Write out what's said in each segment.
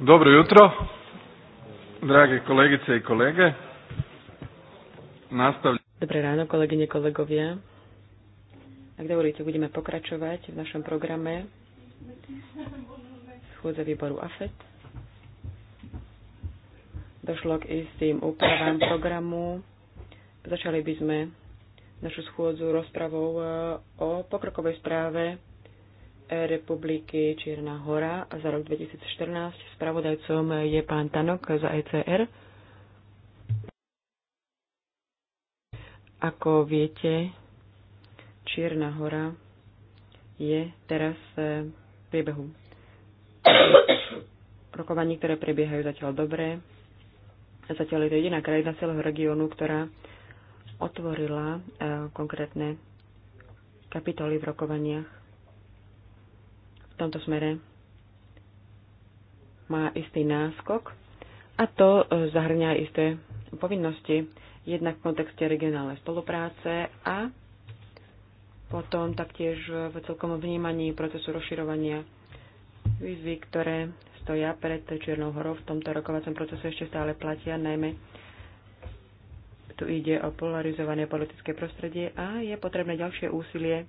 Dobro jutro, drage kolegice i kolege. Nastavljamo. Dobré ráno, kolegyne, kolegovia. Ak dovolíte, budeme pokračovať v našom programe schôdze výboru AFET. Došlo k istým úpravám programu. Začali by sme našu schôdzu rozpravou eh, o pokrokovej správe republiky Čierna hora za rok 2014. Spravodajcom je pán Tanok za ECR. Ako viete, Čierna hora je teraz v priebehu rokovaní, ktoré prebiehajú zatiaľ dobre. Zatiaľ je to jediná krajina celého regiónu, ktorá otvorila eh, konkrétne kapitoly v rokovaniach tomto smere má istý náskok a to e, zahrňa isté povinnosti, jednak v kontexte regionálnej spolupráce a potom taktiež v celkom vnímaní procesu rozširovania výzvy, ktoré stoja pred Čiernou horou v tomto rokovacom procese ešte stále platia, najmä tu ide o polarizované politické prostredie a je potrebné ďalšie úsilie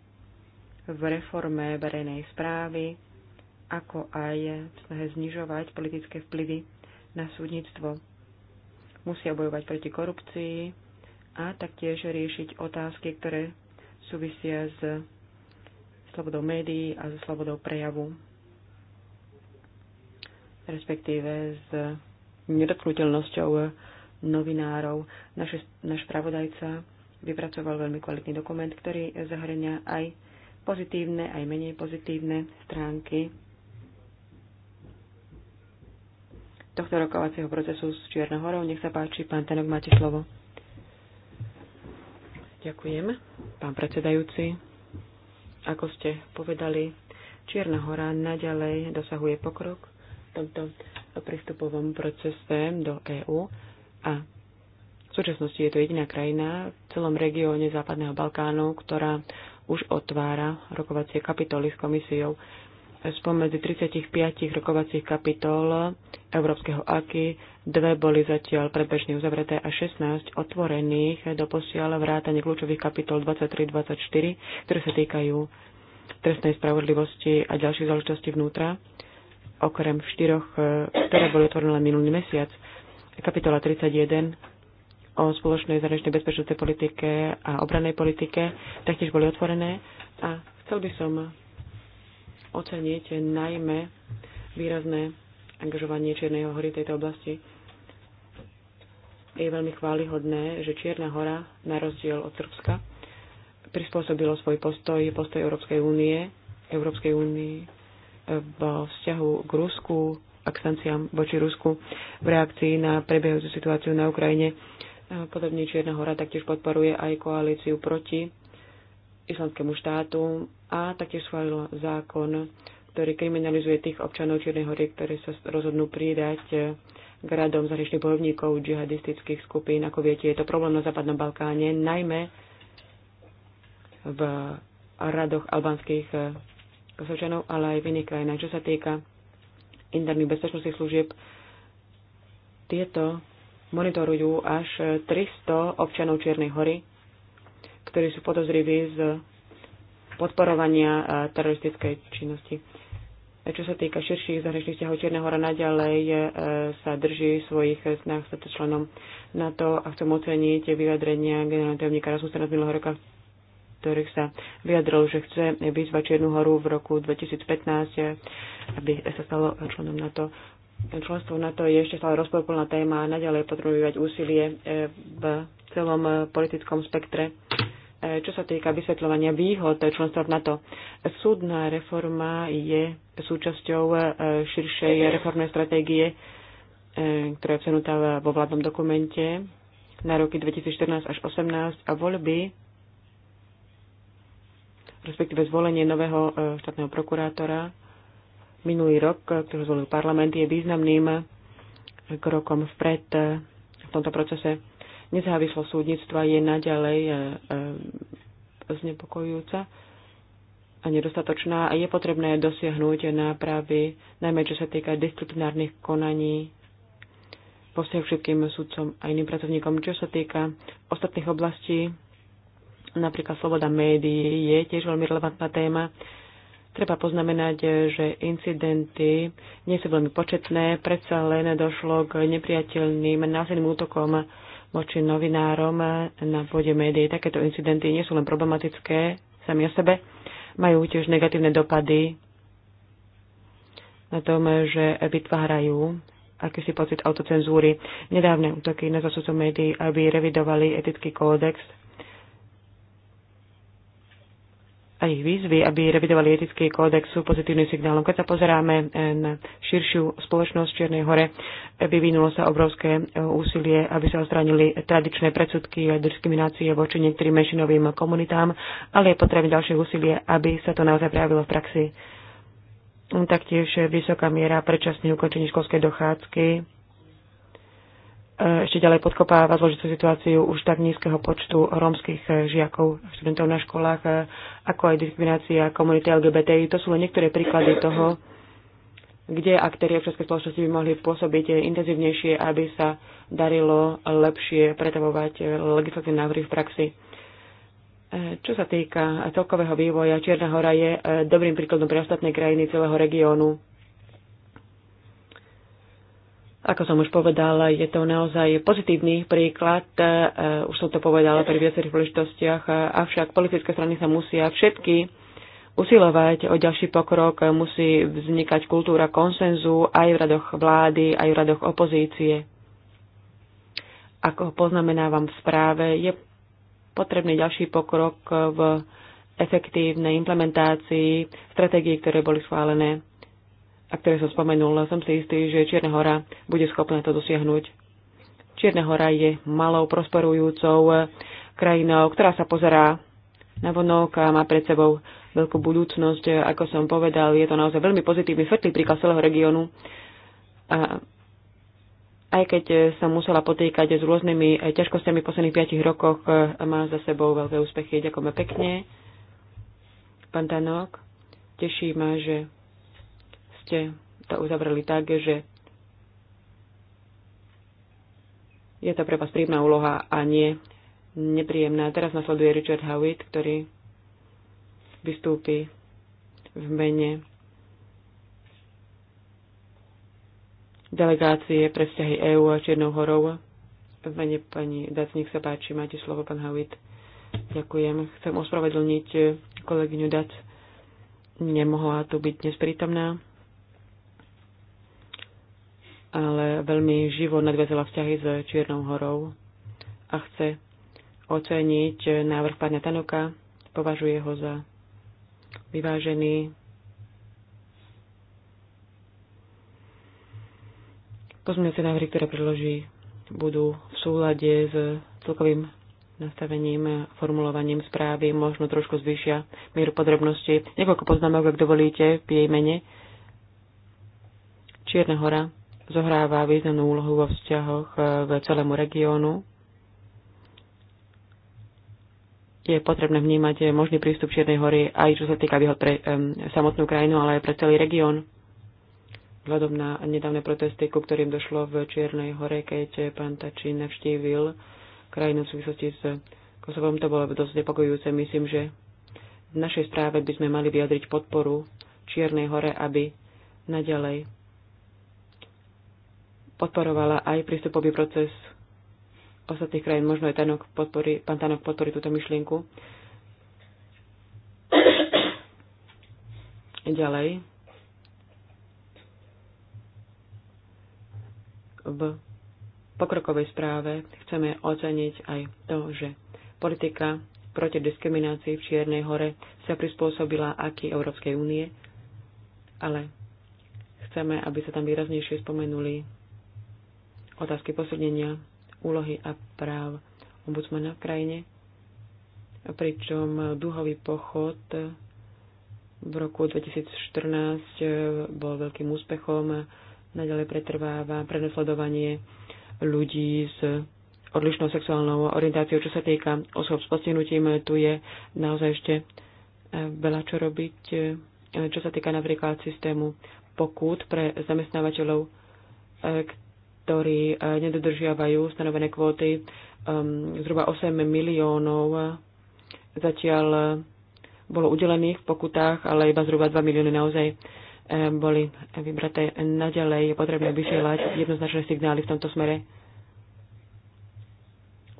v reforme verejnej správy, ako aj v snahe znižovať politické vplyvy na súdnictvo. Musia bojovať proti korupcii a taktiež riešiť otázky, ktoré súvisia s slobodou médií a so slobodou prejavu, respektíve s nedotknutelnosťou novinárov. Naš, náš pravodajca vypracoval veľmi kvalitný dokument, ktorý zahrania aj pozitívne aj menej pozitívne stránky tohto rokovacieho procesu s Čiernohorou. Nech sa páči, pán Tenok, máte slovo. Ďakujem, pán predsedajúci. Ako ste povedali, Čierna hora naďalej dosahuje pokrok v tomto prístupovom procese do EÚ a v súčasnosti je to jediná krajina v celom regióne Západného Balkánu, ktorá už otvára rokovacie kapitoly s komisiou. Spomedzi 35 rokovacích kapitol Európskeho AKI dve boli zatiaľ predbežne uzavreté a 16 otvorených do posiaľa vrátane kľúčových kapitol 23-24, ktoré sa týkajú trestnej spravodlivosti a ďalších záležitostí vnútra, okrem štyroch, eh, ktoré boli otvorené len minulý mesiac. Kapitola 31 o spoločnej zahraničnej bezpečnostnej politike a obranej politike taktiež boli otvorené a chcel by som oceniť najmä výrazné angažovanie Čiernej hory v tejto oblasti. Je veľmi chválihodné, že Čierna hora, na rozdiel od Srbska, prispôsobilo svoj postoj, postoj Európskej únie, Európskej únii e, vo vzťahu k Rusku a k sankciám voči Rusku v reakcii na prebiehajúcu situáciu na Ukrajine. Podobne Čierna hora taktiež podporuje aj koalíciu proti islamskému štátu a taktiež schválil zákon, ktorý kriminalizuje tých občanov Čiernej hory, ktorí sa rozhodnú pridať k radom zahraničných bojovníkov džihadistických skupín. Ako viete, je to problém na Západnom Balkáne, najmä v radoch albanských kosovčanov, ale aj v iných krajinách. Čo sa týka interných bezpečnostných služieb, tieto monitorujú až 300 občanov Čiernej hory, ktorí sú podozriví z podporovania e, teroristickej činnosti. E, čo sa týka širších zahraničných vzťahov, Čierna hora naďalej e, sa drží svojich snah stať členom NATO a chcem oceniť vyjadrenia generálneho tajomníka Rasmussena z minulého roka, ktorých sa vyjadril, že chce vyzvať Čiernu horu v roku 2015, aby sa stalo členom NATO. Členstvo NATO je ešte stále rozporúplná téma a naďalej potrebuje vyvať úsilie eh, v celom eh, politickom spektre. Eh, čo sa týka vysvetľovania výhod členstva v NATO, súdna reforma je súčasťou širšej reformnej stratégie, ktorá je obsenutá vo vládnom dokumente na roky 2014 až 2018 a voľby, respektíve zvolenie nového štátneho prokurátora minulý rok, ktorý zvolil parlament, je významným krokom vpred v tomto procese. Nezávislosť súdnictva je naďalej e, e, znepokojujúca a nedostatočná a je potrebné dosiahnuť nápravy, najmä čo sa týka disciplinárnych konaní posiaľ všetkým sudcom a iným pracovníkom. Čo sa týka ostatných oblastí, napríklad sloboda médií je tiež veľmi relevantná téma. Treba poznamenať, že incidenty nie sú veľmi početné, predsa len došlo k nepriateľným násilným útokom voči novinárom na pôde médií. Takéto incidenty nie sú len problematické sami o sebe, majú tiež negatívne dopady na tom, že vytvárajú akýsi pocit autocenzúry. Nedávne útoky na zasúcov médií, aby revidovali etický kódex, a ich výzvy, aby revidovali etický kódex, sú pozitívnym signálom. Keď sa pozeráme eh, na širšiu spoločnosť Čiernej hore, eh, vyvinulo sa obrovské eh, úsilie, aby sa odstránili tradičné predsudky a diskriminácie voči niektorým menšinovým komunitám, ale je potrebné ďalšie úsilie, aby sa to naozaj prejavilo v praxi. Taktiež vysoká miera predčasných ukončení školskej dochádzky Eh, ešte ďalej podkopáva zložitú situáciu už tak nízkeho počtu rómskych eh, žiakov a študentov na školách, eh, ako aj diskriminácia komunity LGBT, To sú len niektoré príklady toho, kde v občianskej spoločnosti by mohli pôsobiť intenzívnejšie, aby sa darilo lepšie pretavovať legislatívne návrhy v praxi. Čo sa týka celkového vývoja, Čierna hora je dobrým príkladom pre ostatné krajiny celého regiónu ako som už povedala, je to naozaj pozitívny príklad, e, už som to povedala pri viacerých príležitostiach, e, avšak politické strany sa musia všetky usilovať o ďalší pokrok, e, musí vznikať kultúra konsenzu aj v radoch vlády, aj v radoch opozície. Ako poznamenávam v správe, je potrebný ďalší pokrok v efektívnej implementácii stratégií, ktoré boli schválené a ktoré som spomenul, som si istý, že Čierna hora bude schopná to dosiahnuť. Čierna hora je malou, prosperujúcou krajinou, ktorá sa pozerá na vonok a má pred sebou veľkú budúcnosť. Ako som povedal, je to naozaj veľmi pozitívny, svetlý príklad celého regiónu. A aj keď sa musela potýkať s rôznymi ťažkosťami v posledných 5 rokoch, má za sebou veľké úspechy. Ďakujeme pekne. Pán Tanok, teší ma, že ste to uzavreli tak, že je to pre vás príjemná úloha a nie nepríjemná. Teraz nasleduje Richard Howitt, ktorý vystúpi v mene delegácie pre vzťahy EÚ a Čiernou horou. V mene pani Dacník sa páči, máte slovo, pán Howitt. Ďakujem. Chcem ospravedlniť kolegyňu Dac. Nemohla tu byť dnes prítomná ale veľmi živo nadviazala vzťahy s Čiernou horou a chce oceniť návrh pána Tanoka, považuje ho za vyvážený. Pozmeňujúce návrhy, ktoré predloží, budú v súlade s celkovým nastavením, formulovaním správy, možno trošku zvýšia mieru podrobnosti. Niekoľko poznámok, ak dovolíte, v jej mene. Čierna hora zohráva významnú úlohu vo vzťahoch k e, celému regiónu. Je potrebné vnímať e, možný prístup Čiernej hory aj čo sa týka výhod pre um, samotnú krajinu, ale aj pre celý región. Vzhľadom na nedávne protesty, ku ktorým došlo v Čiernej hore, keď pán Tačín navštívil krajinu v súvislosti s Kosovom, to bolo dosť nepokojujúce. Myslím, že v našej správe by sme mali vyjadriť podporu Čiernej hore, aby naďalej podporovala aj prístupový proces ostatných krajín. Možno aj Tanok podporí, pán Tanok podporí túto myšlienku. Ďalej. V pokrokovej správe chceme oceniť aj to, že politika proti diskriminácii v Čiernej hore sa prispôsobila aký Európskej únie, ale chceme, aby sa tam výraznejšie spomenuli otázky posúdenia úlohy a práv ombudsmana v krajine, pričom duhový pochod v roku 2014 eh, bol veľkým úspechom. Naďalej pretrváva prenasledovanie ľudí s odlišnou sexuálnou orientáciou, čo sa týka osob s postihnutím. Tu je naozaj ešte eh, veľa čo robiť, eh, čo sa týka napríklad systému pokút pre zamestnávateľov, ktorí e, nedodržiavajú stanovené kvóty, e, zhruba 8 miliónov zatiaľ bolo udelených v pokutách, ale iba zhruba 2 milióny naozaj e, boli vybraté. Naďalej je potrebné vysielať jednoznačné signály v tomto smere.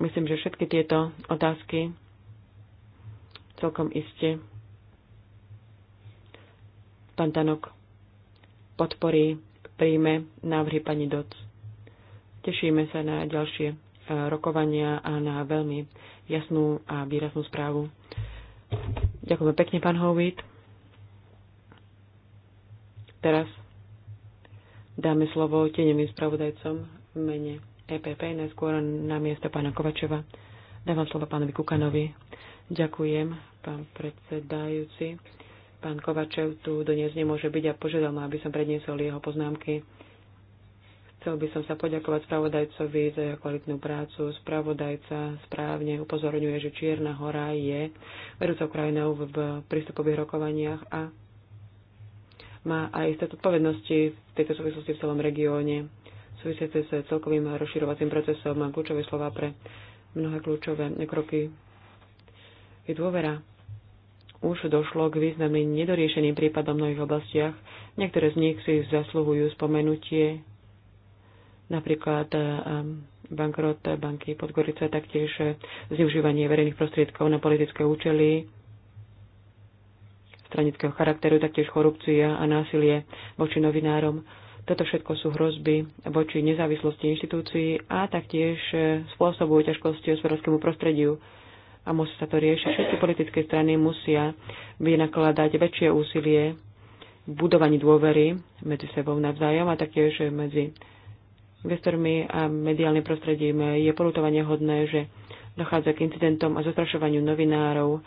Myslím, že všetky tieto otázky celkom iste pán Tanok podporí, príjme návrhy pani Doc. Tešíme sa na ďalšie e, rokovania a na veľmi jasnú a výraznú správu. Ďakujeme pekne, pán Hovit. Teraz dáme slovo teneným spravodajcom v mene EPP, najskôr na miesto pána Kovačeva. Dávam slovo pánovi Kukanovi. Ďakujem, pán predsedajúci. Pán Kovačev tu dnes nemôže byť a požiadal ma, aby som predniesol jeho poznámky Chcel by som sa poďakovať spravodajcovi za jeho kvalitnú prácu. Spravodajca správne upozorňuje, že Čierna hora je vedúcou krajinou v prístupových rokovaniach a má aj isté odpovednosti v tejto súvislosti v celom regióne, súvisiace s celkovým rozširovacím procesom a kľúčové slova pre mnohé kľúčové kroky je dôvera. Už došlo k významným nedoriešeným prípadom v mnohých oblastiach. Niektoré z nich si zasluhujú spomenutie Napríklad eh, bankrot eh, banky Podgorica, taktiež eh, zneužívanie verejných prostriedkov na politické účely, stranického charakteru, taktiež korupcia a násilie voči novinárom. Toto všetko sú hrozby voči nezávislosti inštitúcií a taktiež spôsobujú ťažkosti hospodárskému prostrediu a musí sa to riešiť. Všetky politické strany musia vynakladať väčšie úsilie v budovaní dôvery medzi sebou navzájom a taktiež medzi investormi a mediálnym prostredím. Je polutovanie hodné, že dochádza k incidentom a zastrašovaniu novinárov.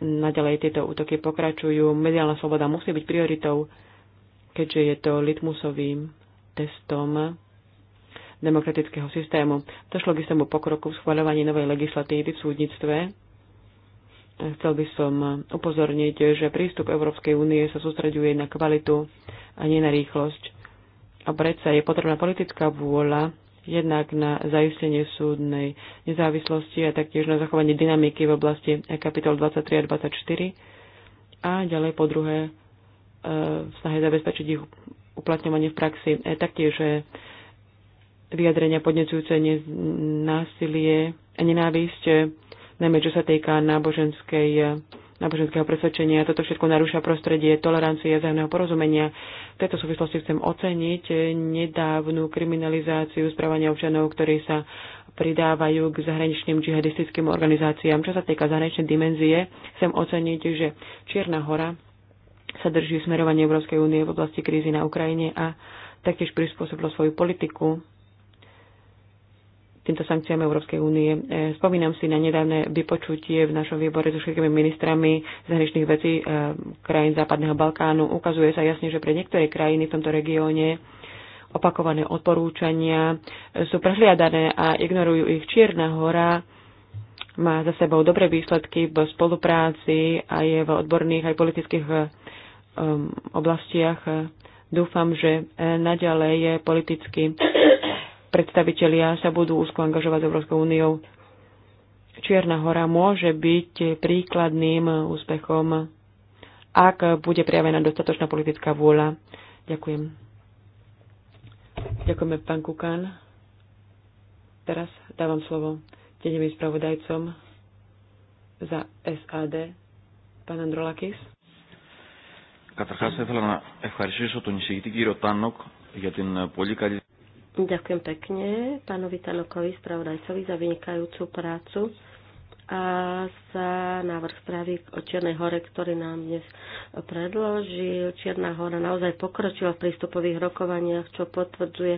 Naďalej tieto útoky pokračujú. Mediálna sloboda musí byť prioritou, keďže je to litmusovým testom demokratického systému. Došlo k istému pokroku v schváľovaní novej legislatívy v súdnictve. Chcel by som upozorniť, že prístup Európskej únie sa sústreďuje na kvalitu a nie na rýchlosť. A predsa je potrebná politická vôľa jednak na zaistenie súdnej nezávislosti a taktiež na zachovanie dynamiky v oblasti kapitol 23 a 24 a ďalej po druhé e, v snahe zabezpečiť ich uplatňovanie v praxi. E, taktiež e, vyjadrenia podnecujúce násilie a nenávisť, najmä čo sa týka náboženskej náboženského presvedčenia. Toto všetko narúša prostredie tolerancie a vzájomného porozumenia. V tejto súvislosti chcem oceniť nedávnu kriminalizáciu správania občanov, ktorí sa pridávajú k zahraničným džihadistickým organizáciám. Čo sa týka zahraničnej dimenzie, chcem oceniť, že Čierna hora sa drží smerovanie Európskej únie v oblasti krízy na Ukrajine a taktiež prispôsobilo svoju politiku týmto sankciám Európskej únie. E, spomínam si na nedávne vypočutie v našom výbore so všetkými ministrami zahraničných vecí e, krajín Západného Balkánu. Ukazuje sa jasne, že pre niektoré krajiny v tomto regióne opakované odporúčania sú prehliadané a ignorujú ich Čierna hora má za sebou dobré výsledky v spolupráci a je v odborných aj politických um, oblastiach. Dúfam, že naďalej je politicky predstavitelia sa budú úzko angažovať s Európskou úniou. Čierna hora môže byť príkladným úspechom, ak bude prijavená dostatočná politická vôľa. Ďakujem. Ďakujeme, pán Kukan. Teraz dávam slovo tenevým spravodajcom za SAD, pán Androlakis. Καταρχάς, ήθελα να ευχαριστήσω τον εισηγητή κύριο Τάνοκ για την πολύ καλή Ďakujem pekne pánovi Tanokovi, spravodajcovi, za vynikajúcu prácu a za návrh správy o Čiernej hore, ktorý nám dnes predložil. Čierna hora naozaj pokročila v prístupových rokovaniach, čo potvrdzuje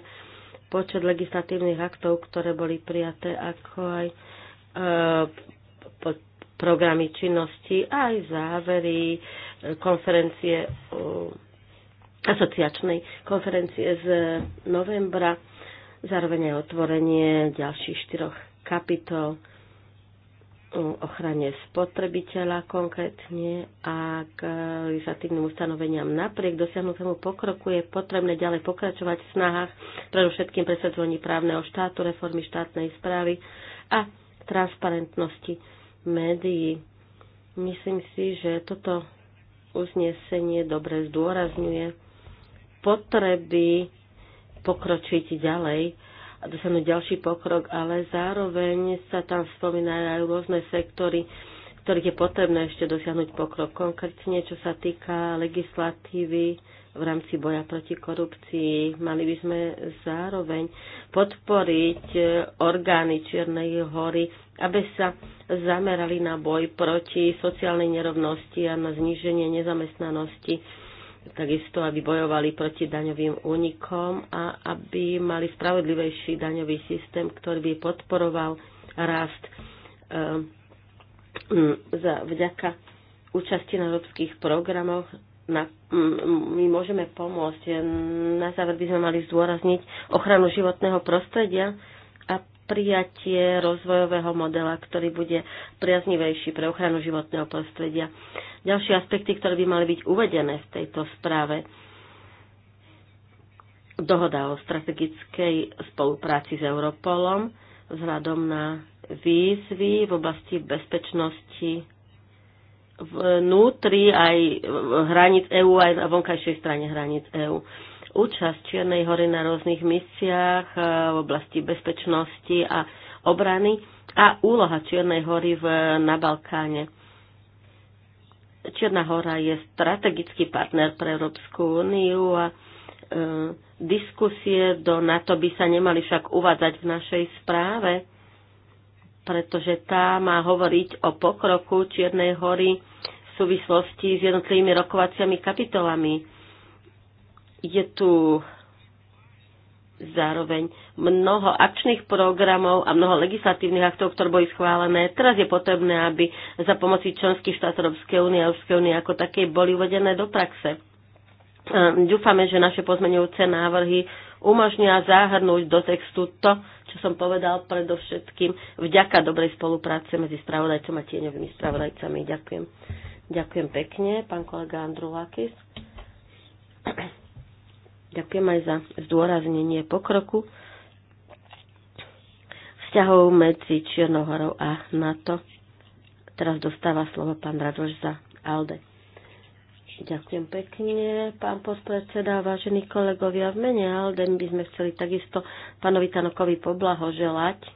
počet legislatívnych aktov, ktoré boli prijaté, ako aj e, po, programy činnosti, aj závery e, konferencie. E, asociačnej konferencie z novembra, zároveň aj otvorenie ďalších štyroch kapitol o ochrane spotrebiteľa konkrétne a k legislatívnym ustanoveniam. Napriek dosiahnutému pokroku je potrebné ďalej pokračovať v snahách predovšetkým presadzovaní právneho štátu, reformy štátnej správy a transparentnosti médií. Myslím si, že toto uznesenie dobre zdôrazňuje potreby pokročiť ďalej a dosiahnuť ďalší pokrok, ale zároveň sa tam spomínajú rôzne sektory, ktorých je potrebné ešte dosiahnuť pokrok. Konkrétne, čo sa týka legislatívy v rámci boja proti korupcii, mali by sme zároveň podporiť e, orgány Čiernej hory, aby sa zamerali na boj proti sociálnej nerovnosti a na zníženie nezamestnanosti takisto, aby bojovali proti daňovým únikom a aby mali spravodlivejší daňový systém, ktorý by podporoval rast eh, za, vďaka účasti na európskych programoch. Na, my môžeme pomôcť. Na záver by sme mali zdôrazniť ochranu životného prostredia, prijatie rozvojového modela, ktorý bude priaznivejší pre ochranu životného prostredia. Ďalšie aspekty, ktoré by mali byť uvedené v tejto správe. Dohoda o strategickej spolupráci s Europolom vzhľadom na výzvy v oblasti bezpečnosti vnútri aj hranic EÚ, aj na vonkajšej strane hraníc EÚ účasť Čiernej hory na rôznych misiách eh, v oblasti bezpečnosti a obrany a úloha Čiernej hory v, na Balkáne. Čierna hora je strategický partner pre Európsku úniu a e, diskusie do NATO by sa nemali však uvádzať v našej správe, pretože tá má hovoriť o pokroku Čiernej hory v súvislosti s jednotlivými rokovaciami kapitolami je tu zároveň mnoho akčných programov a mnoho legislatívnych aktov, ktoré boli schválené. Teraz je potrebné, aby za pomoci členských štát Európskej únie a Európskej únie ako také boli uvedené do praxe. Dúfame, že naše pozmeňujúce návrhy umožnia zahrnúť do textu to, čo som povedal predovšetkým vďaka dobrej spolupráce medzi spravodajcom a tieňovými spravodajcami. Ďakujem. Ďakujem pekne, pán kolega Andrulakis. Ďakujem aj za zdôraznenie pokroku vzťahov medzi Čiernohorou a NATO. Teraz dostáva slovo pán Radoš za ALDE. Ďakujem pekne, pán podpredseda, vážení kolegovia. V mene Alden by sme chceli takisto pánovi Tanokovi poblahoželať.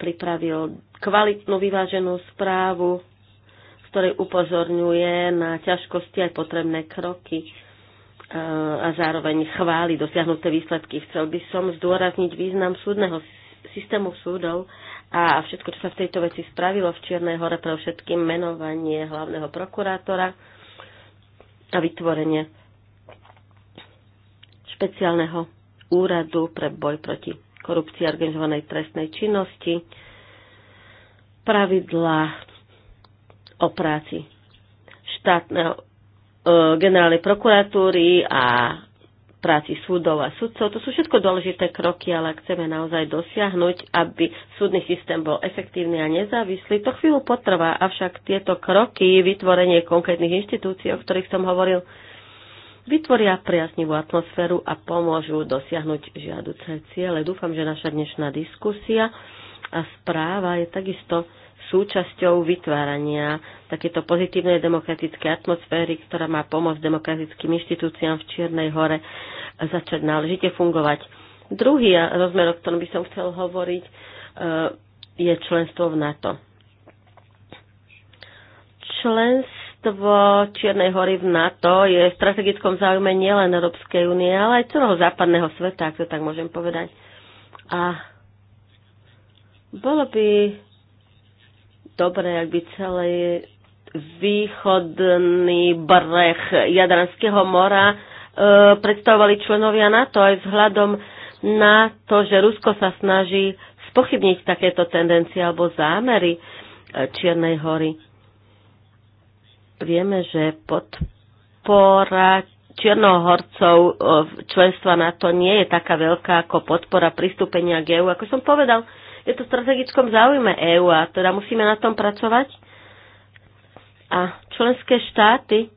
Pripravil kvalitnú, vyváženú správu, v ktorej upozorňuje na ťažkosti aj potrebné kroky a zároveň chváli dosiahnuté výsledky. Chcel by som zdôrazniť význam súdneho systému súdov a všetko, čo sa v tejto veci spravilo v Čiernej hore, pre všetkým menovanie hlavného prokurátora a vytvorenie špeciálneho úradu pre boj proti korupcii a organizovanej trestnej činnosti, pravidlá o práci štátneho E, generálnej prokuratúry a práci súdov a sudcov. To sú všetko dôležité kroky, ale ak chceme naozaj dosiahnuť, aby súdny systém bol efektívny a nezávislý, to chvíľu potrvá. Avšak tieto kroky, vytvorenie konkrétnych inštitúcií, o ktorých som hovoril, vytvoria priaznivú atmosféru a pomôžu dosiahnuť žiaduce ciele. Dúfam, že naša dnešná diskusia a správa je takisto súčasťou vytvárania takéto pozitívnej demokratické atmosféry, ktorá má pomôcť demokratickým inštitúciám v Čiernej hore začať náležite fungovať. Druhý rozmer, o ktorom by som chcel hovoriť, e, je členstvo v NATO. Členstvo Čiernej hory v NATO je v strategickom záujme nielen Európskej únie, ale aj celého západného sveta, ak to tak môžem povedať. A bolo by Dobre, ak by celý východný breh Jadranského mora e, predstavovali členovia NATO aj vzhľadom na to, že Rusko sa snaží spochybniť takéto tendencie alebo zámery e, Čiernej hory. Vieme, že podpora Čiernohorcov e, členstva NATO nie je taká veľká ako podpora pristúpenia k EU. Ako som povedal, je to v strategickom záujme EÚ a teda musíme na tom pracovať. A členské štáty,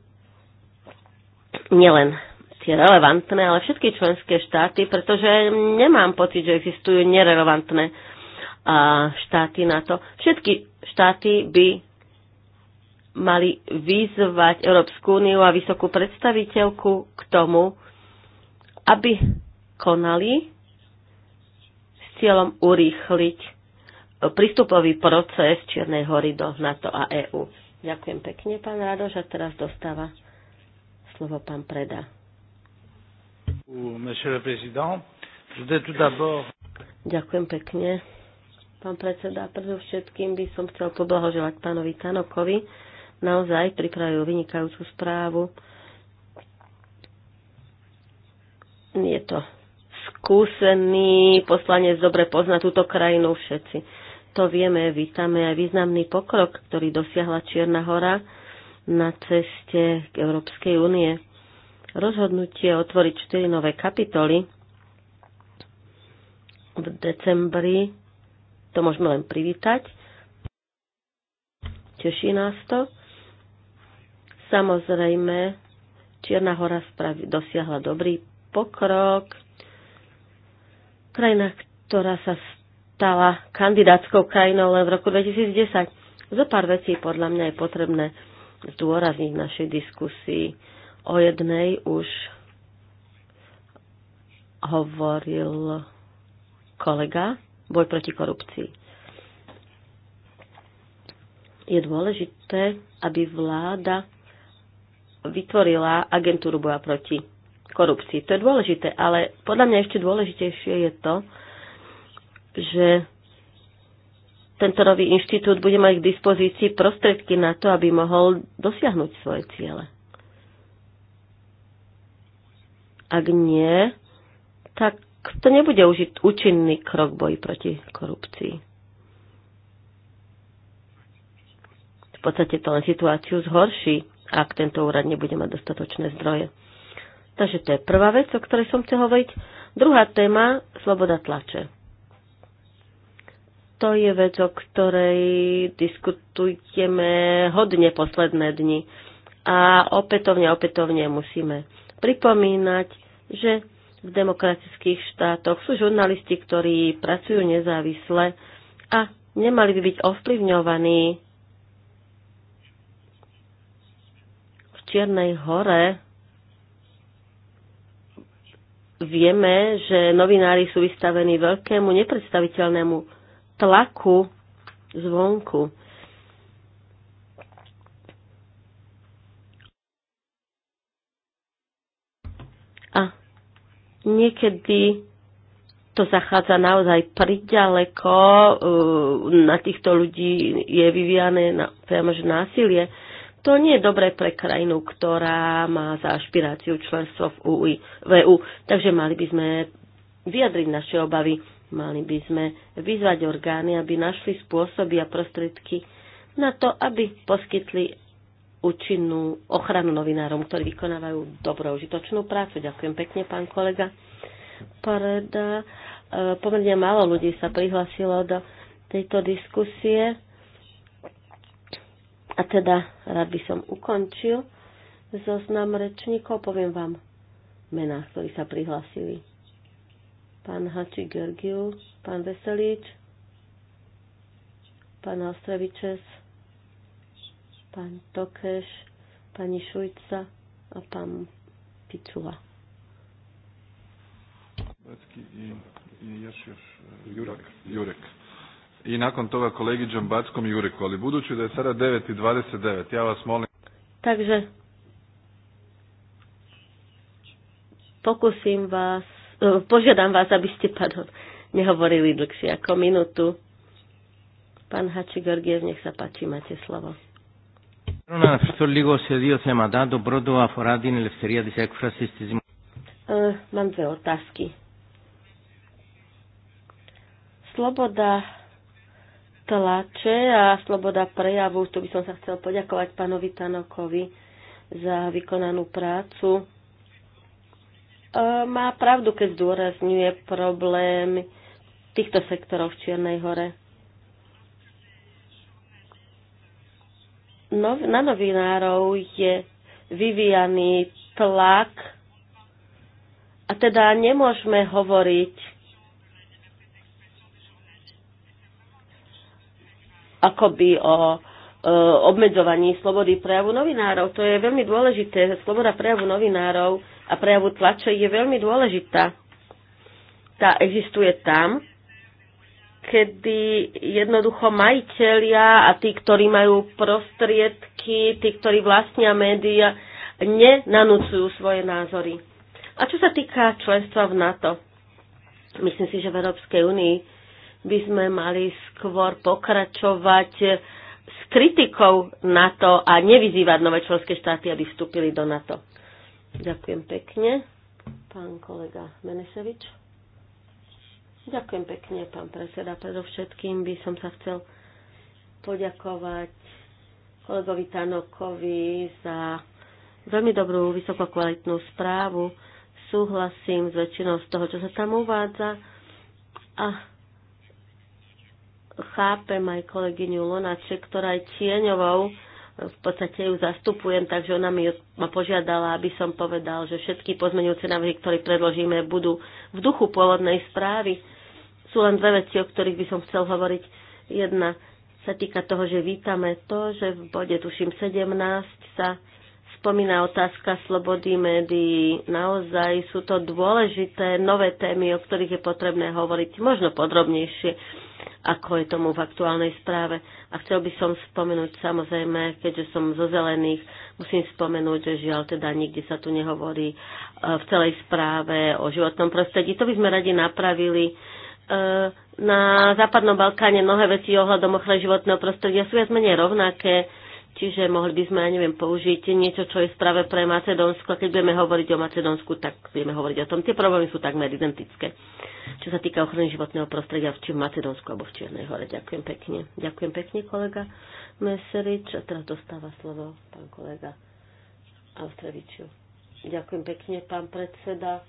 nielen tie relevantné, ale všetky členské štáty, pretože nemám pocit, že existujú nerelevantné štáty na to. Všetky štáty by mali vyzvať Európsku úniu a vysokú predstaviteľku k tomu, aby konali cieľom urýchliť prístupový proces Čiernej hory do NATO a EÚ. Ďakujem pekne, pán Radoš, a teraz dostáva slovo pán Preda. Ďakujem pekne. Pán predseda, všetkým by som chcel poblahoželať pánovi Tanokovi. Naozaj pripravil vynikajúcu správu. Je to skúsený poslanec dobre pozná túto krajinu všetci. To vieme, vítame aj významný pokrok, ktorý dosiahla Čierna hora na ceste k Európskej únie. Rozhodnutie otvoriť 4 nové kapitoly v decembri, to môžeme len privítať. Teší nás to. Samozrejme, Čierna hora spravi, dosiahla dobrý pokrok, Krajina, ktorá sa stala kandidátskou krajinou len v roku 2010. Zo pár vecí podľa mňa je potrebné zdôrazniť v našej diskusii. O jednej už hovoril kolega, boj proti korupcii. Je dôležité, aby vláda vytvorila agentúru boja proti korupcii. To je dôležité, ale podľa mňa ešte dôležitejšie je to, že tento nový inštitút bude mať k dispozícii prostriedky na to, aby mohol dosiahnuť svoje ciele. Ak nie, tak to nebude užiť účinný krok boji proti korupcii. V podstate to len situáciu zhorší, ak tento úrad nebude mať dostatočné zdroje. Takže to je prvá vec, o ktorej som chcel hovoriť. Druhá téma, sloboda tlače. To je vec, o ktorej diskutujeme hodne posledné dni. A opätovne, opätovne musíme pripomínať, že v demokratických štátoch sú žurnalisti, ktorí pracujú nezávisle a nemali by byť ovplyvňovaní v Čiernej hore vieme, že novinári sú vystavení veľkému nepredstaviteľnému tlaku zvonku. A niekedy to zachádza naozaj priďaleko, eh, na týchto ľudí je vyvíjane priamo že násilie. To nie je dobré pre krajinu, ktorá má za špiráciu členstvo v, EU. E Takže mali by sme vyjadriť naše obavy, mali by sme vyzvať orgány, aby našli spôsoby a prostriedky na to, aby poskytli účinnú ochranu novinárom, ktorí vykonávajú dobrou užitočnú prácu. Ďakujem pekne, pán kolega. Pareda, e, pomerne málo ľudí sa prihlasilo do tejto diskusie. A teda rád by som ukončil zoznam rečníkov. Poviem vám mená, ktorí sa prihlasili. Pán Hači Georgiu, pán Veselič, pán Ostrevičes, pán Tokeš, pani Šujca a pán Picula. Jurek. Jurek i nakon toga kolegi Đambackom i Jureku, ali budući da je sada 9.29, ja vas molim... Takže pokúsim vás, e, požiadam vás, aby ste pardon, nehovorili dlhšie ako minútu. Pán Hači Gorgiev, nech sa páči, máte slovo. E, mám dve otázky. Sloboda tlače a sloboda prejavu. Tu by som sa chcel poďakovať pánovi Tanokovi za vykonanú prácu. E, má pravdu, keď zdôrazňuje v týchto sektorov v Čiernej hore. No, na novinárov je vyvíjaný tlak a teda nemôžeme hovoriť akoby o e, obmedzovaní slobody prejavu novinárov. To je veľmi dôležité. Sloboda prejavu novinárov a prejavu tlače je veľmi dôležitá. Tá existuje tam, kedy jednoducho majiteľia a tí, ktorí majú prostriedky, tí, ktorí vlastnia médiá, nenanúcujú svoje názory. A čo sa týka členstva v NATO, myslím si, že v Európskej únii by sme mali skôr pokračovať s kritikou NATO a nevyzývať nové členské štáty, aby vstúpili do NATO. Ďakujem pekne, pán kolega Menesevič. Ďakujem pekne, pán predseda. Predovšetkým by som sa chcel poďakovať kolegovi Tanokovi za veľmi dobrú, vysokokvalitnú správu. Súhlasím s väčšinou z toho, čo sa tam uvádza. A chápem aj kolegyňu Lunaček, ktorá je tieňovou, v podstate ju zastupujem, takže ona mi, ma požiadala, aby som povedal, že všetky pozmeňujúce návrhy, ktoré predložíme, budú v duchu pôvodnej správy. Sú len dve veci, o ktorých by som chcel hovoriť. Jedna sa týka toho, že vítame to, že v bode tuším 17 sa spomína otázka slobody médií. Naozaj sú to dôležité nové témy, o ktorých je potrebné hovoriť možno podrobnejšie ako je tomu v aktuálnej správe. A chcel by som spomenúť samozrejme, keďže som zo zelených, musím spomenúť, že žiaľ teda nikde sa tu nehovorí e, v celej správe o životnom prostredí. To by sme radi napravili. E, na Západnom Balkáne mnohé veci ohľadom ochrany životného prostredia sú viac menej rovnaké Čiže mohli by sme, ja neviem, použiť niečo, čo je správe pre Macedónsko. A keď budeme hovoriť o Macedónsku, tak budeme hovoriť o tom. Tie problémy sú takmer identické. Čo sa týka ochrany životného prostredia, či v Macedónsku alebo v Čiernej hore. Ďakujem pekne. Ďakujem pekne, kolega Meserič. A teraz dostáva slovo pán kolega Austreviču. Ďakujem pekne, pán predseda.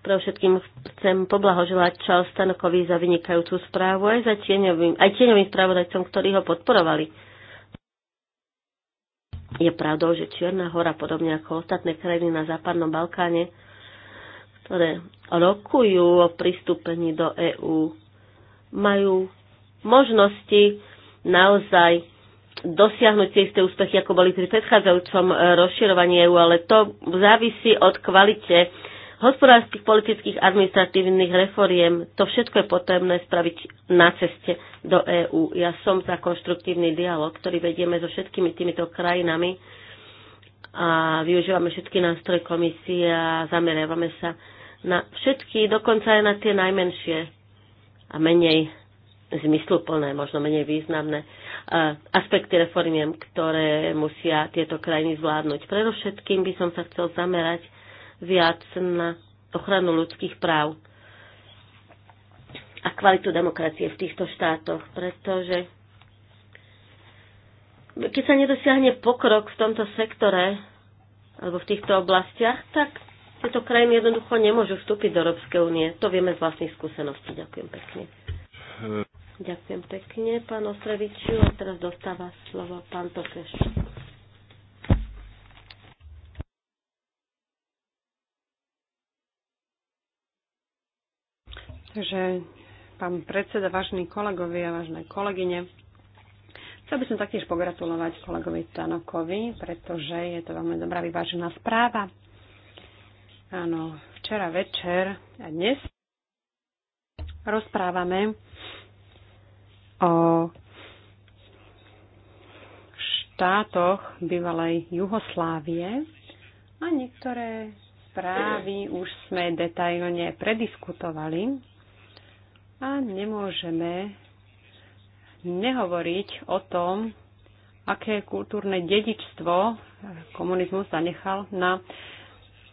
Pre všetkým chcem poblahoželať Charles Stanokovi za vynikajúcu správu aj, za tieňovým, aj tieňovým spravodajcom, ktorí ho podporovali. Je pravdou, že Čierna hora, podobne ako ostatné krajiny na Západnom Balkáne, ktoré rokujú o pristúpení do EÚ, majú možnosti naozaj dosiahnuť tie isté úspechy, ako boli pri predchádzajúcom eh, rozširovaní EÚ, ale to závisí od kvalite hospodárskych, politických, administratívnych reforiem. To všetko je potrebné spraviť na ceste do EÚ. Ja som za konštruktívny dialog, ktorý vedieme so všetkými týmito krajinami a využívame všetky nástroje komisie a zameriavame sa na všetky, dokonca aj na tie najmenšie a menej zmysluplné, možno menej významné eh, aspekty reformiem, ktoré musia tieto krajiny zvládnuť. Predovšetkým by som sa chcel zamerať viac na ochranu ľudských práv a kvalitu demokracie v týchto štátoch, pretože keď sa nedosiahne pokrok v tomto sektore alebo v týchto oblastiach, tak tieto krajiny jednoducho nemôžu vstúpiť do Európskej únie. To vieme z vlastných skúseností. Ďakujem pekne. Ďakujem pekne, pán Ostreviču. A teraz dostáva slovo pán Tokeš. Takže pán predseda, vážení kolegovia, vážne kolegyne, chcel by som taktiež pogratulovať kolegovi Tanokovi, pretože je to veľmi dobrá vyvážená správa. Áno, včera večer a dnes rozprávame o štátoch bývalej Juhoslávie a niektoré správy už sme detailne prediskutovali a nemôžeme nehovoriť o tom, aké kultúrne dedičstvo komunizmus zanechal na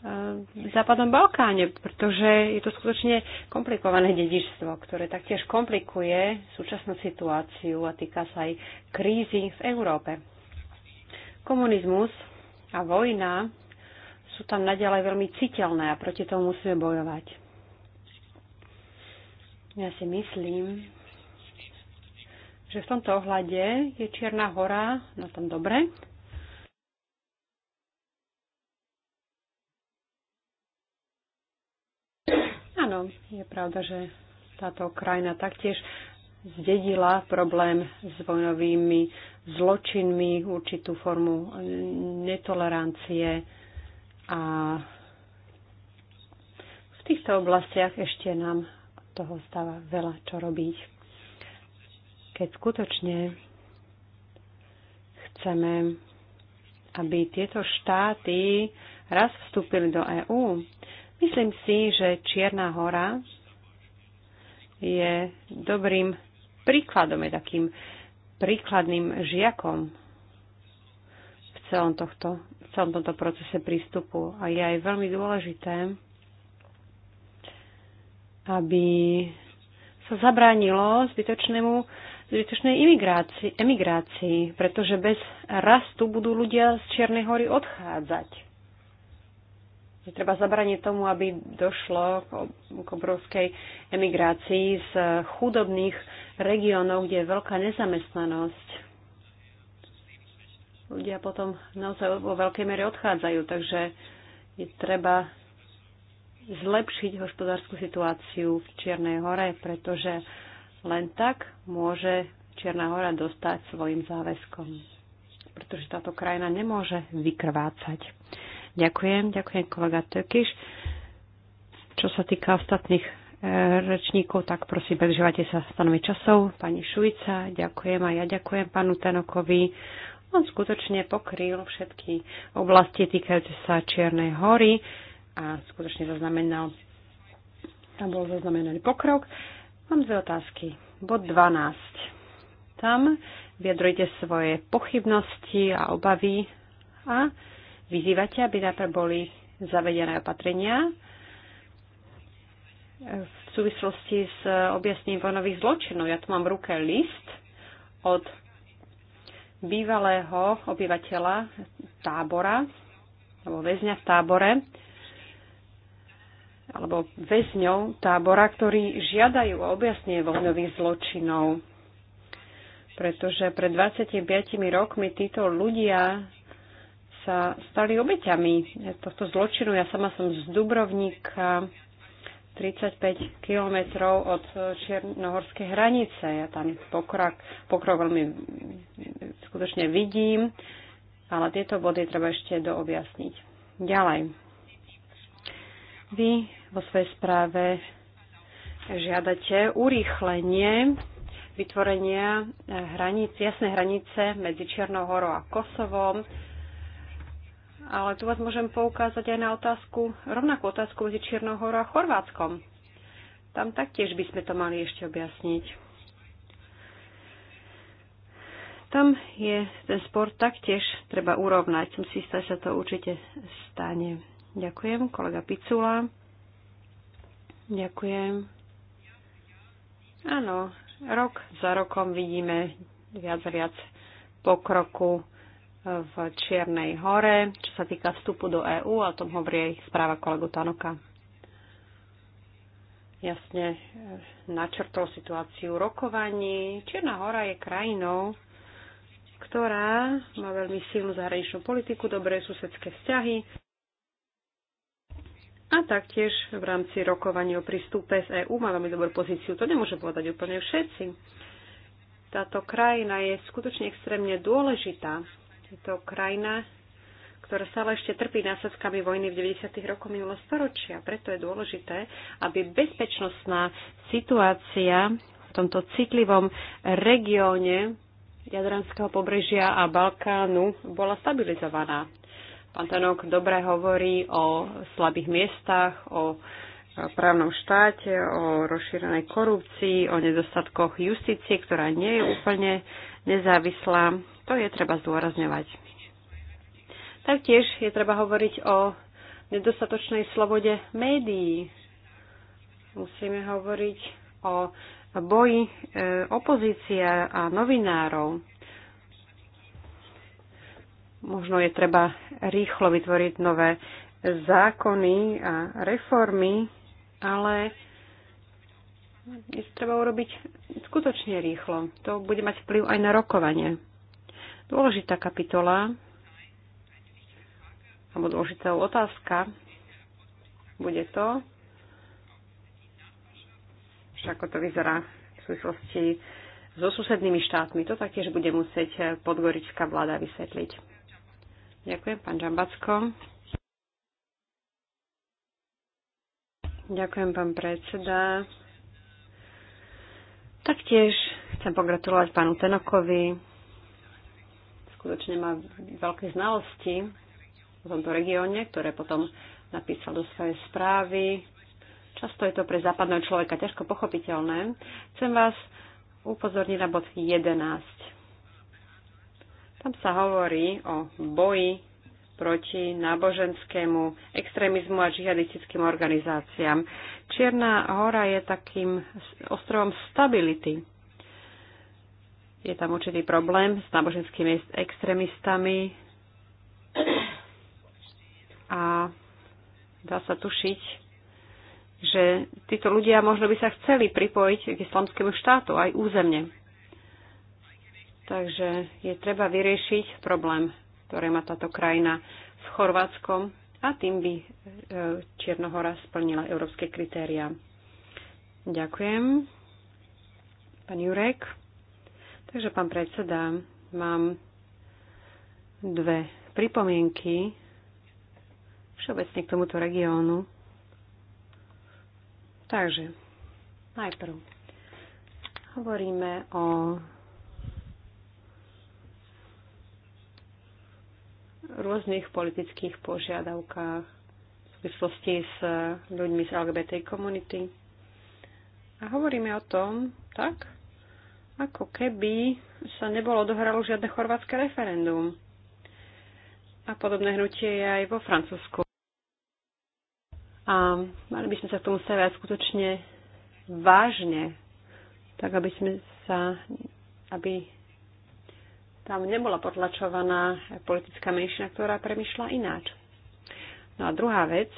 v eh, Západnom Balkáne, pretože je to skutočne komplikované dedičstvo, ktoré taktiež komplikuje súčasnú situáciu a týka sa aj krízy v Európe. Komunizmus a vojna sú tam naďalej veľmi citeľné a proti tomu musíme bojovať. Ja si myslím, že v tomto ohľade je Čierna hora na tom dobre. Áno, je pravda, že táto krajina taktiež zdedila problém s vojnovými zločinmi, určitú formu netolerancie a v týchto oblastiach ešte nám toho stáva veľa čo robiť. Keď skutočne chceme, aby tieto štáty raz vstúpili do EÚ, myslím si, že Čierna hora je dobrým príkladom, je takým príkladným žiakom v celom, tohto, v celom tomto procese prístupu. A je aj veľmi dôležité, aby sa zabránilo zbytočnému zbytočnej imigrácii, emigrácii, pretože bez rastu budú ľudia z Čiernej hory odchádzať. Je treba zabraniť tomu, aby došlo k obrovskej emigrácii z chudobných regiónov, kde je veľká nezamestnanosť. Ľudia potom naozaj vo veľkej mere odchádzajú, takže je treba zlepšiť hospodárskú situáciu v Čiernej hore, pretože len tak môže Čierna hora dostať svojim záväzkom, pretože táto krajina nemôže vykrvácať. Ďakujem, ďakujem kolega Tökiš. Čo sa týka ostatných e, rečníkov, tak prosím, prežívajte sa stanovi časov. Pani Šujca, ďakujem a ja ďakujem panu Tenokovi. On skutočne pokryl všetky oblasti týkajúce sa Čiernej hory a skutočne zaznamenal, tam bol zaznamenaný pokrok. Mám dve otázky. Bod 12. Tam vyjadrujte svoje pochybnosti a obavy a vyzývate, aby najprv boli zavedené opatrenia v súvislosti s objasnením vojnových zločinov. Ja tu mám v ruke list od bývalého obyvateľa tábora, alebo väzňa v tábore, alebo väzňov tábora, ktorí žiadajú o objasnenie vojnových zločinov. Pretože pred 25 rokmi títo ľudia sa stali obeťami tohto zločinu. Ja sama som z Dubrovníka, 35 kilometrov od čiernohorskej hranice. Ja tam pokrok, pokrok veľmi skutočne vidím, ale tieto body treba ešte doobjasniť. Ďalej. Vy vo svojej správe žiadate urýchlenie vytvorenia eh, hranic, jasnej hranice medzi Čiernou horou a Kosovom. Ale tu vás môžem poukázať aj na otázku, rovnakú otázku medzi Čiernou horou a Chorvátskom. Tam taktiež by sme to mali ešte objasniť. Tam je ten spor taktiež treba urovnať. Som si istá, sa to určite stane. Ďakujem, kolega Picula. Ďakujem. Áno, rok za rokom vidíme viac a viac pokroku v Čiernej hore, čo sa týka vstupu do EÚ, a o tom hovorí aj správa kolegu Tanoka. Jasne e, načrtol situáciu rokovaní. Čierna hora je krajinou, ktorá má veľmi silnú zahraničnú politiku, dobré susedské vzťahy, a taktiež v rámci rokovania o prístupe z EÚ má veľmi dobrú pozíciu. To nemôžem povedať úplne všetci. Táto krajina je skutočne extrémne dôležitá. Je to krajina, ktorá stále ešte trpí následkami vojny v 90. rokoch minulého storočia. Preto je dôležité, aby bezpečnostná situácia v tomto citlivom regióne Jadranského pobrežia a Balkánu bola stabilizovaná. Pán Tanok dobre hovorí o slabých miestach, o právnom štáte, o rozšírenej korupcii, o nedostatkoch justície, ktorá nie je úplne nezávislá. To je treba zdôrazňovať. Taktiež je treba hovoriť o nedostatočnej slobode médií. Musíme hovoriť o boji e, opozícia a novinárov. Možno je treba rýchlo vytvoriť nové zákony a reformy, ale je treba urobiť skutočne rýchlo. To bude mať vplyv aj na rokovanie. Dôležitá kapitola, alebo dôležitá otázka, bude to, že ako to vyzerá v súvislosti so susednými štátmi. To taktiež bude musieť podgorická vláda vysvetliť. Ďakujem, pán Žambacko. Ďakujem, pán predseda. Taktiež chcem pogratulovať pánu Tenokovi. Skutočne má veľké znalosti v tomto regióne, ktoré potom napísal do svojej správy. Často je to pre západného človeka ťažko pochopiteľné. Chcem vás upozorniť na bod 11. Tam sa hovorí o boji proti náboženskému extrémizmu a džihadistickým organizáciám. Čierna hora je takým ostrovom stability. Je tam určitý problém s náboženskými extrémistami a dá sa tušiť, že títo ľudia možno by sa chceli pripojiť k islamskému štátu aj územne. Takže je treba vyriešiť problém, ktoré má táto krajina s Chorvátskom a tým by e, Čiernohora splnila európske kritéria. Ďakujem. Pán Jurek. Takže, pán predseda, mám dve pripomienky všeobecne k tomuto regiónu. Takže, najprv hovoríme o rôznych politických požiadavkách v súvislosti s ľuďmi z LGBT komunity. A hovoríme o tom tak, ako keby sa nebolo dohralo žiadne chorvátske referendum. A podobné hnutie je aj vo Francúzsku. A mali by sme sa k tomu stavať skutočne vážne, tak aby sme sa, aby tam nebola potlačovaná politická menšina, ktorá premyšľa ináč. No a druhá vec,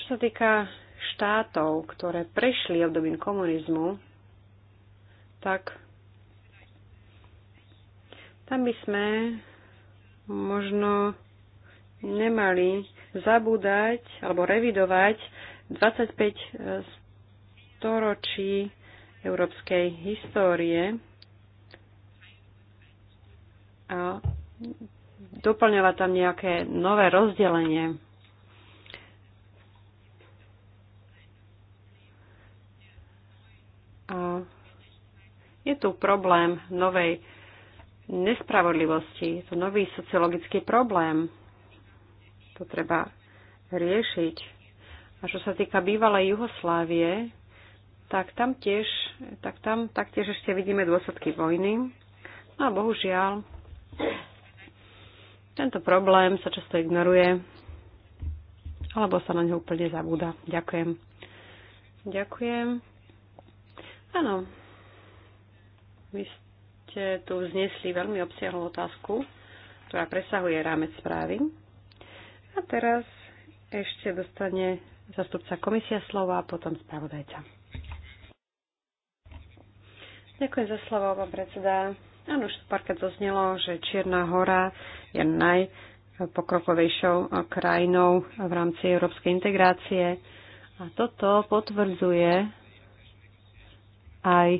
čo sa týka štátov, ktoré prešli obdobím komunizmu, tak tam by sme možno nemali zabúdať alebo revidovať 25 storočí európskej histórie, doplňovať tam nejaké nové rozdelenie. A je tu problém novej nespravodlivosti, je to nový sociologický problém. To treba riešiť. A čo sa týka bývalej Juhoslávie, tak tam tiež, tak tam taktiež ešte vidíme dôsledky vojny. No a bohužiaľ, tento problém sa často ignoruje alebo sa na ňo úplne zabúda. Ďakujem. Ďakujem. Áno. Vy ste tu vznesli veľmi obsiahlu otázku, ktorá presahuje rámec správy. A teraz ešte dostane zastupca komisia slova a potom spravodajca. Ďakujem za slovo, pán predseda. Áno, už párkrát zaznelo, že Čierna hora je najpokrokovejšou krajinou v rámci európskej integrácie. A toto potvrdzuje aj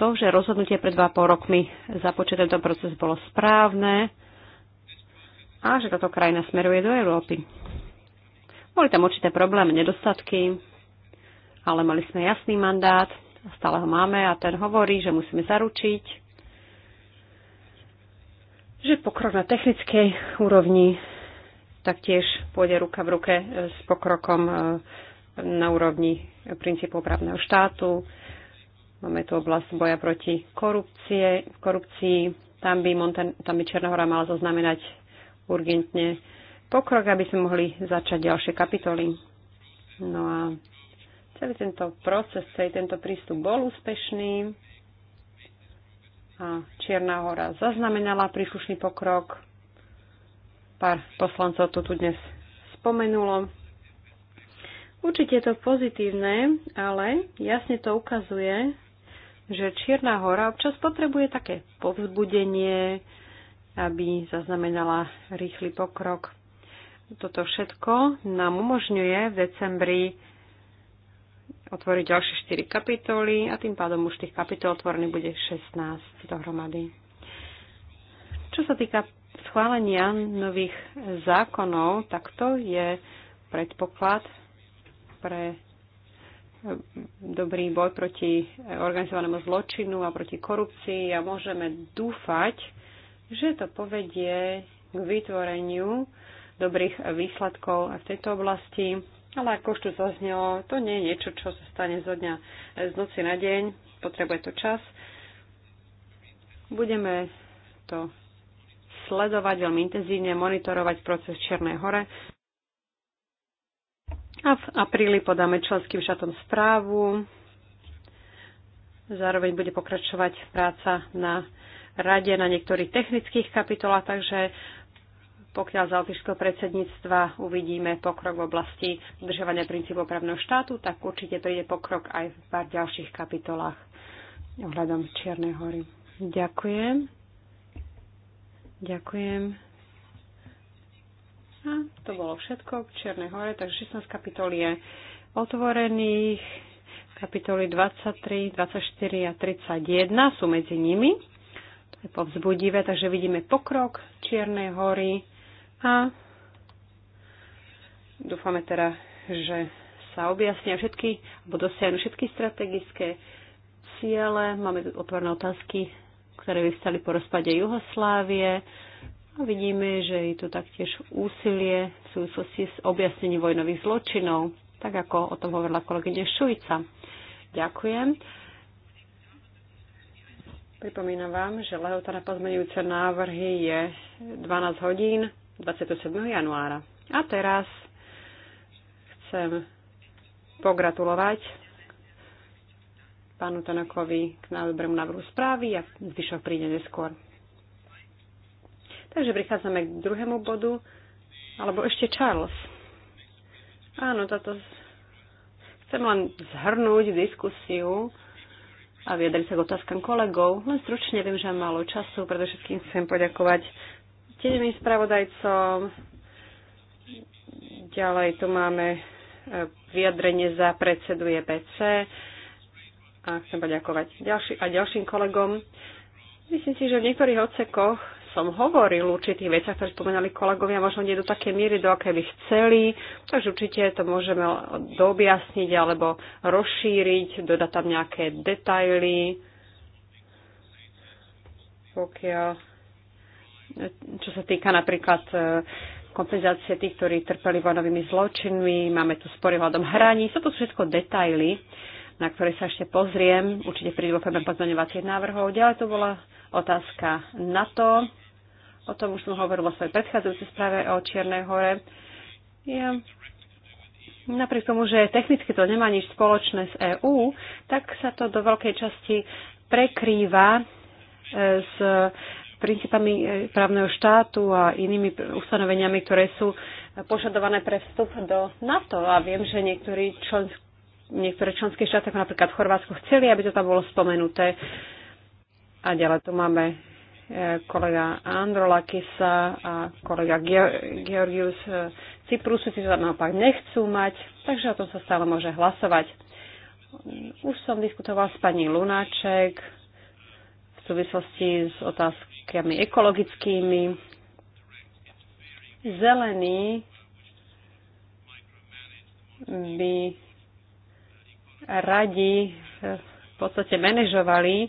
to, že rozhodnutie pred 2,5 rokmi započať tento proces bolo správne a že táto krajina smeruje do Európy. Boli tam určité problémy, nedostatky, ale mali sme jasný mandát, stále ho máme a ten hovorí, že musíme zaručiť, že pokrok na technickej úrovni taktiež pôjde ruka v ruke e, s pokrokom e, na úrovni princípov právneho štátu. Máme tu oblasť boja proti korupcie, korupcii. Tam by, Monten- tam by Černohora mala zaznamenať urgentne pokrok, aby sme mohli začať ďalšie kapitoly. No a celý tento proces, celý tento prístup bol úspešný a Čierna hora zaznamenala príslušný pokrok. Pár poslancov to tu dnes spomenulo. Určite je to pozitívne, ale jasne to ukazuje, že Čierna hora občas potrebuje také povzbudenie, aby zaznamenala rýchly pokrok. Toto všetko nám umožňuje v decembri otvoriť ďalšie 4 kapitoly a tým pádom už tých kapitol otvorených bude 16 dohromady. Čo sa týka schválenia nových zákonov, tak to je predpoklad pre e, dobrý boj proti organizovanému zločinu a proti korupcii a môžeme dúfať, že to povedie k vytvoreniu dobrých výsledkov aj v tejto oblasti ale ako už tu zaznelo, to nie je niečo, čo sa stane zo dňa e, z noci na deň, potrebuje to čas. Budeme to sledovať veľmi intenzívne, monitorovať proces Černej hore. A v apríli podáme členským šatom správu. Zároveň bude pokračovať práca na rade na niektorých technických kapitolách, takže pokiaľ za altišského predsedníctva uvidíme pokrok v oblasti dodržovania princípov právneho štátu, tak určite príde pokrok aj v pár ďalších kapitolách ohľadom Čiernej hory. Ďakujem. Ďakujem. A to bolo všetko k Čiernej hore, takže 16 kapitol je otvorených. Kapitoly 23, 24 a 31 sú medzi nimi. To je povzbudivé, takže vidíme pokrok Čiernej hory. A dúfame teda, že sa objasnia všetky, alebo dosiahnu všetky strategické ciele. Máme tu otvorné otázky, ktoré vystali po rozpade Juhoslávie. A vidíme, že je tu taktiež úsilie v súvislosti s objasnením vojnových zločinov, tak ako o tom hovorila kolegyňa Šujca. Ďakujem. Pripomínam vám, že lehota na pozmenujúce návrhy je 12 hodín. 27. januára. A teraz chcem pogratulovať pánu Tanakovi k návrhu návrhu správy a zvyšok príde neskôr. Takže prichádzame k druhému bodu, alebo ešte Charles. Áno, toto Chcem len zhrnúť diskusiu a vyjadriť sa k otázkam kolegov. Len stručne viem, že mám málo času, preto všetkým chcem poďakovať tieňovým spravodajcom. Ďalej tu máme e, vyjadrenie za predsedu EPC a chcem poďakovať ďalší, a ďalším kolegom. Myslím si, že v niektorých odsekoch som hovoril určitých veciach, ktoré spomenali kolegovia, možno nie do také miery, do aké by chceli, takže určite to môžeme doobjasniť alebo rozšíriť, dodať tam nejaké detaily, pokiaľ čo sa týka napríklad e, kompenzácie tých, ktorí trpeli vojnovými zločinmi, máme tu spory hľadom hraní, sú to všetko detaily, na ktoré sa ešte pozriem, určite prídu vo forme pozmeňovacích návrhov. Ďalej to bola otázka NATO, o tom už som hovoril vo svojej predchádzajúcej správe o Čiernej hore. Ja Napriek tomu, že technicky to nemá nič spoločné s EÚ, tak sa to do veľkej časti prekrýva e, s princípami e, právneho štátu a inými ustanoveniami, ktoré sú požadované pre vstup do NATO. A viem, že niektorí člen, niektoré členské štáty, ako napríklad Chorvátsko, chceli, aby to tam bolo spomenuté. A ďalej tu máme e, kolega Androlakisa a kolega Georgius e, Cyprus, si to tam naopak nechcú mať, takže o tom sa stále môže hlasovať. Už som diskutoval s pani Lunáček v súvislosti s otázkou otázkami ekologickými. Zelení by radi v podstate manažovali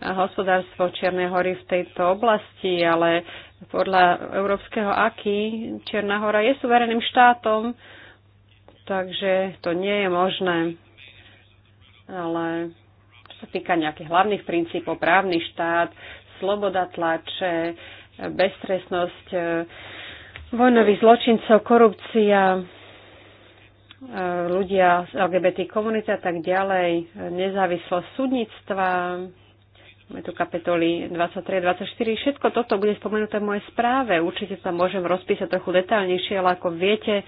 hospodárstvo Čiernej hory v tejto oblasti, ale podľa európskeho AKI Čierna hora je suverénnym štátom, takže to nie je možné. Ale čo sa týka nejakých hlavných princípov, právny štát, sloboda tlače, bestresnosť e, vojnových zločincov, korupcia, e, ľudia z LGBT komunity a tak ďalej, nezávislosť súdnictva, máme tu kapitoly 23 24, všetko toto bude spomenuté v mojej správe. Určite sa môžem rozpísať trochu detálnejšie, ale ako viete,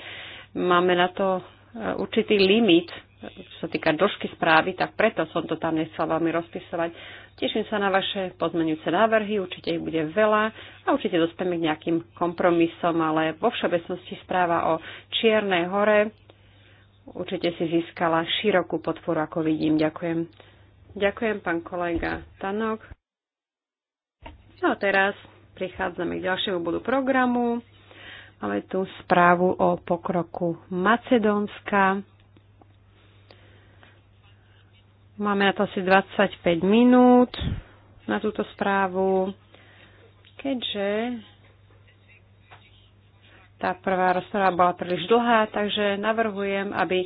máme na to e, určitý limit, čo sa týka dĺžky správy, tak preto som to tam nechcela veľmi rozpisovať. Teším sa na vaše pozmenujúce návrhy, určite ich bude veľa a určite dostaneme k nejakým kompromisom, ale vo všeobecnosti správa o Čiernej hore určite si získala širokú podporu, ako vidím. Ďakujem. Ďakujem, pán kolega Tanok. No a teraz prichádzame k ďalšiemu bodu programu. Máme tu správu o pokroku Macedónska. Máme na to asi 25 minút na túto správu, keďže tá prvá rozpráva bola príliš dlhá, takže navrhujem, aby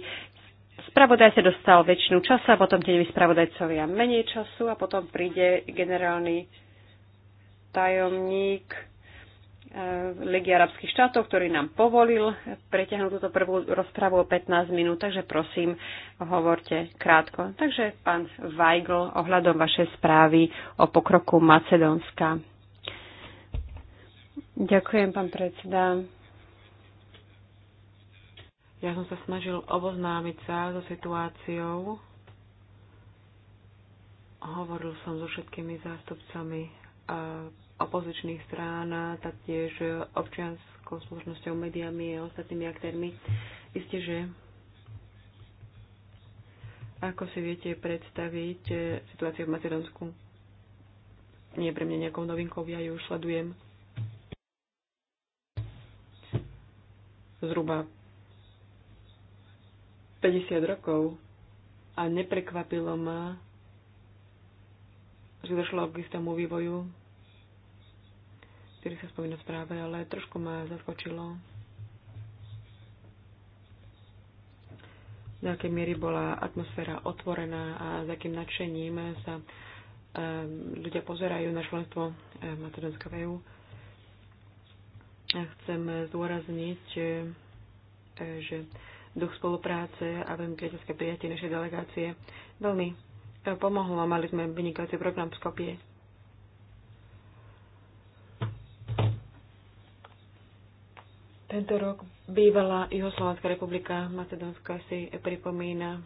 sa dostal väčšinu času a potom tieňoví spravodajcovia menej času a potom príde generálny tajomník Legi arabských štátov, ktorý nám povolil preťahnuť túto prvú rozpravu o 15 minút, takže prosím, hovorte krátko. Takže pán Weigl, ohľadom vašej správy o pokroku Macedónska. Ďakujem, pán predseda. Ja som sa snažil oboznámiť sa so situáciou. Hovoril som so všetkými zástupcami eh, opozičných strán, taktiež občianskou spoločnosťou, médiami a ostatnými aktérmi. Isté, že ako si viete predstaviť e, situáciu v Macedónsku? Nie je pre mňa nejakou novinkou, ja ju už sledujem. Zhruba 50 rokov a neprekvapilo ma, že došlo k istému vývoju ktorý sa spomína v správe, ale trošku ma zaskočilo, do akej miery bola atmosféra otvorená a s akým nadšením sa ehm, ľudia pozerajú na členstvo ehm, Macedónska v e A Chcem zdôrazniť, ehm, že duch spolupráce a veľmi priateľské prijatie našej delegácie veľmi pomohlo. Mali sme vynikajúci program v Skopie Tento rok bývalá Juhoslovanská republika Macedónska si pripomína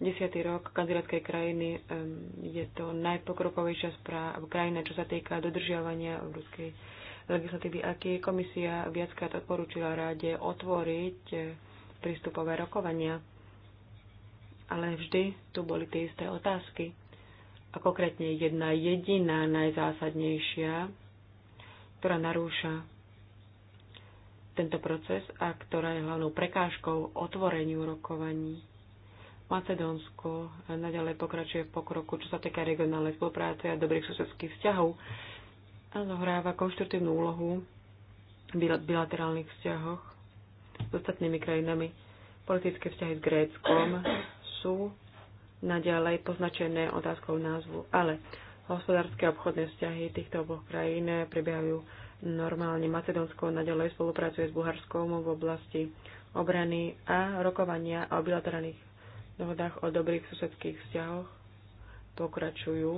10. rok kandidátskej krajiny. Je to najpokrokovejšia správa, krajina, čo sa týka dodržiavania ruskej legislatívy, aký komisia viackrát odporúčila ráde otvoriť eh, prístupové rokovania. Ale vždy tu boli tie isté otázky. A konkrétne jedna jediná najzásadnejšia, ktorá narúša tento proces a ktorá je hlavnou prekážkou otvoreniu rokovaní. Macedónsko naďalej pokračuje v pokroku, čo sa týka regionálnej spolupráce a dobrých susedských vzťahov a zohráva konštruktívnu úlohu v bilaterálnych vzťahoch s ostatnými krajinami. Politické vzťahy s Gréckom sú naďalej poznačené otázkou názvu, ale hospodárske a obchodné vzťahy týchto oboch krajín prebiehajú Normálne Macedónsko nadalej spolupracuje s Bulharskom v oblasti obrany a rokovania o bilaterálnych dohodách o dobrých susedských vzťahoch pokračujú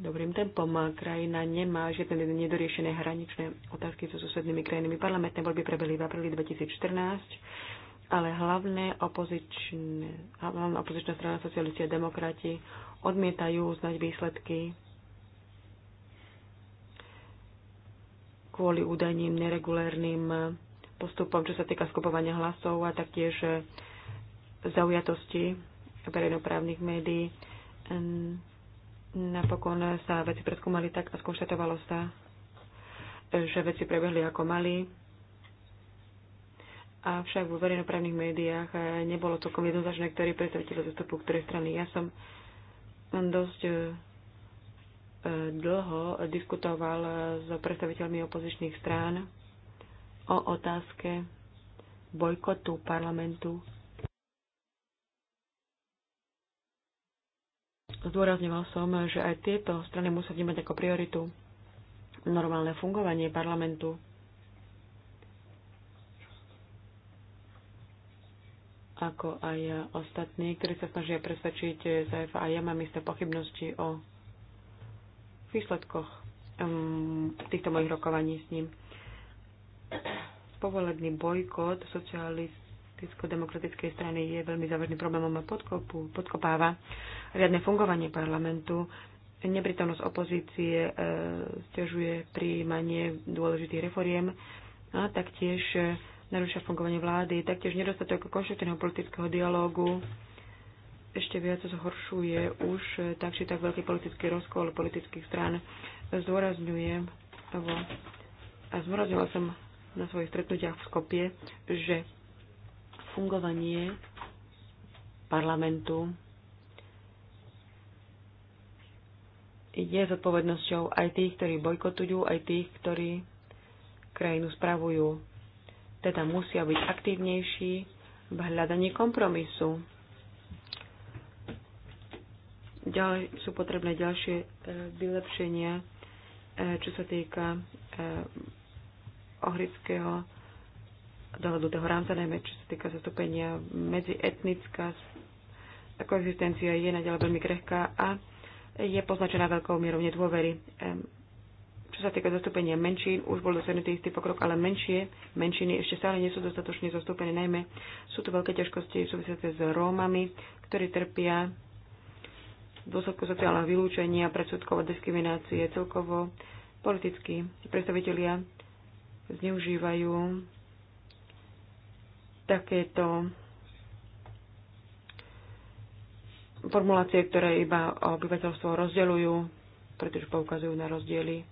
dobrým tempom. Krajina nemá žiadne nedoriešené hraničné otázky so susednými krajinami. Parlamentné voľby prebehli v apríli 2014, ale hlavné opozičné, hlavná opozičná strana socialisti a demokrati odmietajú uznať výsledky kvôli údajným neregulérnym postupom, čo sa týka skupovania hlasov a taktiež zaujatosti verejnoprávnych médií. Napokon sa veci preskúmali tak a skonštatovalo sa, že veci prebehli ako mali. Avšak vo verejnoprávnych médiách nebolo celkom jednoznačné, ktorý predstaviteľ zastupu ktorej strany. Ja som dosť dlho diskutoval s predstaviteľmi opozičných strán o otázke bojkotu parlamentu. Zdôrazňoval som, že aj tieto strany musia vnímať ako prioritu normálne fungovanie parlamentu. ako aj ostatní, ktorí sa snažia presvedčiť ZF a ja mám isté pochybnosti o výsledkoch um, týchto mojich rokovaní s ním. Povolebný bojkot socialisticko-demokratickej strany je veľmi závažným problémom a podkopu, podkopáva riadne fungovanie parlamentu. Neprítomnosť opozície e, stiažuje príjmanie dôležitých reforiem a taktiež e, narúša fungovanie vlády, taktiež nedostatok konštruktívneho politického dialógu ešte viac zhoršuje už tak či tak veľký politický rozkol politických strán. Zdôrazňujem, lebo a zdôraznila som na svojich stretnutiach v Skopie, že fungovanie parlamentu je zodpovednosťou aj tých, ktorí bojkotujú, aj tých, ktorí krajinu spravujú. Teda musia byť aktívnejší v hľadaní kompromisu Ďalej sú potrebné ďalšie e, vylepšenia, e, čo sa týka e, ohrického dohodu toho rámca, najmä čo sa týka zastúpenia medzietnická koexistencia je naďalej veľmi krehká a je poznačená veľkou mierou nedôvery. Čo sa týka zastúpenia menšín, už bol dosiahnutý istý pokrok, ale menšie menšiny ešte stále nie sú dostatočne zastúpené. Najmä sú tu veľké ťažkosti súvisiace s Rómami, ktorí trpia v dôsledku sociálneho vylúčenia, predsudkov a diskriminácie. Celkovo politickí predstavitelia zneužívajú takéto formulácie, ktoré iba obyvateľstvo rozdeľujú, pretože poukazujú na rozdiely.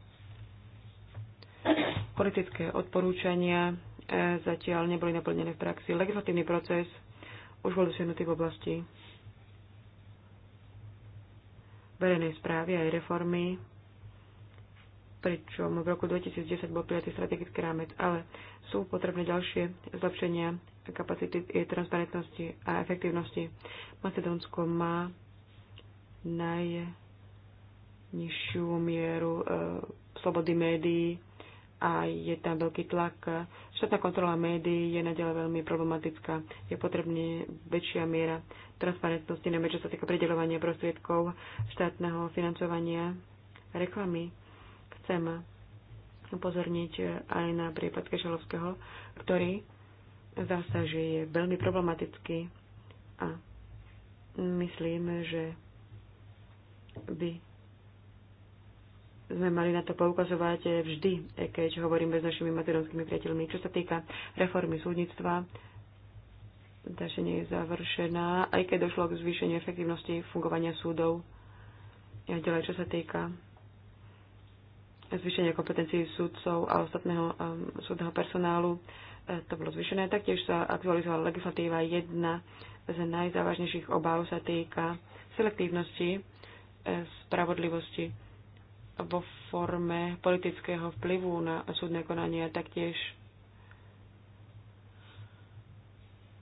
Politické odporúčania e, zatiaľ neboli naplnené v praxi. Legislatívny proces už bol dosiahnutý v oblasti verejnej správy aj reformy, pričom v roku 2010 bol prijatý strategický rámec, ale sú potrebné ďalšie zlepšenia kapacity i transparentnosti a efektivnosti. Macedónsko má najnižšiu mieru e, slobody médií a je tam veľký tlak. Štátna kontrola médií je naďalej veľmi problematická. Je potrebne väčšia miera transparentnosti, najmä čo sa týka predelovania prostriedkov štátneho financovania reklamy. Chcem upozorniť aj na prípad Kešalovského, ktorý zdá sa, že je veľmi problematický a myslím, že by sme mali na to poukazovať vždy, e, keď hovoríme s našimi materonskými priateľmi. Čo sa týka reformy súdnictva, tá ešte nie je završená, aj keď došlo k zvýšeniu efektivnosti fungovania súdov. A ďalej, čo sa týka zvýšenia kompetencií súdcov a ostatného um, súdneho personálu, e, to bolo zvýšené. Taktiež sa aktualizovala legislatíva. Jedna z najzávažnejších obáv sa týka selektívnosti e, spravodlivosti vo forme politického vplyvu na súdne konanie a taktiež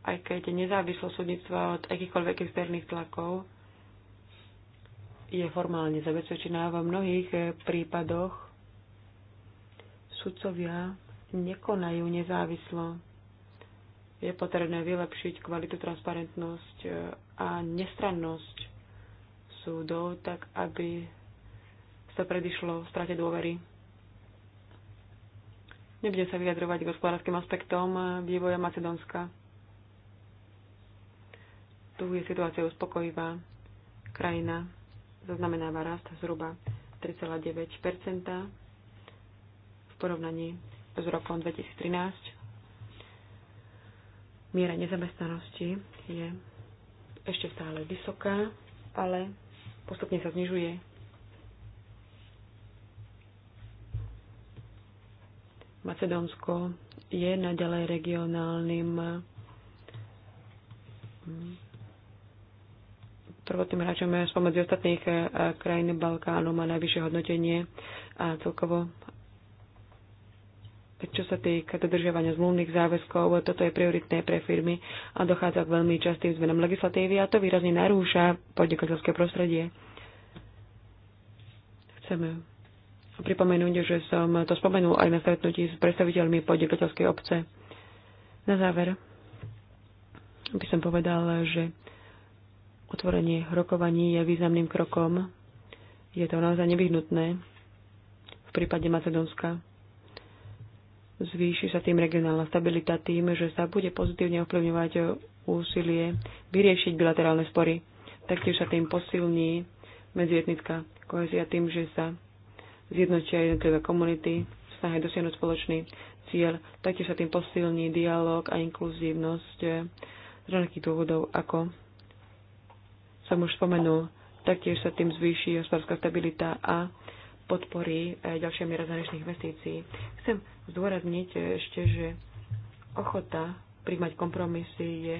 aj keď nezávislosť súdnictva od akýchkoľvek externých tlakov je formálne zabezpečená vo mnohých eh, prípadoch, sudcovia nekonajú nezávislo. Je potrebné vylepšiť kvalitu, transparentnosť eh, a nestrannosť súdov, tak aby sa predišlo strate dôvery. Nebudem sa vyjadrovať k hospodárskym aspektom vývoja Macedónska. Tu je situácia uspokojivá. Krajina zaznamenáva rast zhruba 3,9 v porovnaní s rokom 2013. Miera nezamestnanosti je ešte stále vysoká, ale postupne sa znižuje Macedónsko je naďalej regionálnym mm, prvotným hráčom spomedzi ostatných eh, krajín Balkánu má najvyššie hodnotenie a celkovo čo sa týka dodržiavania zmluvných záväzkov, toto je prioritné pre firmy a dochádza k veľmi častým zmenám legislatívy a to výrazne narúša podnikateľské prostredie. Chceme pripomenúť, že som to spomenul aj na stretnutí s predstaviteľmi podnikateľskej obce. Na záver by som povedal, že otvorenie rokovaní je významným krokom. Je to naozaj nevyhnutné v prípade Macedónska. Zvýši sa tým regionálna stabilita tým, že sa bude pozitívne ovplyvňovať úsilie vyriešiť bilaterálne spory. Taktiež sa tým posilní medzietnická kohezia tým, že sa zjednotia jednotlivé komunity v snahe dosiahnuť spoločný cieľ. Taktiež sa tým posilní dialog a inkluzívnosť eh, z rovnakých dôvodov, ako som už spomenul. Taktiež sa tým zvýši hospodárska stabilita a podporí eh, ďalšie miera zahraničných investícií. Chcem zdôrazniť eh, ešte, že ochota príjmať kompromisy je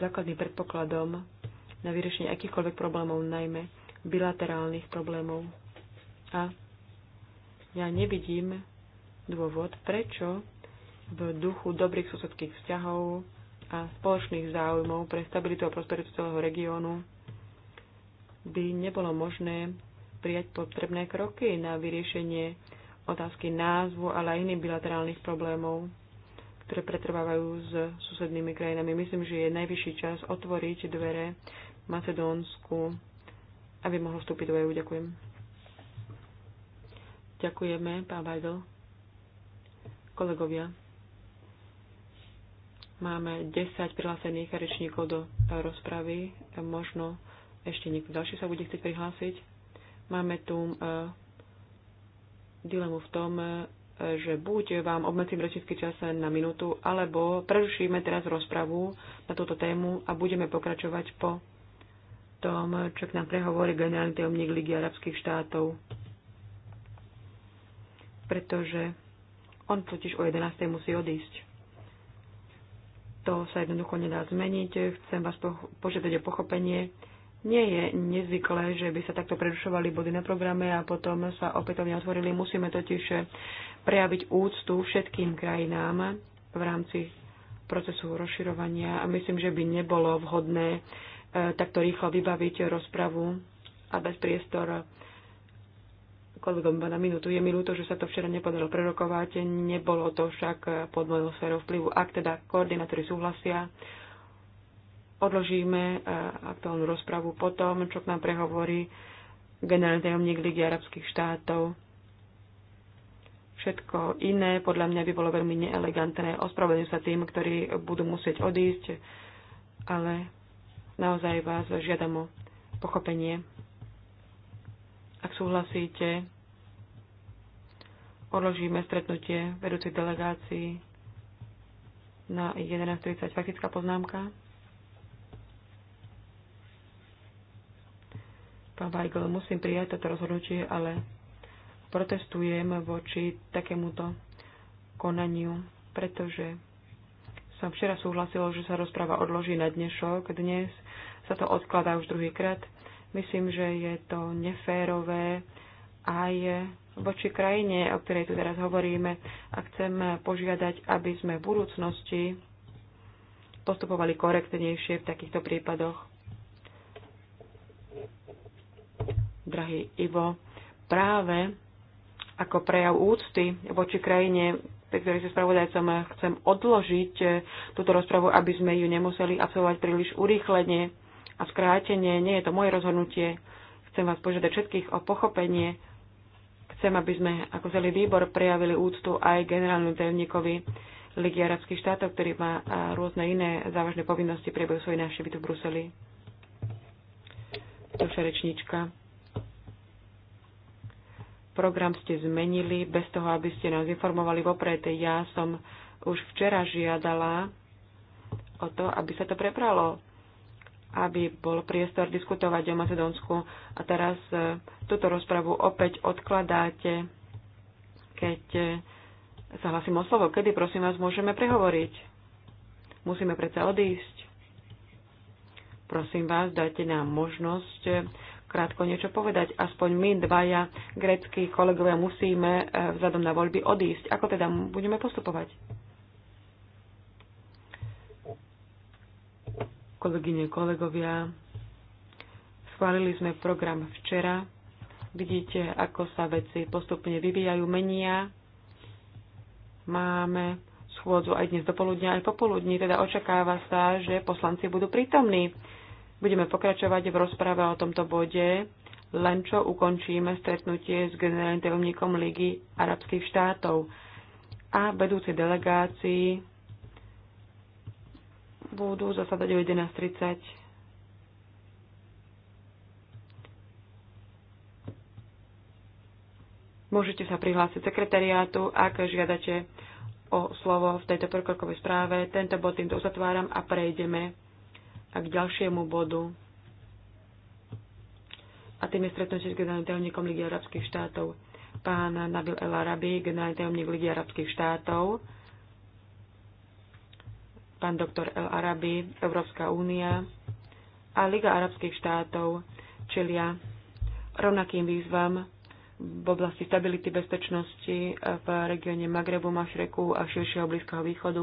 základným predpokladom na vyriešenie akýchkoľvek problémov, najmä bilaterálnych problémov a ja nevidím dôvod, prečo v duchu dobrých susedských vzťahov a spoločných záujmov pre stabilitu a prosperitu celého regiónu by nebolo možné prijať potrebné kroky na vyriešenie otázky názvu, ale aj iných bilaterálnych problémov, ktoré pretrvávajú s susednými krajinami. Myslím, že je najvyšší čas otvoriť dvere Macedónsku, aby mohlo vstúpiť do EU. Ďakujem. Ďakujeme, pán Vajdel. Kolegovia, máme 10 prihlásených rečníkov do rozpravy. Možno ešte niekto ďalší sa bude chcieť prihlásiť. Máme tu uh, dilemu v tom, uh, že buď vám obmedzím rečnícky čas na minútu, alebo prerušíme teraz rozpravu na túto tému a budeme pokračovať po tom, čo k nám prehovorí generálny tajomník Ligy arabských štátov pretože on totiž o 11. musí odísť. To sa jednoducho nedá zmeniť. Chcem vás požiadať o pochopenie. Nie je nezvyklé, že by sa takto prerušovali body na programe a potom sa opätovne otvorili. Musíme totiž prejaviť úctu všetkým krajinám v rámci procesu rozširovania a myslím, že by nebolo vhodné eh, takto rýchlo vybaviť rozpravu a bez priestor kolegom na minútu. Je mi ľúto, že sa to včera nepodarilo prerokovať, nebolo to však pod mojou sférou vplyvu. Ak teda koordinátori súhlasia, odložíme eh, aktuálnu rozpravu potom, čo k nám prehovorí generálny tajomník Ligy arabských štátov. Všetko iné podľa mňa by bolo veľmi neelegantné. Ospravedlňujem sa tým, ktorí budú musieť odísť, ale naozaj vás žiadam o pochopenie. Ak súhlasíte, odložíme stretnutie vedúcej delegácií na 11.30. Faktická poznámka. Pán Weigl, musím prijať toto rozhodnutie, ale protestujem voči takémuto konaniu, pretože som včera súhlasila, že sa rozpráva odloží na dnešok. Dnes sa to odkladá už druhýkrát. Myslím, že je to neférové aj voči krajine, o ktorej tu teraz hovoríme a chcem požiadať, aby sme v budúcnosti postupovali korektnejšie v takýchto prípadoch. Drahý Ivo, práve ako prejav úcty voči krajine, pre ktorý sa spravodajcom chcem odložiť túto rozpravu, aby sme ju nemuseli absolvovať príliš urýchlenie a skrátenie. Nie je to moje rozhodnutie. Chcem vás požiadať všetkých o pochopenie Chcem, aby sme ako celý výbor prejavili úctu aj generálnu tajomníkovi Ligy arabských štátov, ktorý má rôzne iné závažné povinnosti priebehu svojej návštevy tu v Bruseli. Ďalšia rečníčka. Program ste zmenili bez toho, aby ste nás informovali vopred. Ja som už včera žiadala o to, aby sa to prepralo aby bol priestor diskutovať o Macedónsku. A teraz e, túto rozpravu opäť odkladáte, keď e, sa hlasím o slovo. Kedy, prosím vás, môžeme prehovoriť? Musíme predsa odísť. Prosím vás, dajte nám možnosť e, krátko niečo povedať. Aspoň my dvaja greckí kolegovia musíme vzhľadom na voľby odísť. Ako teda budeme postupovať? kolegyne, kolegovia. Schválili sme program včera. Vidíte, ako sa veci postupne vyvíjajú, menia. Máme schôdzu aj dnes dopoludne, aj popoludní, teda očakáva sa, že poslanci budú prítomní. Budeme pokračovať v rozprave o tomto bode, len čo ukončíme stretnutie s generálnym tajomníkom Ligy arabských štátov a vedúci delegácií budú zasadať o 11.30. Môžete sa prihlásiť sekretariátu, ak žiadate o slovo v tejto prokrokovej správe. Tento bod týmto uzatváram a prejdeme a k ďalšiemu bodu. A tým je stretnutie s generálnym tajomníkom Ligy arabských štátov. Pán Nabil El Arabi, generálny tajomník Ligy arabských štátov pán doktor El Arabi, Európska únia a Liga arabských štátov čelia rovnakým výzvam v oblasti stability bezpečnosti v regióne Magrebu, Mašreku a širšieho Blízkeho východu.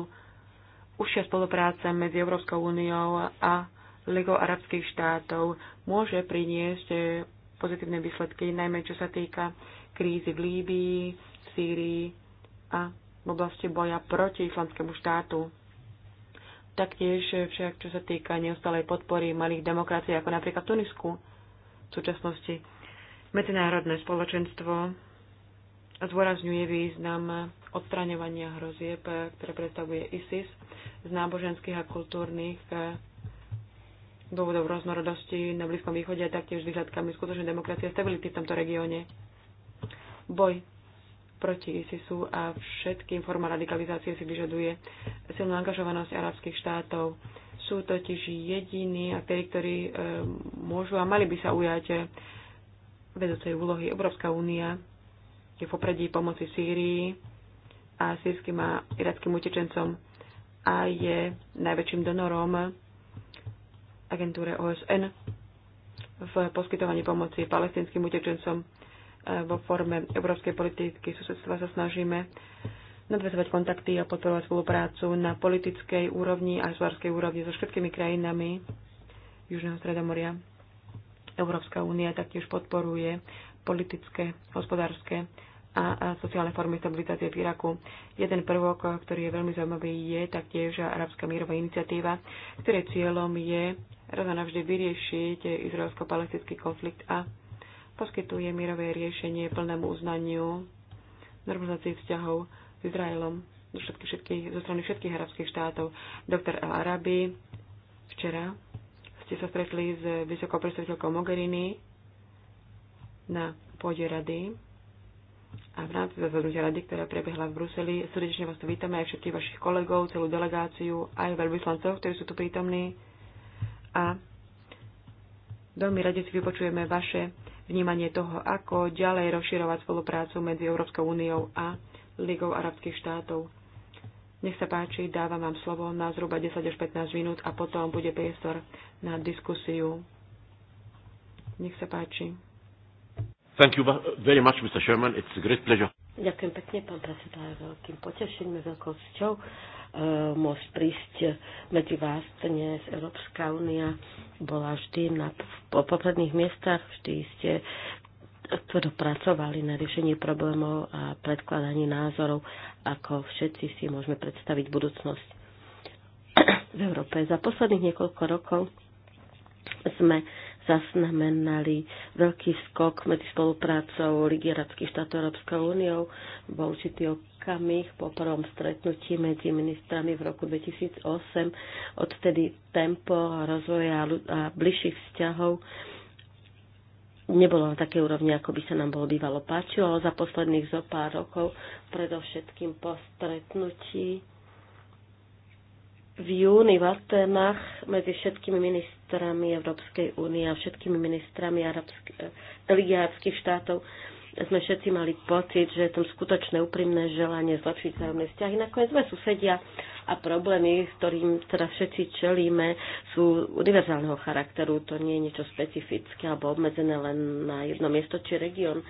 Užšia spolupráca medzi Európskou úniou a Ligou arabských štátov môže priniesť pozitívne výsledky, najmä čo sa týka krízy v Líbii, v Sýrii a v oblasti boja proti islamskému štátu. Taktiež však, čo sa týka neustalej podpory malých demokracií, ako napríklad v Tunisku v súčasnosti, medzinárodné spoločenstvo zdôrazňuje význam odstraňovania hrozieb, ktoré predstavuje ISIS z náboženských a kultúrnych dôvodov rôznorodosti na Blízkom východe a taktiež s vyhľadkami skutočnej demokracie a stability v tomto regióne. Boj proti ISISu a všetkým formám radikalizácie si vyžaduje silnú angažovanosť arabských štátov. Sú totiž jediní a tí, ktorí e, môžu a mali by sa ujať e, vedúcej úlohy. Európska únia je v popredí pomoci Sýrii a sírským a irackým utečencom a je najväčším donorom agentúre OSN v poskytovaní pomoci palestinským utečencom vo forme európskej politiky susedstva sa snažíme nadvezovať kontakty a podporovať spoluprácu na politickej úrovni a hospodárskej úrovni so všetkými krajinami Južného Stredomoria. Európska únia taktiež podporuje politické, hospodárske a sociálne formy stabilizácie v Iraku. Jeden prvok, ktorý je veľmi zaujímavý, je taktiež Arabská mírová iniciatíva, ktorej cieľom je raz a navždy vyriešiť izraelsko-palestinský konflikt a poskytuje mierové riešenie plnému uznaniu normalizácii vzťahov s Izraelom zo, všetky, všetky, zo strany všetkých arabských štátov. Doktor El Arabi, včera ste sa stretli s vysokou predstaviteľkou Mogherini na pôde rady a v rámci zasadnutia rady, ktorá prebehla v Bruseli, srdečne vás tu vítame aj všetkých vašich kolegov, celú delegáciu, aj veľvyslancov, ktorí sú tu prítomní. A veľmi radi si vypočujeme vaše vnímanie toho, ako ďalej rozširovať spoluprácu medzi Európskou úniou a Ligou arabských štátov. Nech sa páči, dávam vám slovo na zhruba 10 až 15 minút a potom bude priestor na diskusiu. Nech sa páči. Thank you very much, Mr. Sherman. It's a great pleasure. Ďakujem pekne, pán predseda, veľkým potešením, veľkou cťou E, môcť prísť medzi vás. Dnes Európska únia bola vždy na po popredných miestach, vždy ste tvrdo pracovali na riešení problémov a predkladaní názorov, ako všetci si môžeme predstaviť budúcnosť v Európe. Za posledných niekoľko rokov sme zaznamenali veľký skok medzi spoluprácou Ligy arabských štátov Európskou úniou. Bol určitý okamih po prvom stretnutí medzi ministrami v roku 2008. Odtedy tempo rozvoja a bližších vzťahov nebolo na také úrovni, ako by sa nám bolo bývalo páčilo, ale za posledných zo pár rokov, predovšetkým po stretnutí v júni v Atenách medzi všetkými ministrami Európskej únie a všetkými ministrami Arabsk- arabských štátov sme všetci mali pocit, že je tam skutočné úprimné želanie zlepšiť vzájomné vzťahy. Nakoniec sme susedia a problémy, s ktorým teda všetci čelíme, sú univerzálneho charakteru. To nie je niečo špecifické alebo obmedzené len na jedno miesto či región.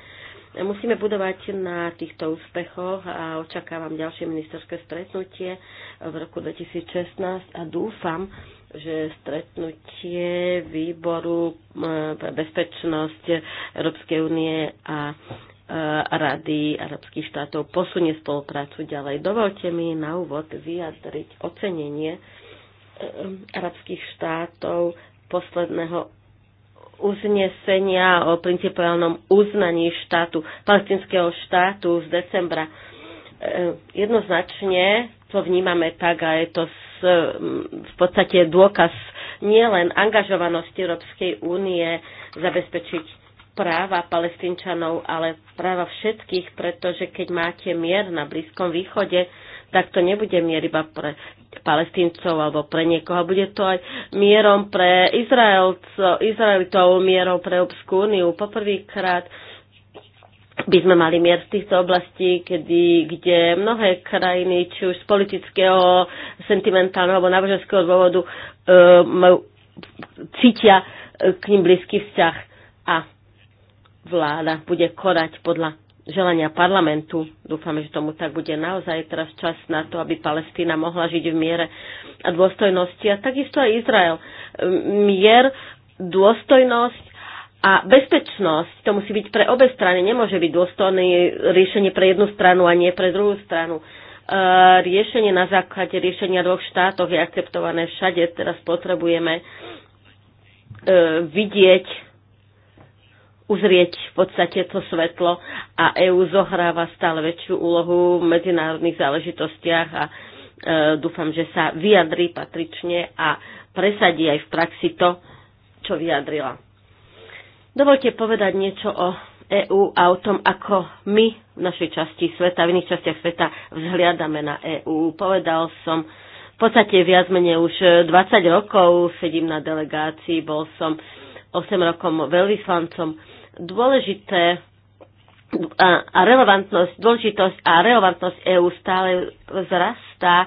Musíme budovať na týchto úspechoch a očakávam ďalšie ministerské stretnutie v roku 2016 a dúfam, že stretnutie výboru eh, pre bezpečnosť Európskej únie a eh, Rady arabských štátov posunie spoluprácu ďalej. Dovolte mi na úvod vyjadriť ocenenie eh, arabských štátov posledného uznesenia o principiálnom uznaní štátu, palestinského štátu z decembra. E, jednoznačne to vnímame tak a je to v podstate dôkaz nielen angažovanosti Európskej únie zabezpečiť práva palestínčanov, ale práva všetkých, pretože keď máte mier na Blízkom východe, tak to nebude mier iba pre palestíncov alebo pre niekoho. Bude to aj mierom pre Izraelcov, Izraelitov, mierom pre Európsku úniu. Poprvýkrát by sme mali mier z týchto oblastí, kedy, kde mnohé krajiny, či už z politického, sentimentálneho alebo náboženského dôvodu, e, majú, cítia eh, k ním blízky vzťah a vláda bude korať podľa želania parlamentu. Dúfame, že tomu tak bude naozaj teraz čas na to, aby Palestína mohla žiť v miere a dôstojnosti a takisto aj Izrael. Mier, dôstojnosť a bezpečnosť, to musí byť pre obe strany, nemôže byť dôstojné riešenie pre jednu stranu a nie pre druhú stranu. E, riešenie na základe riešenia dvoch štátov je akceptované všade, teraz potrebujeme e, vidieť uzrieť v podstate to svetlo a EÚ zohráva stále väčšiu úlohu v medzinárodných záležitostiach a e, dúfam, že sa vyjadrí patrične a presadí aj v praxi to, čo vyjadrila. Dovolte povedať niečo o EÚ a o tom, ako my v našej časti sveta, v iných častiach sveta vzhliadame na EÚ. Povedal som, v podstate viac menej už 20 rokov sedím na delegácii, bol som 8 rokov veľvyslancom dôležité a relevantnosť, dôležitosť a relevantnosť EÚ stále vzrastá.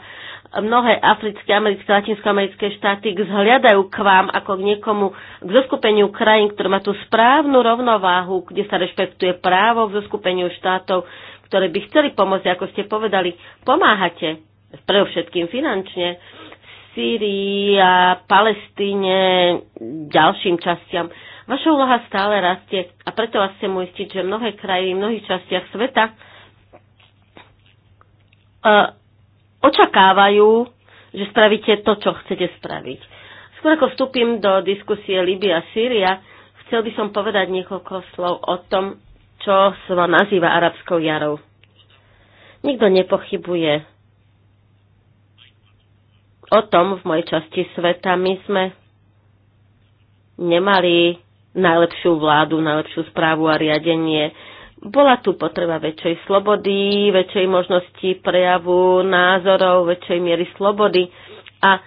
Mnohé africké, americké, latinskoamerické štáty zhľadajú k vám ako k niekomu, k zoskupeniu krajín, ktoré má tú správnu rovnováhu, kde sa rešpektuje právo k zoskupeniu štátov, ktoré by chceli pomôcť, ako ste povedali. Pomáhate, predovšetkým finančne, Sýrii a Palestíne, ďalším častiam Vaša úloha stále rastie a preto vás chcem uistiť, že mnohé krajiny v mnohých častiach sveta e, očakávajú, že spravíte to, čo chcete spraviť. Skôr ako vstúpim do diskusie Libia a Sýria, chcel by som povedať niekoľko slov o tom, čo sa nazýva arabskou jarou. Nikto nepochybuje o tom v mojej časti sveta. My sme nemali najlepšiu vládu, najlepšiu správu a riadenie. Bola tu potreba väčšej slobody, väčšej možnosti prejavu názorov, väčšej miery slobody. A e,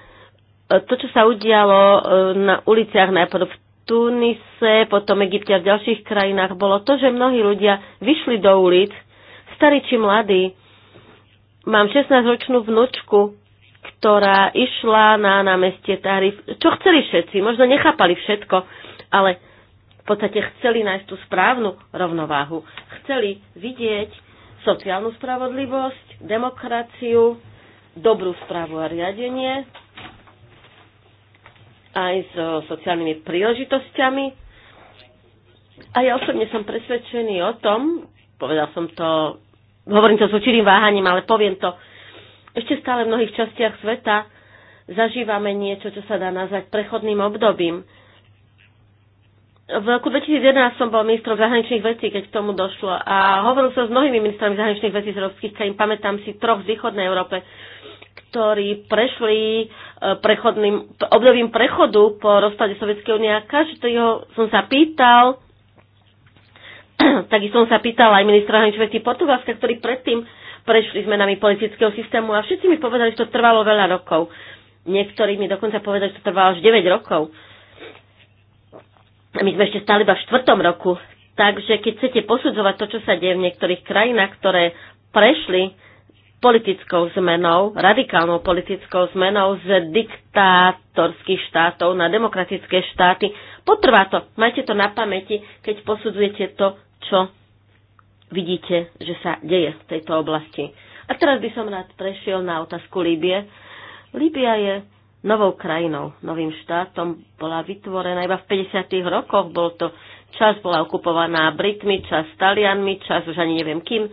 to, čo sa udialo e, na uliciach najprv v Tunise, potom Egypte a v ďalších krajinách, bolo to, že mnohí ľudia vyšli do ulic, starí či mladí. Mám 16-ročnú vnúčku, ktorá išla na námestie Tahrif. Čo chceli všetci? Možno nechápali všetko, ale v podstate chceli nájsť tú správnu rovnováhu. Chceli vidieť sociálnu spravodlivosť, demokraciu, dobrú správu a riadenie, aj so sociálnymi príležitosťami. A ja osobne som presvedčený o tom, povedal som to, hovorím to s určitým váhaním, ale poviem to, ešte stále v mnohých častiach sveta zažívame niečo, čo sa dá nazvať prechodným obdobím v roku 2011 som bol ministrom zahraničných vecí, keď k tomu došlo a hovoril som s mnohými ministrami zahraničných vecí z európskych krajín, pamätám si troch z východnej Európe, ktorí prešli e, prechodným, obdobím prechodu po rozpade Sovjetskej únie a každého som sa pýtal, taký som sa pýtal aj ministra zahraničných vecí Portugalska, ktorí predtým prešli zmenami politického systému a všetci mi povedali, že to trvalo veľa rokov. Niektorí mi dokonca povedali, že to trvalo až 9 rokov a my sme ešte stále iba v štvrtom roku. Takže keď chcete posudzovať to, čo sa deje v niektorých krajinách, ktoré prešli politickou zmenou, radikálnou politickou zmenou z diktátorských štátov na demokratické štáty, potrvá to. Majte to na pamäti, keď posudzujete to, čo vidíte, že sa deje v tejto oblasti. A teraz by som rád prešiel na otázku Líbie. Líbia je novou krajinou, novým štátom. Bola vytvorená iba v 50. rokoch. Bol to čas, bola okupovaná Britmi, čas Talianmi, čas už ani neviem kým.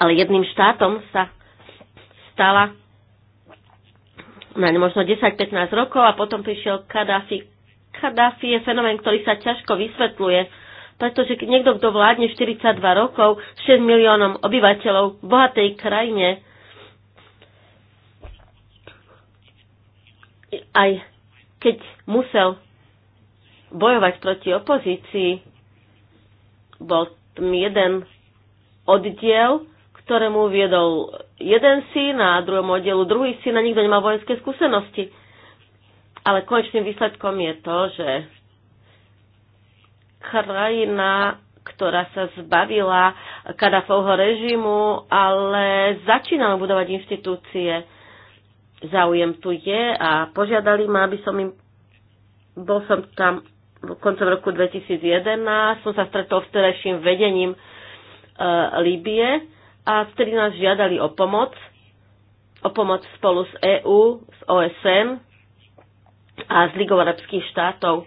Ale jedným štátom sa stala na možno 10-15 rokov a potom prišiel Kadáfi. Kadáfi je fenomén, ktorý sa ťažko vysvetľuje pretože keď niekto, kto vládne 42 rokov, 6 miliónom obyvateľov v bohatej krajine, aj keď musel bojovať proti opozícii, bol tam jeden oddiel, ktorému viedol jeden syn a druhom oddielu druhý syn a nikto nemá vojenské skúsenosti. Ale konečným výsledkom je to, že krajina, ktorá sa zbavila Kadafovho režimu, ale začínala budovať inštitúcie, záujem tu je a požiadali ma, aby som im, bol som tam koncom roku 2011, som sa stretol s terajším vedením e, Líbie a vtedy nás žiadali o pomoc, o pomoc spolu s EÚ, s OSN a s Ligou arabských štátov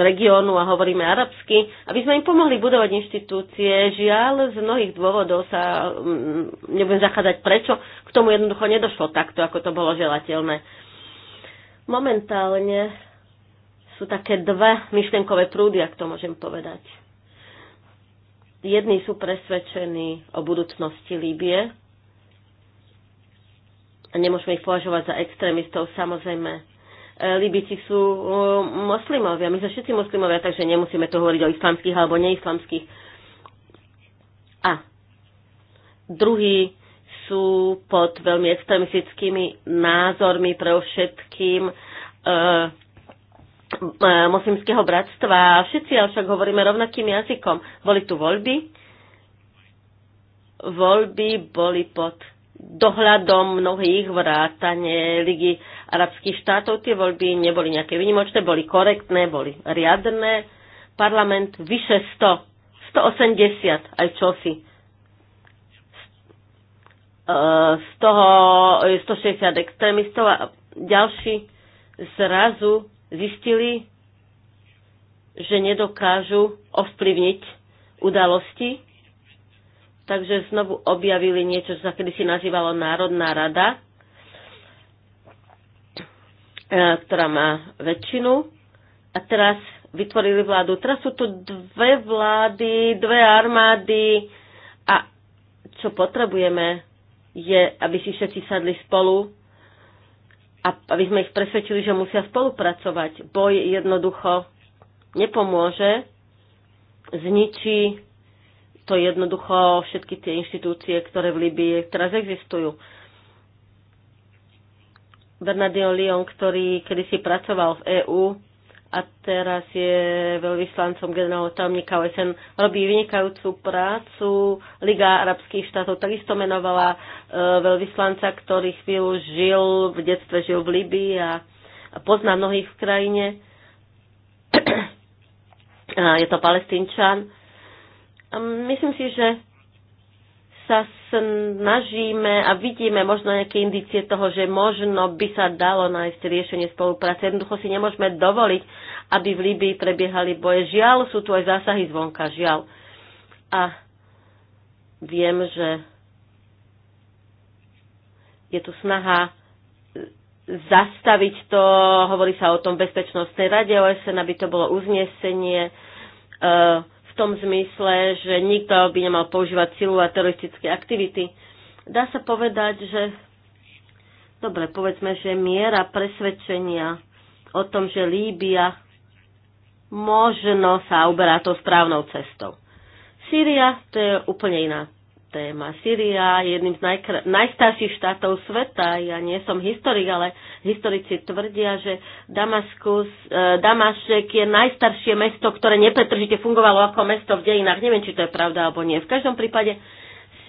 regiónu a hovoríme arabsky, aby sme im pomohli budovať inštitúcie. Žiaľ, z mnohých dôvodov sa, mm, nebudem zachádzať prečo, k tomu jednoducho nedošlo takto, ako to bolo želateľné. Momentálne sú také dva myšlenkové prúdy, ak to môžem povedať. Jedni sú presvedčení o budúcnosti Líbie a nemôžeme ich považovať za extrémistov, samozrejme Libici sú e, moslimovia, my sme všetci moslimovia, takže nemusíme to hovoriť o islamských alebo neislamských. A druhí sú pod veľmi extremistickými názormi pre všetkým e, e, moslimského bratstva. Všetci však hovoríme rovnakým jazykom. Boli tu voľby. Voľby boli pod dohľadom mnohých vrátane Ligy arabských štátov. Tie voľby neboli nejaké výnimočné, boli korektné, boli riadné. Parlament vyše 100, 180 aj čosi. E, z toho 160 extrémistov a ďalší zrazu zistili, že nedokážu ovplyvniť udalosti takže znovu objavili niečo, čo sa kedysi nazývalo Národná rada, e, ktorá má väčšinu a teraz vytvorili vládu. Teraz sú tu dve vlády, dve armády a čo potrebujeme je, aby si všetci sadli spolu a aby sme ich presvedčili, že musia spolupracovať. Boj jednoducho nepomôže, zničí to jednoducho všetky tie inštitúcie, ktoré v Libii teraz existujú. Bernardino Lyon, ktorý kedysi pracoval v EÚ a teraz je veľvyslancom generálneho tajomníka OSN, robí vynikajúcu prácu. Liga arabských štátov takisto menovala e, veľvyslanca, ktorý chvíľu žil, v detstve žil v Libii a, a pozná mnohých v krajine. je to palestínčan Myslím si, že sa snažíme a vidíme možno nejaké indicie toho, že možno by sa dalo nájsť riešenie spolupráce. Jednoducho si nemôžeme dovoliť, aby v Líbii prebiehali boje. Žiaľ, sú tu aj zásahy zvonka, žiaľ. A viem, že je tu snaha zastaviť to, hovorí sa o tom bezpečnostnej rade OSN, aby to bolo uznesenie. Uh, tom zmysle, že nikto by nemal používať silu a teroristické aktivity. Dá sa povedať, že dobre, povedzme, že miera presvedčenia o tom, že Líbia možno sa uberá tou správnou cestou. Sýria to je úplne iná téma. Syria je jedným z najkr- najstarších štátov sveta. Ja nie som historik, ale historici tvrdia, že Damaskus, e, Damašek je najstaršie mesto, ktoré nepretržite fungovalo ako mesto v dejinách. Neviem, či to je pravda alebo nie. V každom prípade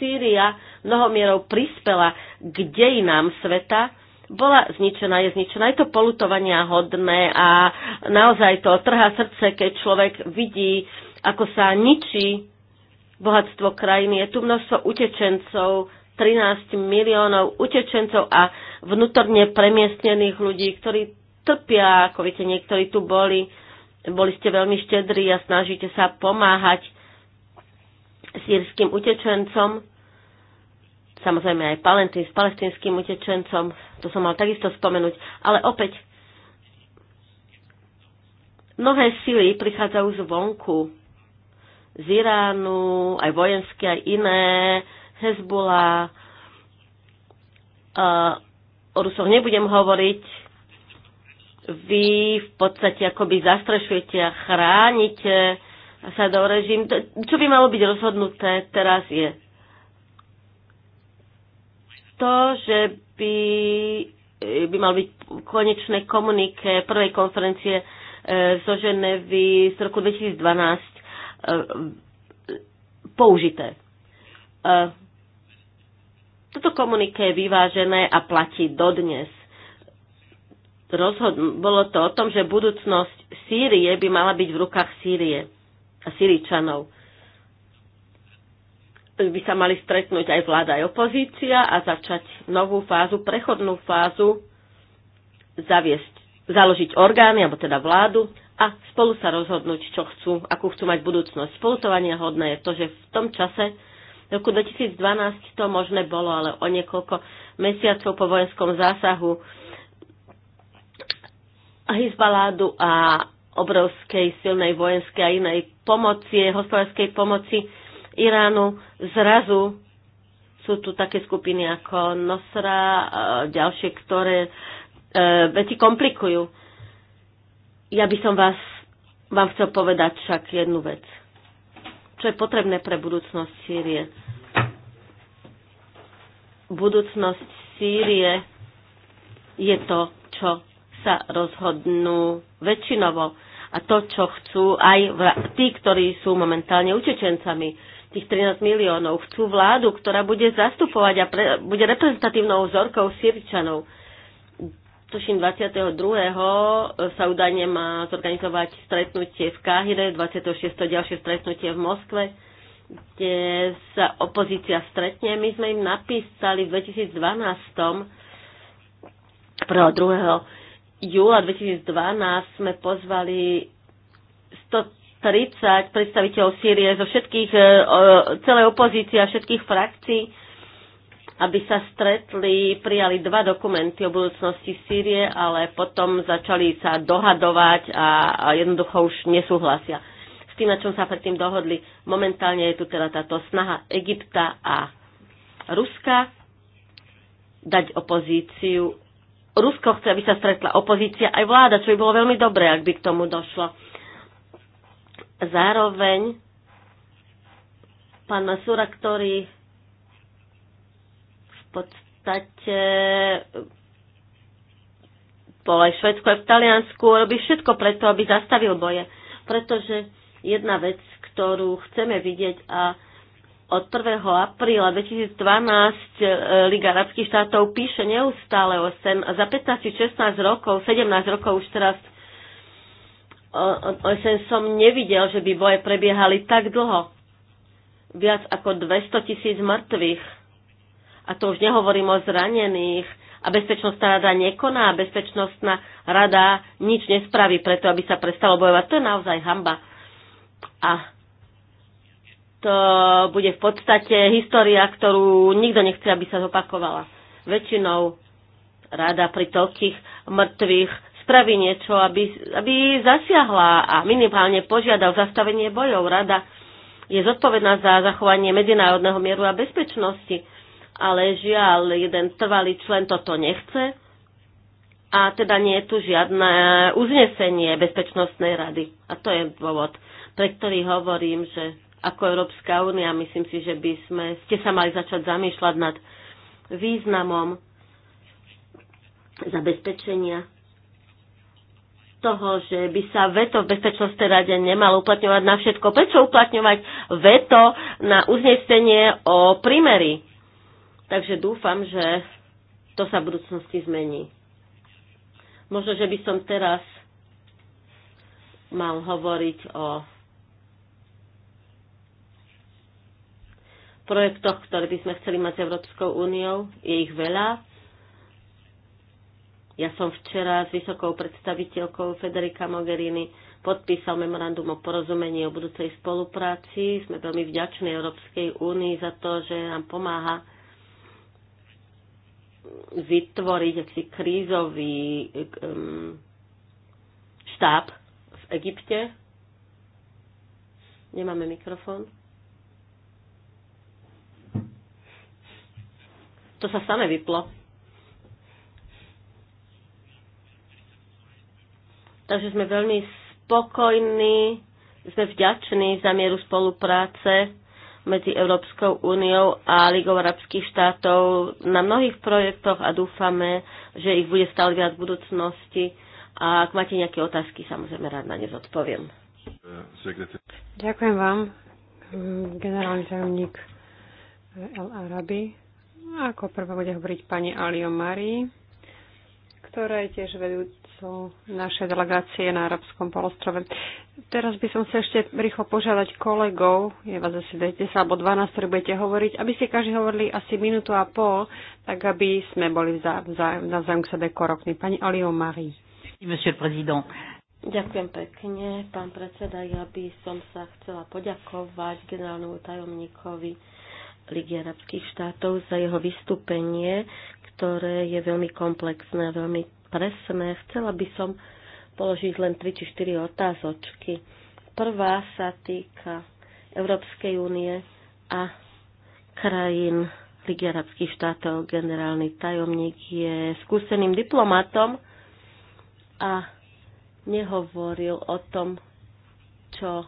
Sýria mnohomierou prispela k dejinám sveta bola zničená, je zničená. Je to polutovania hodné a naozaj to trhá srdce, keď človek vidí, ako sa ničí bohatstvo krajiny. Je tu množstvo utečencov, 13 miliónov utečencov a vnútorne premiestnených ľudí, ktorí trpia, ako viete, niektorí tu boli, boli ste veľmi štedrí a snažíte sa pomáhať sírským utečencom, samozrejme aj palentín s palestinským utečencom, to som mal takisto spomenúť, ale opäť mnohé sily prichádzajú zvonku, z Iránu, aj vojenské, aj iné, Hezbola. O Rusoch nebudem hovoriť. Vy v podstate akoby zastrešujete a chránite do režim. Čo by malo byť rozhodnuté teraz je to, že by, by mal byť konečné komunike prvej konferencie e, zo Ženevy z roku 2012 E, použité. E, toto komuniké je vyvážené a platí dodnes. Rozhodn- bolo to o tom, že budúcnosť Sýrie by mala byť v rukách Sýrie a Sýričanov. by sa mali stretnúť aj vláda, aj opozícia a začať novú fázu, prechodnú fázu, zaviesť, založiť orgány, alebo teda vládu a spolu sa rozhodnúť, čo chcú, akú chcú mať budúcnosť. Spolutovanie hodné je to, že v tom čase, v roku 2012 to možné bolo, ale o niekoľko mesiacov po vojenskom zásahu Hizbaládu a obrovskej silnej vojenskej a inej pomoci, hospodárskej pomoci Iránu zrazu sú tu také skupiny ako Nosra, a ďalšie, ktoré e, veci komplikujú ja by som vás, vám chcel povedať však jednu vec. Čo je potrebné pre budúcnosť Sýrie? Budúcnosť Sýrie je to, čo sa rozhodnú väčšinovo a to, čo chcú aj tí, ktorí sú momentálne utečencami. Tých 13 miliónov chcú vládu, ktorá bude zastupovať a pre, bude reprezentatívnou vzorkou Sýrčanov tuším 22. E, sa údajne má zorganizovať stretnutie v Káhire, 26. ďalšie stretnutie v Moskve, kde sa opozícia stretne. My sme im napísali v 2012. 1. 2. júla 2012 sme pozvali 130 predstaviteľov Sýrie zo všetkých, e, celej opozície a všetkých frakcií aby sa stretli, prijali dva dokumenty o budúcnosti Sýrie, ale potom začali sa dohadovať a, a jednoducho už nesúhlasia s tým, na čom sa predtým dohodli. Momentálne je tu teda táto snaha Egypta a Ruska dať opozíciu. Rusko chce, aby sa stretla opozícia aj vláda, čo by bolo veľmi dobré, ak by k tomu došlo. Zároveň pán Masura, ktorý podstate po aj v Švedsku, aj v Taliansku, robí všetko preto, aby zastavil boje. Pretože jedna vec, ktorú chceme vidieť a od 1. apríla 2012 e, Liga arabských štátov píše neustále o sem a za 15-16 rokov, 17 rokov už teraz OSN som nevidel, že by boje prebiehali tak dlho. Viac ako 200 tisíc mŕtvych a to už nehovorím o zranených, a bezpečnostná rada nekoná a bezpečnostná rada nič nespraví preto, aby sa prestalo bojovať. To je naozaj hamba. A to bude v podstate história, ktorú nikto nechce, aby sa zopakovala. Väčšinou rada pri toľkých mŕtvych spraví niečo, aby, aby zasiahla a minimálne požiada o zastavenie bojov. Rada je zodpovedná za zachovanie medzinárodného mieru a bezpečnosti ale žiaľ, jeden trvalý člen toto nechce a teda nie je tu žiadne uznesenie Bezpečnostnej rady. A to je dôvod, pre ktorý hovorím, že ako Európska únia, myslím si, že by sme, ste sa mali začať zamýšľať nad významom zabezpečenia toho, že by sa veto v Bezpečnostnej rade nemalo uplatňovať na všetko. Prečo uplatňovať veto na uznesenie o primery. Takže dúfam, že to sa v budúcnosti zmení. Možno, že by som teraz mal hovoriť o projektoch, ktoré by sme chceli mať s Európskou úniou. Je ich veľa. Ja som včera s vysokou predstaviteľkou Federica Mogherini podpísal memorandum o porozumení o budúcej spolupráci. Sme veľmi vďační Európskej únii za to, že nám pomáha vytvoriť aký krízový um, štáb v Egypte. Nemáme mikrofón. To sa same vyplo. Takže sme veľmi spokojní, sme vďační za mieru spolupráce medzi Európskou úniou a Ligou arabských štátov na mnohých projektoch a dúfame, že ich bude stále viac v budúcnosti. A ak máte nejaké otázky, samozrejme rád na ne zodpoviem. Ďakujem vám, generálny tajomník El Arabi. Ako prvá bude hovoriť pani Alio Mari, ktorá je tiež vedú, prácu našej delegácie na Arabskom polostrove. Teraz by som sa ešte rýchlo požiadať kolegov, je vás asi 10 alebo 12, ktorí budete hovoriť, aby ste každý hovorili asi minútu a pol, tak aby sme boli vzájom k sebe korokní. Pani Alio Marie. Ďakujem pekne, pán predseda. Ja by som sa chcela poďakovať generálnemu tajomníkovi Ligy arabských štátov za jeho vystúpenie, ktoré je veľmi komplexné a veľmi presné. Chcela by som položiť len 3 či 4 otázočky. Prvá sa týka Európskej únie a krajín Ligy arabských štátov. Generálny tajomník je skúseným diplomatom a nehovoril o tom, čo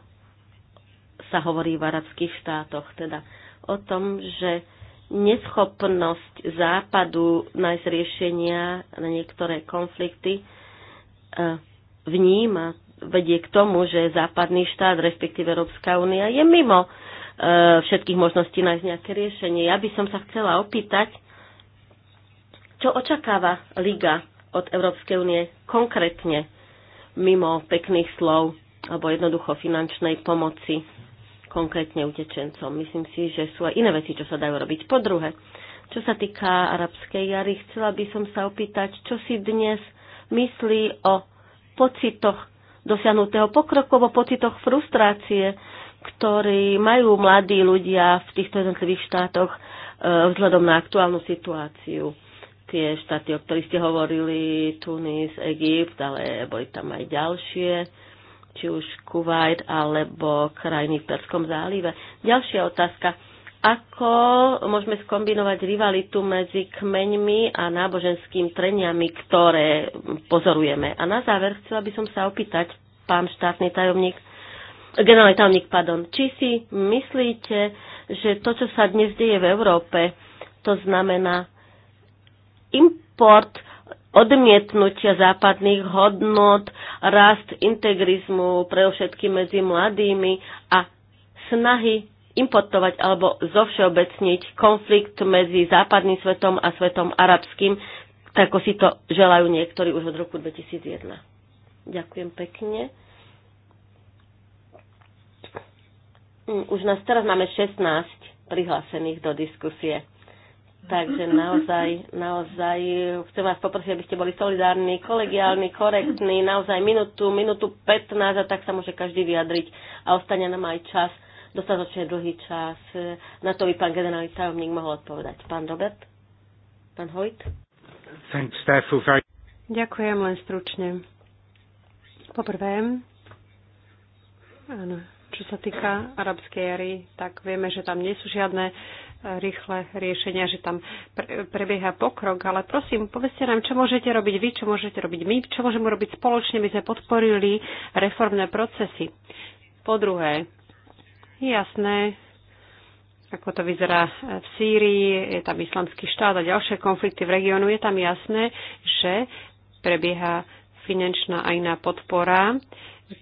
sa hovorí v arabských štátoch, teda o tom, že neschopnosť Západu nájsť riešenia na niektoré konflikty e, vníma, vedie k tomu, že západný štát, respektíve Európska únia, je mimo e, všetkých možností nájsť nejaké riešenie. Ja by som sa chcela opýtať, čo očakáva Liga od Európskej únie konkrétne mimo pekných slov alebo jednoducho finančnej pomoci konkrétne utečencom. Myslím si, že sú aj iné veci, čo sa dajú robiť. Po druhé, čo sa týka arabskej jary, chcela by som sa opýtať, čo si dnes myslí o pocitoch dosiahnutého pokroku, o pocitoch frustrácie, ktorí majú mladí ľudia v týchto jednotlivých štátoch e, vzhľadom na aktuálnu situáciu. Tie štáty, o ktorých ste hovorili, Tunis, Egypt, ale boli tam aj ďalšie či už Kuwait alebo krajiny v Perskom zálive. Ďalšia otázka. Ako môžeme skombinovať rivalitu medzi kmeňmi a náboženským treniami, ktoré pozorujeme? A na záver chcela by som sa opýtať, pán štátny tajomník, generálny tajomník, pardon, či si myslíte, že to, čo sa dnes deje v Európe, to znamená import odmietnutia západných hodnot, rast integrizmu pre všetky medzi mladými a snahy importovať alebo zovšeobecniť konflikt medzi západným svetom a svetom arabským, tak ako si to želajú niektorí už od roku 2001. Ďakujem pekne. Hm, už nás teraz máme 16 prihlásených do diskusie. Takže naozaj, naozaj chcem vás poprosiť, aby ste boli solidárni, kolegiálni, korektní, naozaj minútu, minútu 15 a tak sa môže každý vyjadriť a ostane nám aj čas, dostatočne dlhý čas. Na to by pán generálny tajomník mohol odpovedať. Pán Robert? Pán Hojt? Ďakujem len stručne. Poprvé, áno, čo sa týka arabskej jary, tak vieme, že tam nie sú žiadne rýchle riešenia, že tam prebieha pokrok, ale prosím, povedzte nám, čo môžete robiť vy, čo môžete robiť my, čo môžeme robiť spoločne, aby sme podporili reformné procesy. Po druhé, je jasné, ako to vyzerá v Sýrii, je tam islamský štát a ďalšie konflikty v regiónu, je tam jasné, že prebieha finančná a iná podpora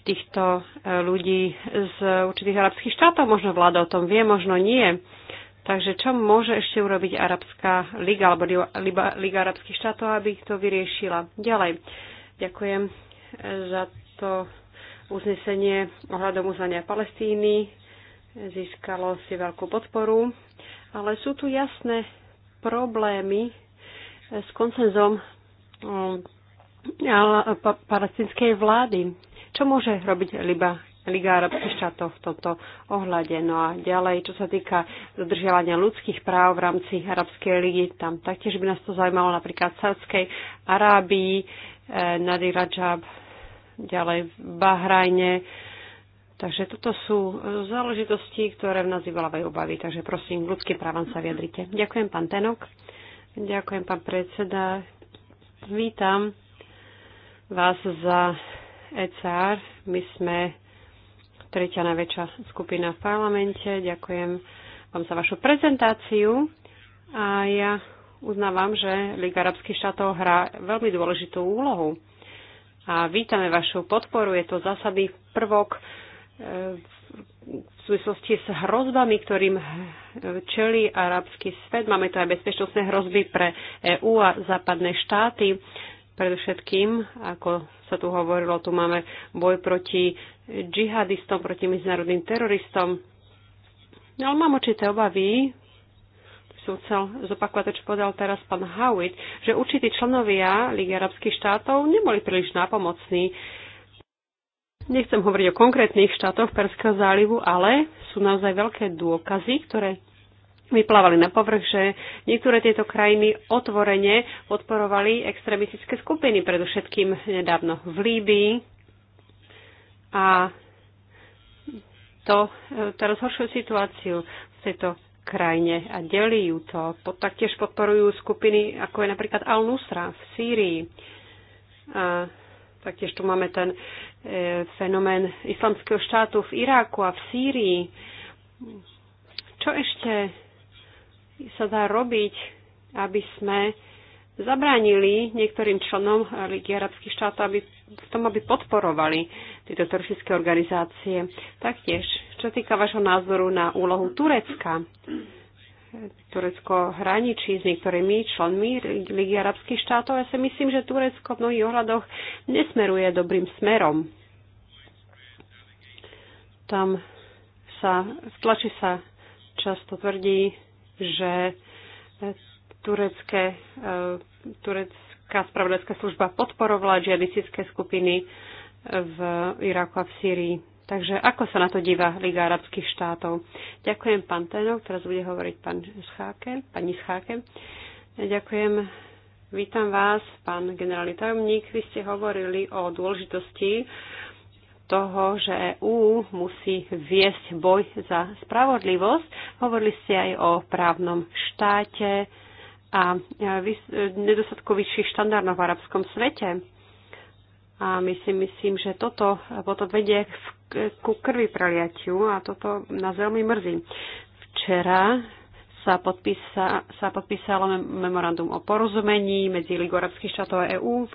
týchto ľudí z určitých arabských štátov. Možno vláda o tom vie, možno nie. Takže čo môže ešte urobiť Arabská liga alebo Liga, arabských štátov, aby to vyriešila? Ďalej. Ďakujem eh, za to uznesenie ohľadom uznania Palestíny. Získalo si veľkú podporu, ale sú tu jasné problémy eh, s koncenzom eh, palestinskej vlády. Čo môže robiť Liba, Liga arabských štátov v tomto ohľade. No a ďalej, čo sa týka dodržiavania ľudských práv v rámci Arabskej ligy, tam taktiež by nás to zaujímalo napríklad v Sádskej Arábii, eh, Nadi Rajab, ďalej v Bahrajne. Takže toto sú eh, záležitosti, ktoré v nás vyvolávajú obavy. Takže prosím, ľudským právam sa vyjadrite. Ďakujem, pán Tenok. Ďakujem, pán predseda. Vítam vás za ECR. My sme tretia najväčšia skupina v parlamente. Ďakujem vám za vašu prezentáciu a ja uznávam, že Liga arabských štátov hrá veľmi dôležitú úlohu. A vítame vašu podporu. Je to zásadný prvok eh, v súvislosti s hrozbami, ktorým čelí arabský svet. Máme tu aj bezpečnostné hrozby pre EÚ a západné štáty. Predovšetkým, ako sa tu hovorilo, tu máme boj proti džihadistom, proti medzinárodným teroristom. No, ale mám určité obavy, som chcel zopakovať to, čo povedal teraz pán Howitt, že určití členovia Ligy arabských štátov neboli príliš nápomocní. Nechcem hovoriť o konkrétnych štátoch Perského zálivu, ale sú naozaj veľké dôkazy, ktoré vyplávali na povrch, že niektoré tieto krajiny otvorene podporovali extremistické skupiny, predovšetkým nedávno v Líbii. A to to rozhoršuje situáciu v tejto krajine a delí ju to. Taktiež podporujú skupiny, ako je napríklad Al-Nusra v Sýrii. A taktiež tu máme ten e, fenomén islamského štátu v Iráku a v Sýrii. Čo ešte sa dá robiť, aby sme zabránili niektorým členom Ligy arabských štátov aby, v tom, aby podporovali tieto teroristické organizácie. Taktiež, čo týka vašho názoru na úlohu Turecka, Turecko hraničí s niektorými členmi Ligy arabských štátov. Ja si myslím, že Turecko v mnohých ohľadoch nesmeruje dobrým smerom. Tam sa, v tlači sa často tvrdí, že e, turecké, e, turecká spravodajská služba podporovala džihadistické skupiny v Iraku a v Sýrii. Takže ako sa na to díva Liga arabských štátov? Ďakujem pán Tenov, teraz bude hovoriť pán Scháke, pani Scháke. Ďakujem. Vítam vás, pán generálny tajomník. Vy ste hovorili o dôležitosti toho, že EÚ musí viesť boj za spravodlivosť. Hovorili ste aj o právnom štáte a nedostatku vyšších štandardov v arabskom svete. A my si myslím, že toto potom vedie ku krvi preliatiu a toto nás veľmi mrzí. Včera sa, podpísa, sa podpísalo memorandum o porozumení medzi Ligou arabských štátov a EÚ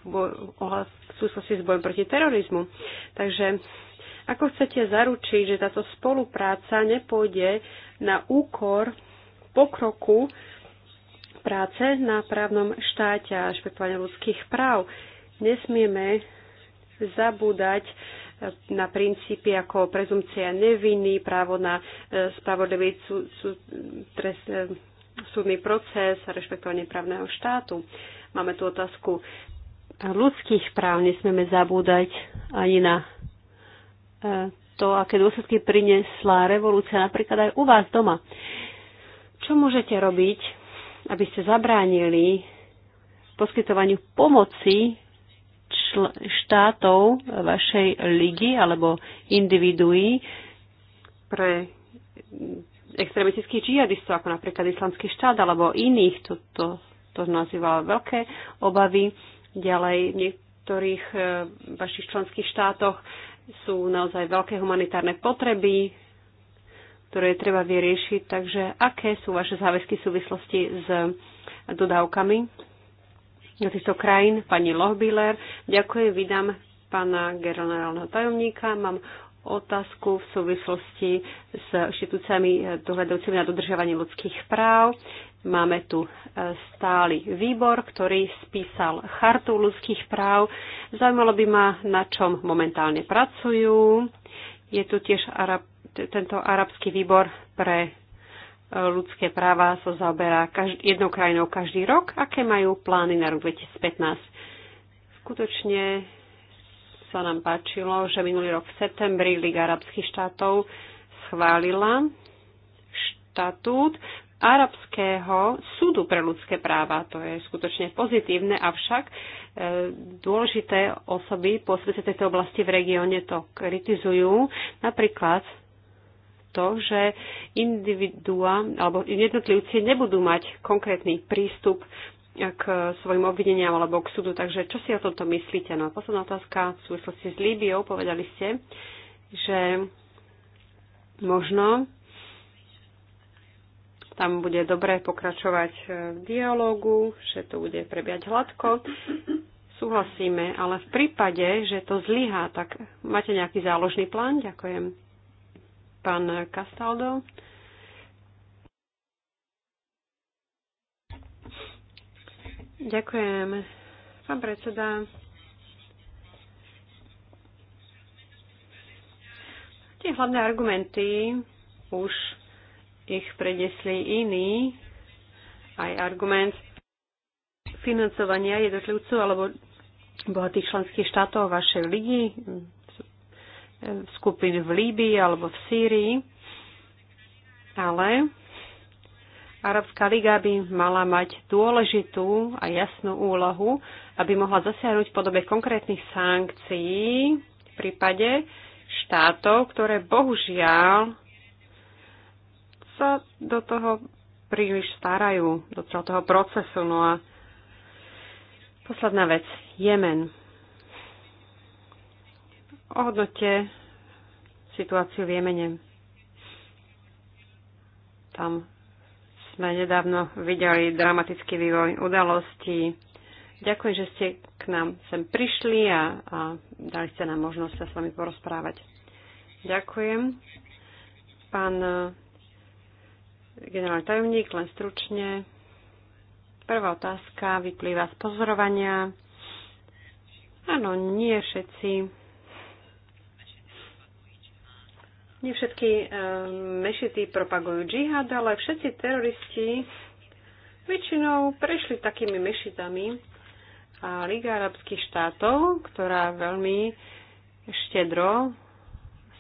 súvislosti s bojom proti terorizmu. Takže ako chcete zaručiť, že táto spolupráca nepôjde na úkor pokroku práce na právnom štáte a špektovania ľudských práv? Nesmieme zabúdať na princípy ako prezumcia neviny, právo na e, spravodlivý sú, sú, trest, e, súdny proces a rešpektovanie právneho štátu. Máme tu otázku ľudských práv. Nesmieme zabúdať ani na e, to, aké dôsledky priniesla revolúcia napríklad aj u vás doma. Čo môžete robiť, aby ste zabránili poskytovaniu pomoci štátov vašej ligy alebo individuí pre extremistických džihadistov, ako napríklad Islamský štát alebo iných. toto to, to nazýva veľké obavy. Ďalej v niektorých eh, vašich členských štátoch sú naozaj veľké humanitárne potreby, ktoré je treba vyriešiť. Takže aké sú vaše záväzky v súvislosti s dodávkami do týchto krajín? Pani Lohbiller, ďakujem, vydám pána generálneho tajomníka. Mám otázku v súvislosti s inštitúciami dohľadajúcimi na dodržiavanie ľudských práv. Máme tu e, stály výbor, ktorý spísal chartu ľudských práv. Zaujímalo by ma, na čom momentálne pracujú. Je tu tiež Arab, tento arabský výbor pre e, ľudské práva sa zaoberá každý, jednou krajinou každý rok. Aké majú plány na rok 2015? Skutočne sa nám páčilo, že minulý rok v septembri Liga arabských štátov schválila štatút Arabského súdu pre ľudské práva. To je skutočne pozitívne, avšak e, dôležité osoby pôsobiace tejto oblasti v regióne to kritizujú. Napríklad to, že individua alebo jednotlivci nebudú mať konkrétny prístup k eh, svojim obvineniam alebo k súdu. Takže čo si o tomto myslíte? No a posledná otázka v súvislosti s Líbiou. Povedali ste, že možno tam bude dobre pokračovať eh, v dialogu, že to bude prebiať hladko. Súhlasíme, ale v prípade, že to zlyhá, tak máte nejaký záložný plán? Ďakujem. Pán Castaldo. Ďakujem. Pán predseda, tie hlavné argumenty už ich prednesli iní, aj argument financovania jednotlivcov alebo bohatých členských štátov vašej ligy, skupiny v Líbii alebo v Sýrii. Ale Arabská liga by mala mať dôležitú a jasnú úlohu, aby mohla zasiahnuť v podobe konkrétnych sankcií v prípade štátov, ktoré bohužiaľ sa do toho príliš starajú, do celého toho procesu. No a posledná vec, Jemen. Ohodnote situáciu v Jemene. Tam sme nedávno videli dramatický vývoj udalostí. Ďakujem, že ste k nám sem prišli a, a dali ste nám možnosť sa s vami porozprávať. Ďakujem. Pán e, generálny tajomník, len stručne. Prvá otázka vyplýva z pozorovania. Áno, nie všetci nie všetky eh, mešity propagujú džihad, ale všetci teroristi väčšinou prešli takými mešitami. A Liga arabských štátov, ktorá veľmi štedro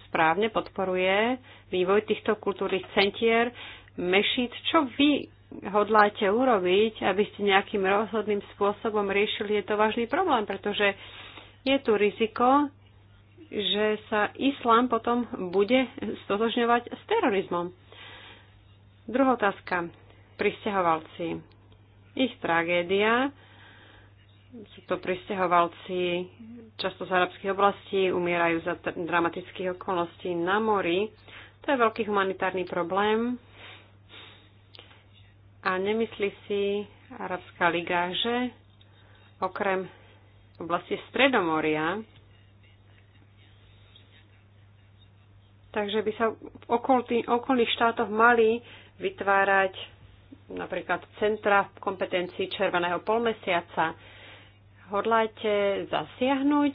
správne podporuje vývoj týchto kultúrnych centier, mešit, čo vy hodláte urobiť, aby ste nejakým rozhodným spôsobom riešili je to vážny problém, pretože je tu riziko, že sa islám potom bude stotožňovať s terorizmom. Druhá otázka. Pristahovalci. Ich tragédia. Sú to pristahovalci často z arabských oblastí, umierajú za dramatických okolností na mori. To je veľký humanitárny problém. A nemyslí si Arabská liga, že okrem oblasti Stredomoria, Takže by sa v okolí, okolných štátoch mali vytvárať napríklad centra v kompetencii červeného polmesiaca. Hodláte zasiahnuť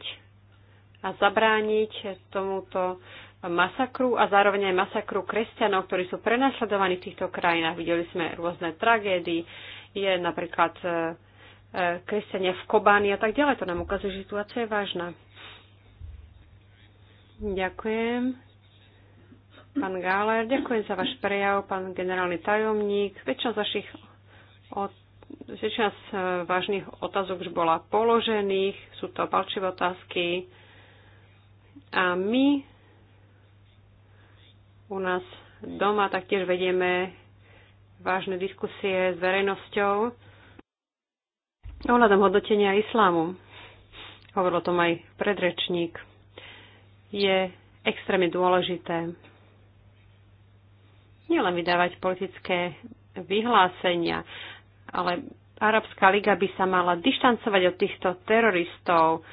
a zabrániť tomuto masakru a zároveň aj masakru kresťanov, ktorí sú prenasledovaní v týchto krajinách. Videli sme rôzne tragédie, je napríklad e, e, kresťania v Kobáni a tak ďalej. To nám ukazuje, že situácia je vážna. Ďakujem. Pán Gáler, ďakujem za váš prejav, pán generálny tajomník. Väčšina z vašich od, väčšina z e, vážnych otázok už bola položených, sú to palčivé otázky. A my u nás doma taktiež vedieme vážne diskusie s verejnosťou ohľadom hodnotenia islámu. Hovoril o tom aj predrečník. Je extrémne dôležité nielen vydávať politické vyhlásenia, ale Arabská liga by sa mala dištancovať od týchto teroristov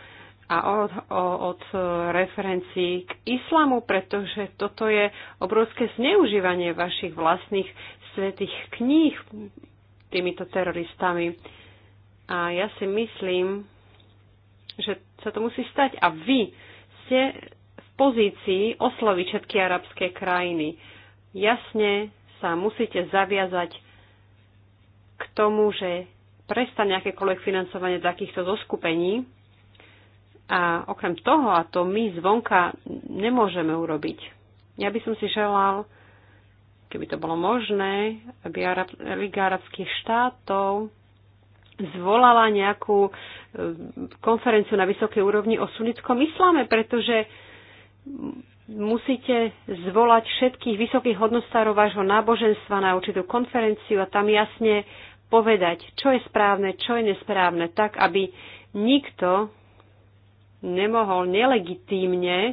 a od, od referencií k islamu, pretože toto je obrovské zneužívanie vašich vlastných svetých kníh týmito teroristami. A ja si myslím, že sa to musí stať a vy ste v pozícii osloviť všetky arabské krajiny jasne sa musíte zaviazať k tomu, že prestane akékoľvek financovanie takýchto zoskupení. A okrem toho, a to my zvonka nemôžeme urobiť. Ja by som si želal, keby to bolo možné, aby Liga arabských štátov zvolala nejakú e, konferenciu na vysokej úrovni o sunnickom islame, pretože musíte zvolať všetkých vysokých hodnostárov vášho náboženstva na určitú konferenciu a tam jasne povedať, čo je správne, čo je nesprávne, tak aby nikto nemohol nelegitímne e,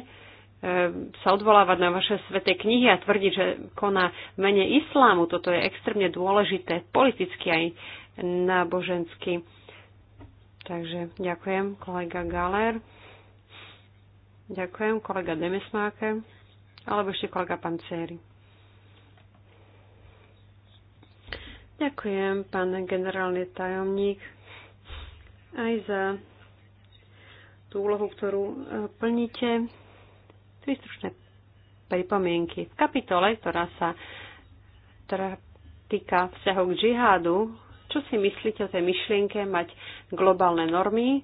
sa odvolávať na vaše sveté knihy a tvrdiť, že koná mene islámu. Toto je extrémne dôležité politicky aj nábožensky. Takže ďakujem, kolega Galer. Ďakujem, kolega Demesmáke, alebo ešte kolega Pancéry. Ďakujem, pán generálny tajomník, aj za tú úlohu, ktorú e, plníte. Tri stručné pripomienky. V kapitole, ktorá sa ktorá teda týka vzťahov k džihádu, čo si myslíte o tej myšlienke mať globálne normy,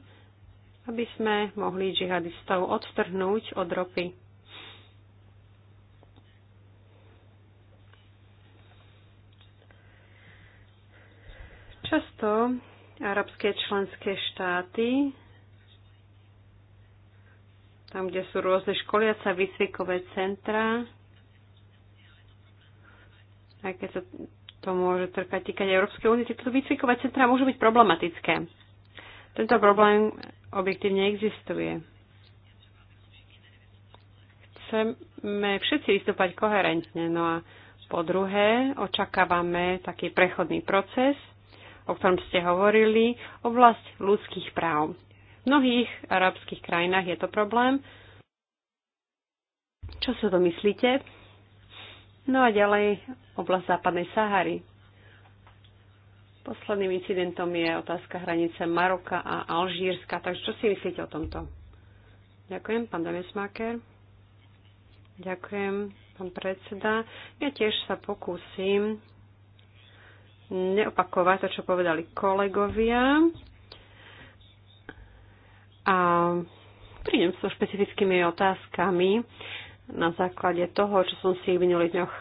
aby sme mohli džihadistov odtrhnúť od ropy. Často arabské členské štáty, tam, kde sú rôzne školiaca, výcvikové centra, aj keď sa to môže trkať týkať Európskej únie, tieto výcvikové centra môžu byť problematické tento problém objektívne existuje. Chceme všetci vystúpať koherentne, no a po druhé očakávame taký prechodný proces, o ktorom ste hovorili, oblasť ľudských práv. V mnohých arabských krajinách je to problém. Čo sa to myslíte? No a ďalej oblasť západnej Sahary. Posledným incidentom je otázka hranice Maroka a Alžírska. Takže čo si myslíte o tomto? Ďakujem, pán Demesmaker. Ďakujem, pán predseda. Ja tiež sa pokúsim neopakovať to, čo povedali kolegovia. A prídem so špecifickými otázkami na základe toho, čo som si v minulých dňoch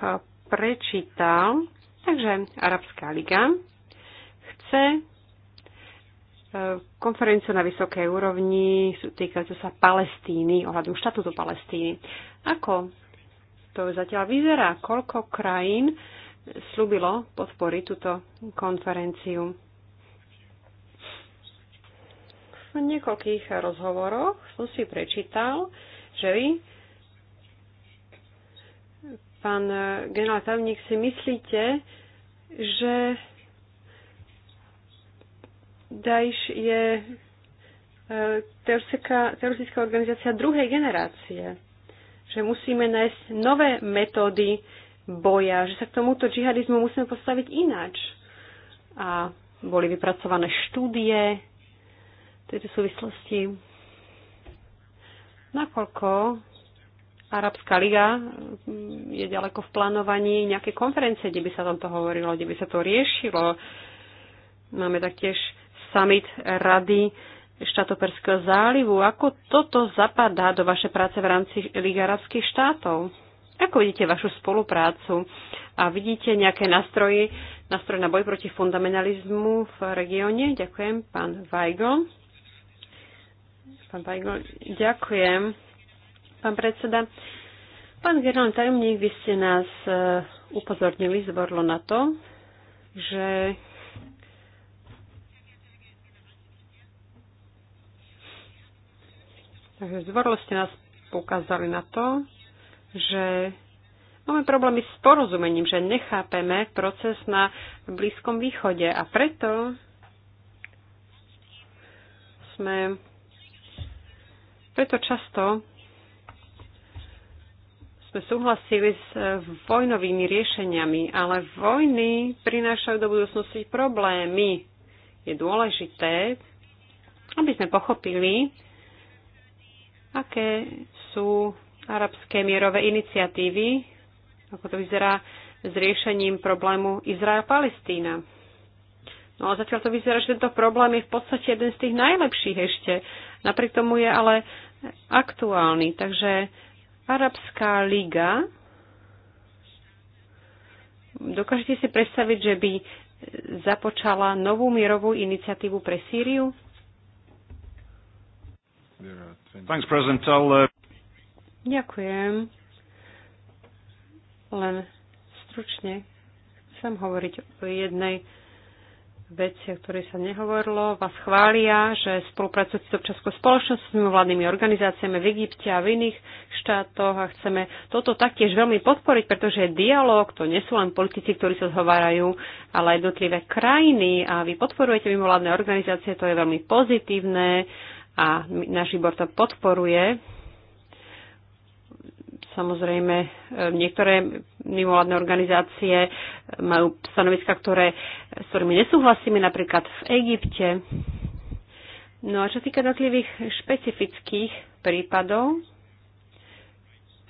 prečítal. Takže Arabská liga práce, eh, konferenciu na vysokej úrovni týkajúcu sa Palestíny, ohľadom štatútu Palestíny. Ako to zatiaľ vyzerá? Koľko krajín slúbilo podporiť túto konferenciu? V niekoľkých rozhovoroch som si prečítal, že vy, pán generál tajomník, si myslíte, že Daesh je e, teroristická organizácia druhej generácie. Že musíme nájsť nové metódy boja, že sa k tomuto džihadizmu musíme postaviť ináč. A boli vypracované štúdie v tejto súvislosti. Nakoľko Arabská liga mm, je ďaleko v plánovaní nejaké konferencie, kde by sa tam to hovorilo, kde by sa to riešilo. Máme taktiež summit Rady štátov Perského zálivu. Ako toto zapadá do vaše práce v rámci Liga arabských štátov? Ako vidíte vašu spoluprácu a vidíte nejaké nástroje, nástroj na boj proti fundamentalizmu v regióne? Ďakujem, pán Weigl. Pán Weigl, ďakujem. Pán predseda, pán generálny tajomník, vy ste nás eh, upozornili zvorlo na to, že Takže zdvorilo ste nás poukázali na to, že máme problémy s porozumením, že nechápeme proces na Blízkom východe a preto sme preto často sme súhlasili s eh, vojnovými riešeniami, ale vojny prinášajú do budúcnosti problémy. Je dôležité, aby sme pochopili, aké sú arabské mierové iniciatívy, ako to vyzerá s riešením problému Izrael-Palestína. No a zatiaľ to vyzerá, že tento problém je v podstate jeden z tých najlepších ešte. Napriek tomu je ale aktuálny. Takže Arabská liga, dokážete si predstaviť, že by započala novú mierovú iniciatívu pre Sýriu? There are Thanks, President. I'll, uh... Ďakujem. Len stručne chcem hovoriť o jednej veci, o ktorej sa nehovorilo. Vás chvália, že spolupracujete s občanskou spoločnosťou, s mimovládnymi organizáciami v Egypte a v iných štátoch a chceme toto taktiež veľmi podporiť, pretože dialog to nie sú len politici, ktorí sa zhovárajú, ale aj jednotlivé krajiny a vy podporujete mimovládne organizácie, to je veľmi pozitívne a náš výbor to podporuje. Samozrejme, e, niektoré mimovládne organizácie majú stanoviska, ktoré, s ktorými nesúhlasíme, napríklad v Egypte. No a čo sa týka jednotlivých špecifických prípadov,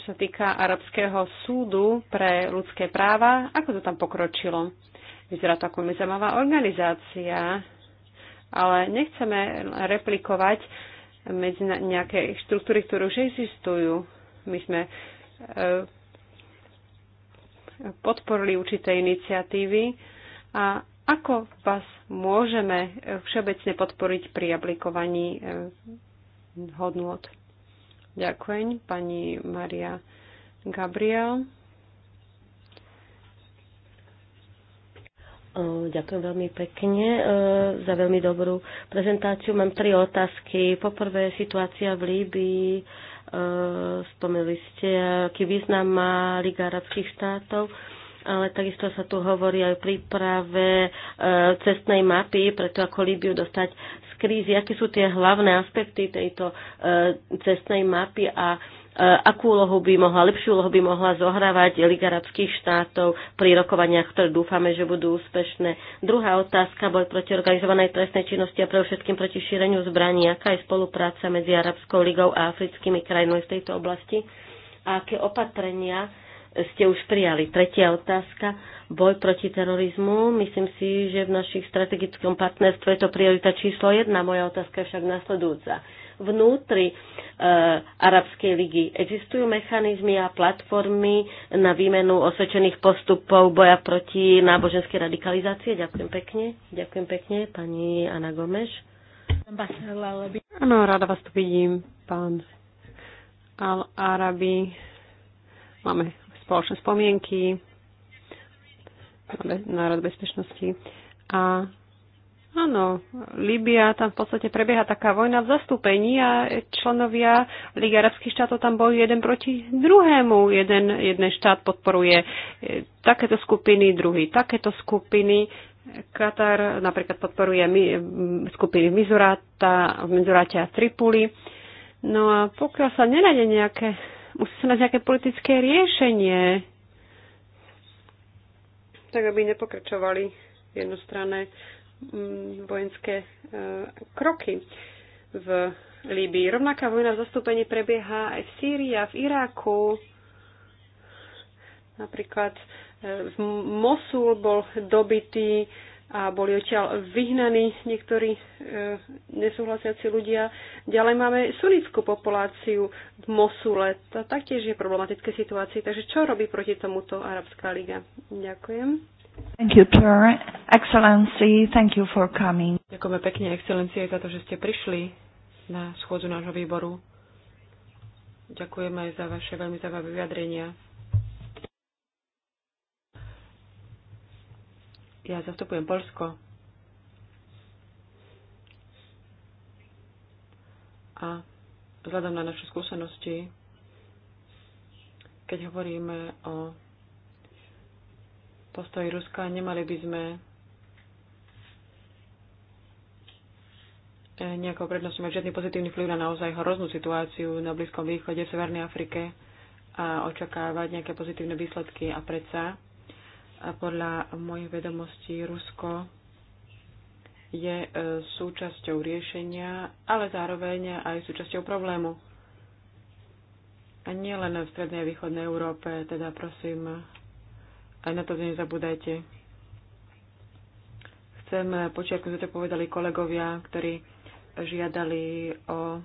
čo sa týka Arabského súdu pre ľudské práva, ako to tam pokročilo? Vyzerá to ako zaujímavá organizácia ale nechceme replikovať medzi nejaké štruktúry, ktoré už existujú. My sme e, podporili určité iniciatívy a ako vás môžeme všeobecne podporiť pri aplikovaní e, hodnot. Ďakujem, pani Maria Gabriel. Ďakujem veľmi pekne za veľmi dobrú prezentáciu. Mám tri otázky. Poprvé, situácia v Líbii. Spomenuli ste, aký význam má Liga arabských štátov, ale takisto sa tu hovorí aj o príprave cestnej mapy, preto ako Líbiu dostať z krízy. Aké sú tie hlavné aspekty tejto cestnej mapy a Eh, akú úlohu by mohla, lepšiu úlohu by mohla zohrávať Liga arabských štátov pri rokovaniach, ktoré dúfame, že budú úspešné. Druhá otázka, boj proti organizovanej trestnej činnosti a pre všetkým proti šíreniu zbraní. Aká je spolupráca medzi Arabskou ligou a africkými krajinami v tejto oblasti? A aké opatrenia ste už prijali. Tretia otázka, boj proti terorizmu. Myslím si, že v našich strategickom partnerstve je to priorita číslo jedna. Moja otázka je však nasledujúca vnútri e, Arabskej ligy. Existujú mechanizmy a platformy na výmenu osvedčených postupov boja proti náboženskej radikalizácie? Ďakujem pekne. Ďakujem pekne, pani Ana Gomeš. Áno, rada vás tu vidím, pán Al-Arabi. Máme spoločné spomienky na Rad bezpečnosti. A Áno, Líbia, tam v podstate prebieha taká vojna v zastúpení a členovia Ligy arabských štátov tam bojujú jeden proti druhému. Jeden, jeden štát podporuje e, takéto skupiny, druhý takéto skupiny. Katar napríklad podporuje skupiny v Mizuráta, v Mizuráte a v No a pokiaľ sa nenájde nejaké, musí sa nájsť nejaké politické riešenie, tak aby nepokračovali jednostranné Mm, vojenské e, kroky v Líbii. Rovnaká vojna v zastúpení prebieha aj v Sýrii a v Iráku. Napríklad e, v Mosul bol dobitý a boli odtiaľ vyhnaní niektorí e, nesúhlasiaci ľudia. Ďalej máme sunnickú populáciu v Mosule. To taktiež je problematické situácie. Takže čo robí proti tomuto Arabská liga? Ďakujem. Thank you, Excellency, thank you for coming. Ďakujeme pekne, excelencie, za to, že ste prišli na schôdzu nášho výboru. Ďakujeme aj za vaše veľmi zaujímavé vyjadrenia. Ja zastupujem Polsko. A vzhľadom na naše skúsenosti, keď hovoríme o postoj Ruska. Nemali by sme e, nejako prednosť mať žiadny pozitívny vplyv na naozaj hroznú situáciu na Blízkom východe, v Severnej Afrike a očakávať nejaké pozitívne výsledky. A predsa, a podľa mojich vedomostí, Rusko je e, súčasťou riešenia, ale zároveň aj súčasťou problému. A nie len v strednej a východnej Európe, teda prosím, a na to nezabúdajte. Chcem počiatku, že to povedali kolegovia, ktorí žiadali o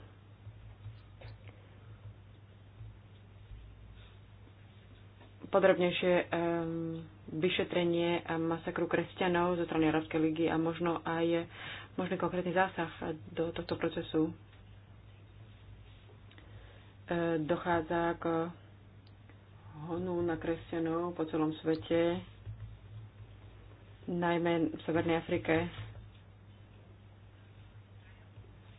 podrobnejšie um, vyšetrenie masakru kresťanov zo strany Arabskej ligy a možno aj možný konkrétny zásah do tohto procesu. E, dochádza k honu na kresťanov po celom svete, najmä v Severnej Afrike.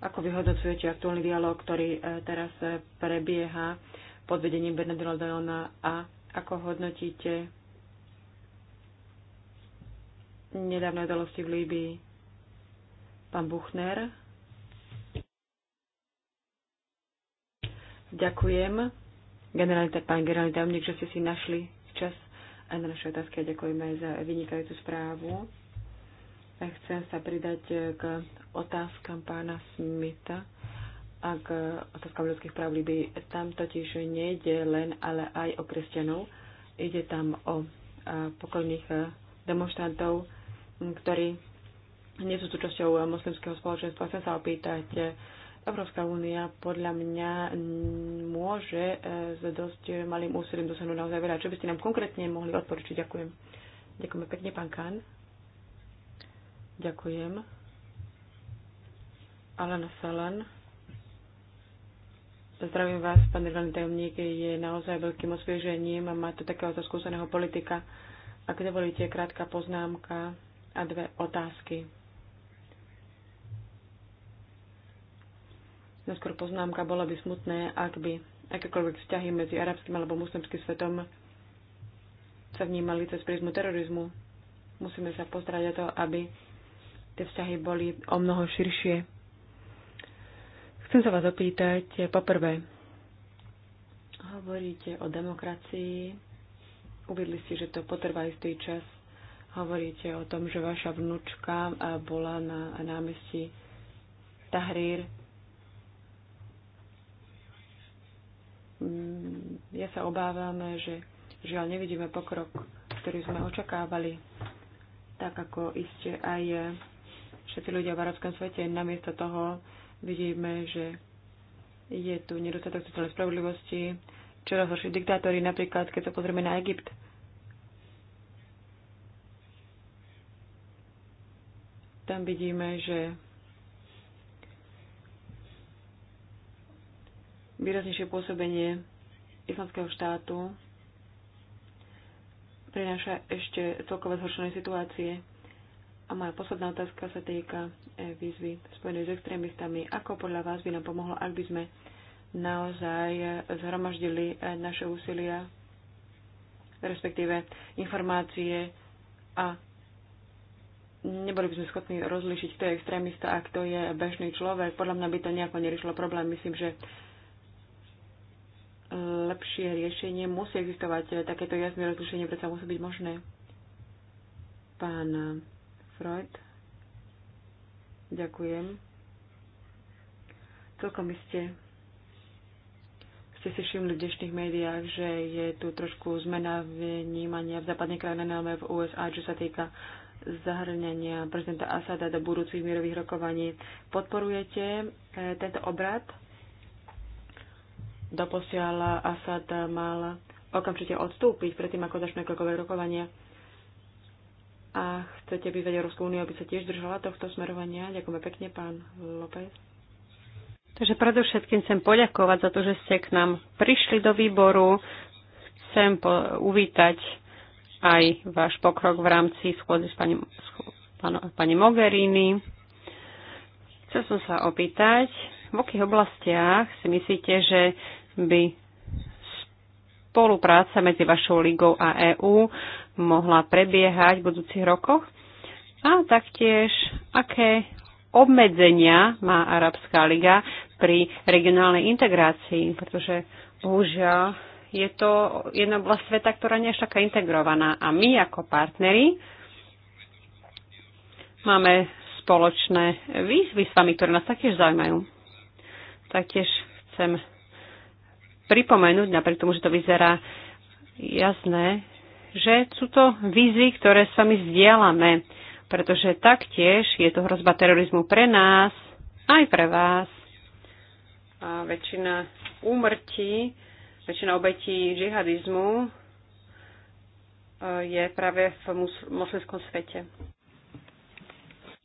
Ako vyhodnocujete aktuálny dialog, ktorý e, teraz e, prebieha pod vedením Bernadela Dajona a ako hodnotíte nedávne udalosti v Líbii? Pán Buchner. Ďakujem generalita, pán generálny tajomník, že ste si našli čas aj na naše otázky a ďakujeme aj za vynikajúcu správu. A chcem sa pridať eh, k otázkam pána Smita a k otázkam ľudských práv Liby. Tam totiž nejde len, ale aj o kresťanov. Ide tam o eh, pokojných eh, demonstrantov, ktorí nie sú súčasťou moslimského spoločenstva. Chcem sa opýtať, Európska únia podľa mňa môže e, s dosť malým úsilím dosiahnuť naozaj veľa. Čo by ste nám konkrétne mohli odporučiť? Ďakujem. Ďakujeme pekne, pán Kán. Ďakujem. Alan Salan. Zdravím vás, pán generálny tajomník. Je naozaj veľkým osviežením a máte takého skúseného politika. Ak dovolíte, krátka poznámka a dve otázky. Neskôr poznámka, bolo by smutné, ak by akékoľvek vzťahy medzi arabským alebo muslimským svetom sa vnímali cez prízmu terorizmu. Musíme sa postarať o to, aby tie vzťahy boli o mnoho širšie. Chcem sa vás opýtať, poprvé, hovoríte o demokracii, uvedli ste, že to potrvá istý čas, hovoríte o tom, že vaša vnúčka bola na námestí Tahrir Mm, ja sa obávam, že žiaľ nevidíme pokrok, ktorý sme očakávali, tak ako iste aj všetci ľudia v arabskom svete. Namiesto toho vidíme, že je tu nedostatok sociálnej spravodlivosti, čo rozhorší diktátori, napríklad keď sa pozrieme na Egypt. Tam vidíme, že výraznejšie pôsobenie islamského štátu prináša ešte celkové zhoršené situácie. A moja posledná otázka sa týka e, výzvy spojenej s extrémistami. Ako podľa vás by nám pomohlo, ak by sme naozaj zhromaždili e, naše úsilia, respektíve informácie a neboli by sme schopní rozlišiť, kto je extrémista a kto je bežný človek. Podľa mňa by to nejako neriešilo problém. Myslím, že lepšie riešenie. Musí existovať takéto jasné rozlišenie, predsa musí byť možné. Pán Freud, ďakujem. Celkom ste ste si všimli v dnešných médiách, že je tu trošku zmena vnímania v západných krajine, najmä v USA, čo sa týka zahrňania prezidenta Asada do budúcich mierových rokovaní. Podporujete eh, tento obrad? Doposiaľ Asad mal okamžite odstúpiť predtým, ako začne krokové rokovania. A chcete bývať Európsku úniu, aby sa tiež držala tohto smerovania? Ďakujeme pekne, pán López. Takže predovšetkým chcem poďakovať za to, že ste k nám prišli do výboru. Chcem po- uvítať aj váš pokrok v rámci schôdzi s pani, s pani Mogherini. Chcel som sa opýtať, v akých oblastiach si myslíte, že by spolupráca medzi vašou ligou a EÚ mohla prebiehať v budúcich rokoch? A taktiež, aké obmedzenia má Arabská liga pri regionálnej integrácii, pretože bohužiaľ je to jedna oblasť sveta, ktorá nie je taká integrovaná. A my ako partneri máme spoločné výzvy s vami, ktoré nás taktiež zaujímajú. Taktiež chcem pripomenúť, napriek tomu, že to vyzerá jasné, že sú to výzvy, ktoré sa my vzdielame, pretože taktiež je to hrozba terorizmu pre nás, aj pre vás. A väčšina úmrtí, väčšina obetí žihadizmu, e, je práve v moslimskom svete.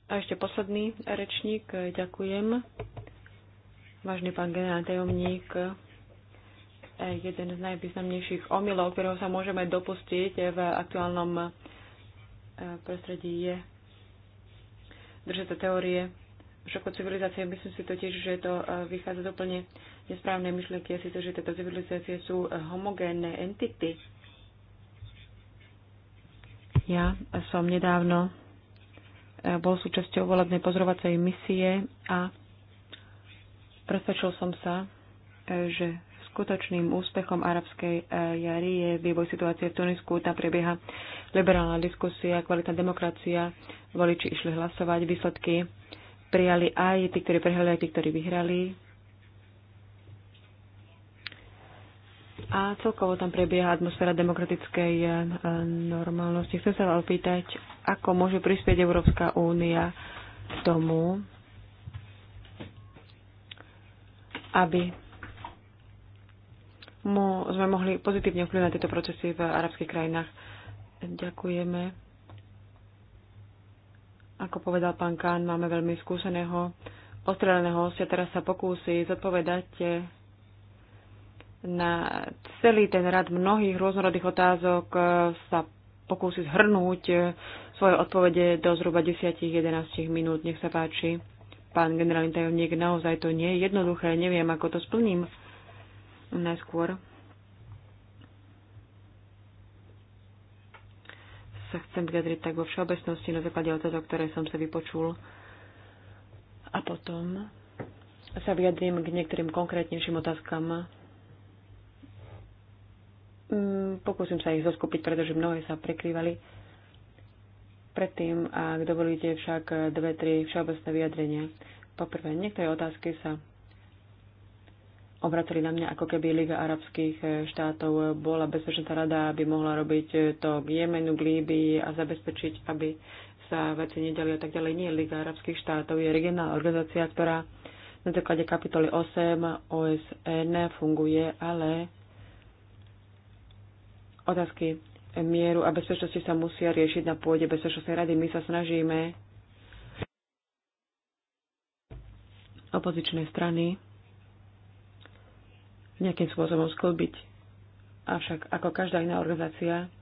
A ešte posledný rečník, e, ďakujem. Vážny pán generálny tajomník, jeden z najvýznamnejších omylov, ktorého sa môžeme dopustiť v aktuálnom e, prostredí je držať sa teórie šoko civilizácie. Myslím si totiž, že to e, vychádza z úplne nesprávnej myšlienky, asi to, že tieto civilizácie sú homogénne entity. Ja som nedávno e, bol súčasťou volebnej pozorovacej misie a Presvedčil som sa, e, že skutočným úspechom arabskej e, jary je vývoj situácie v Tunisku. Tam prebieha liberálna diskusia, kvalitná demokracia, voliči išli hlasovať, výsledky prijali aj tí, ktorí prehrali, aj tí, ktorí vyhrali. A celkovo tam prebieha atmosféra demokratickej e, normálnosti. Chcem sa vám opýtať, ako môže prispieť Európska únia k tomu, aby mu sme mohli pozitívne vplyvať tieto procesy v arabských krajinách. Ďakujeme. Ako povedal pán Kán, máme veľmi skúseného ostreleného hostia. Teraz sa pokúsi zodpovedať na celý ten rad mnohých rôznorodých otázok e, sa pokúsi zhrnúť svoje odpovede do zhruba 10-11 minút. Nech sa páči pán generálny tajomník, naozaj to nie je jednoduché, neviem, ako to splním najskôr. sa chcem vyjadriť tak vo všeobecnosti na základe otázok, ktoré som sa vypočul. A potom sa vyjadrím k niektorým konkrétnejším otázkam. Mm, pokúsim sa ich zoskupiť, pretože mnohé sa prekrývali. Predtým, ak dovolíte však dve, tri všeobecné vyjadrenia. Poprvé, niektoré otázky sa obracali na mňa, ako keby Liga arabských e, štátov bola bezpečná rada, aby mohla robiť e, to k Jemenu, k Líbii a zabezpečiť, aby sa veci nedali a tak ďalej. Nie, Liga arabských štátov je regionálna organizácia, ktorá na základe kapitoly 8 OSN funguje, ale otázky mieru a bezpečnosti sa musia riešiť na pôde Bezpečnostnej rady. My sa snažíme opozičné strany nejakým spôsobom sklbiť. Avšak ako každá iná organizácia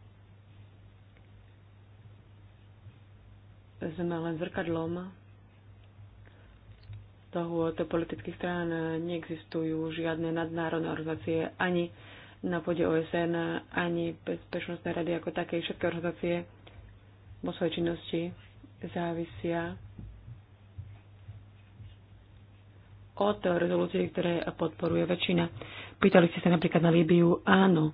sme len zrkadlom dohôd politických strán neexistujú žiadne nadnárodné organizácie ani na pôde OSN ani Bezpečnostnej rady ako takej. Všetky organizácie vo svojej činnosti závisia od rezolúcie, ktoré podporuje väčšina. Pýtali ste sa napríklad na Líbiu. Áno.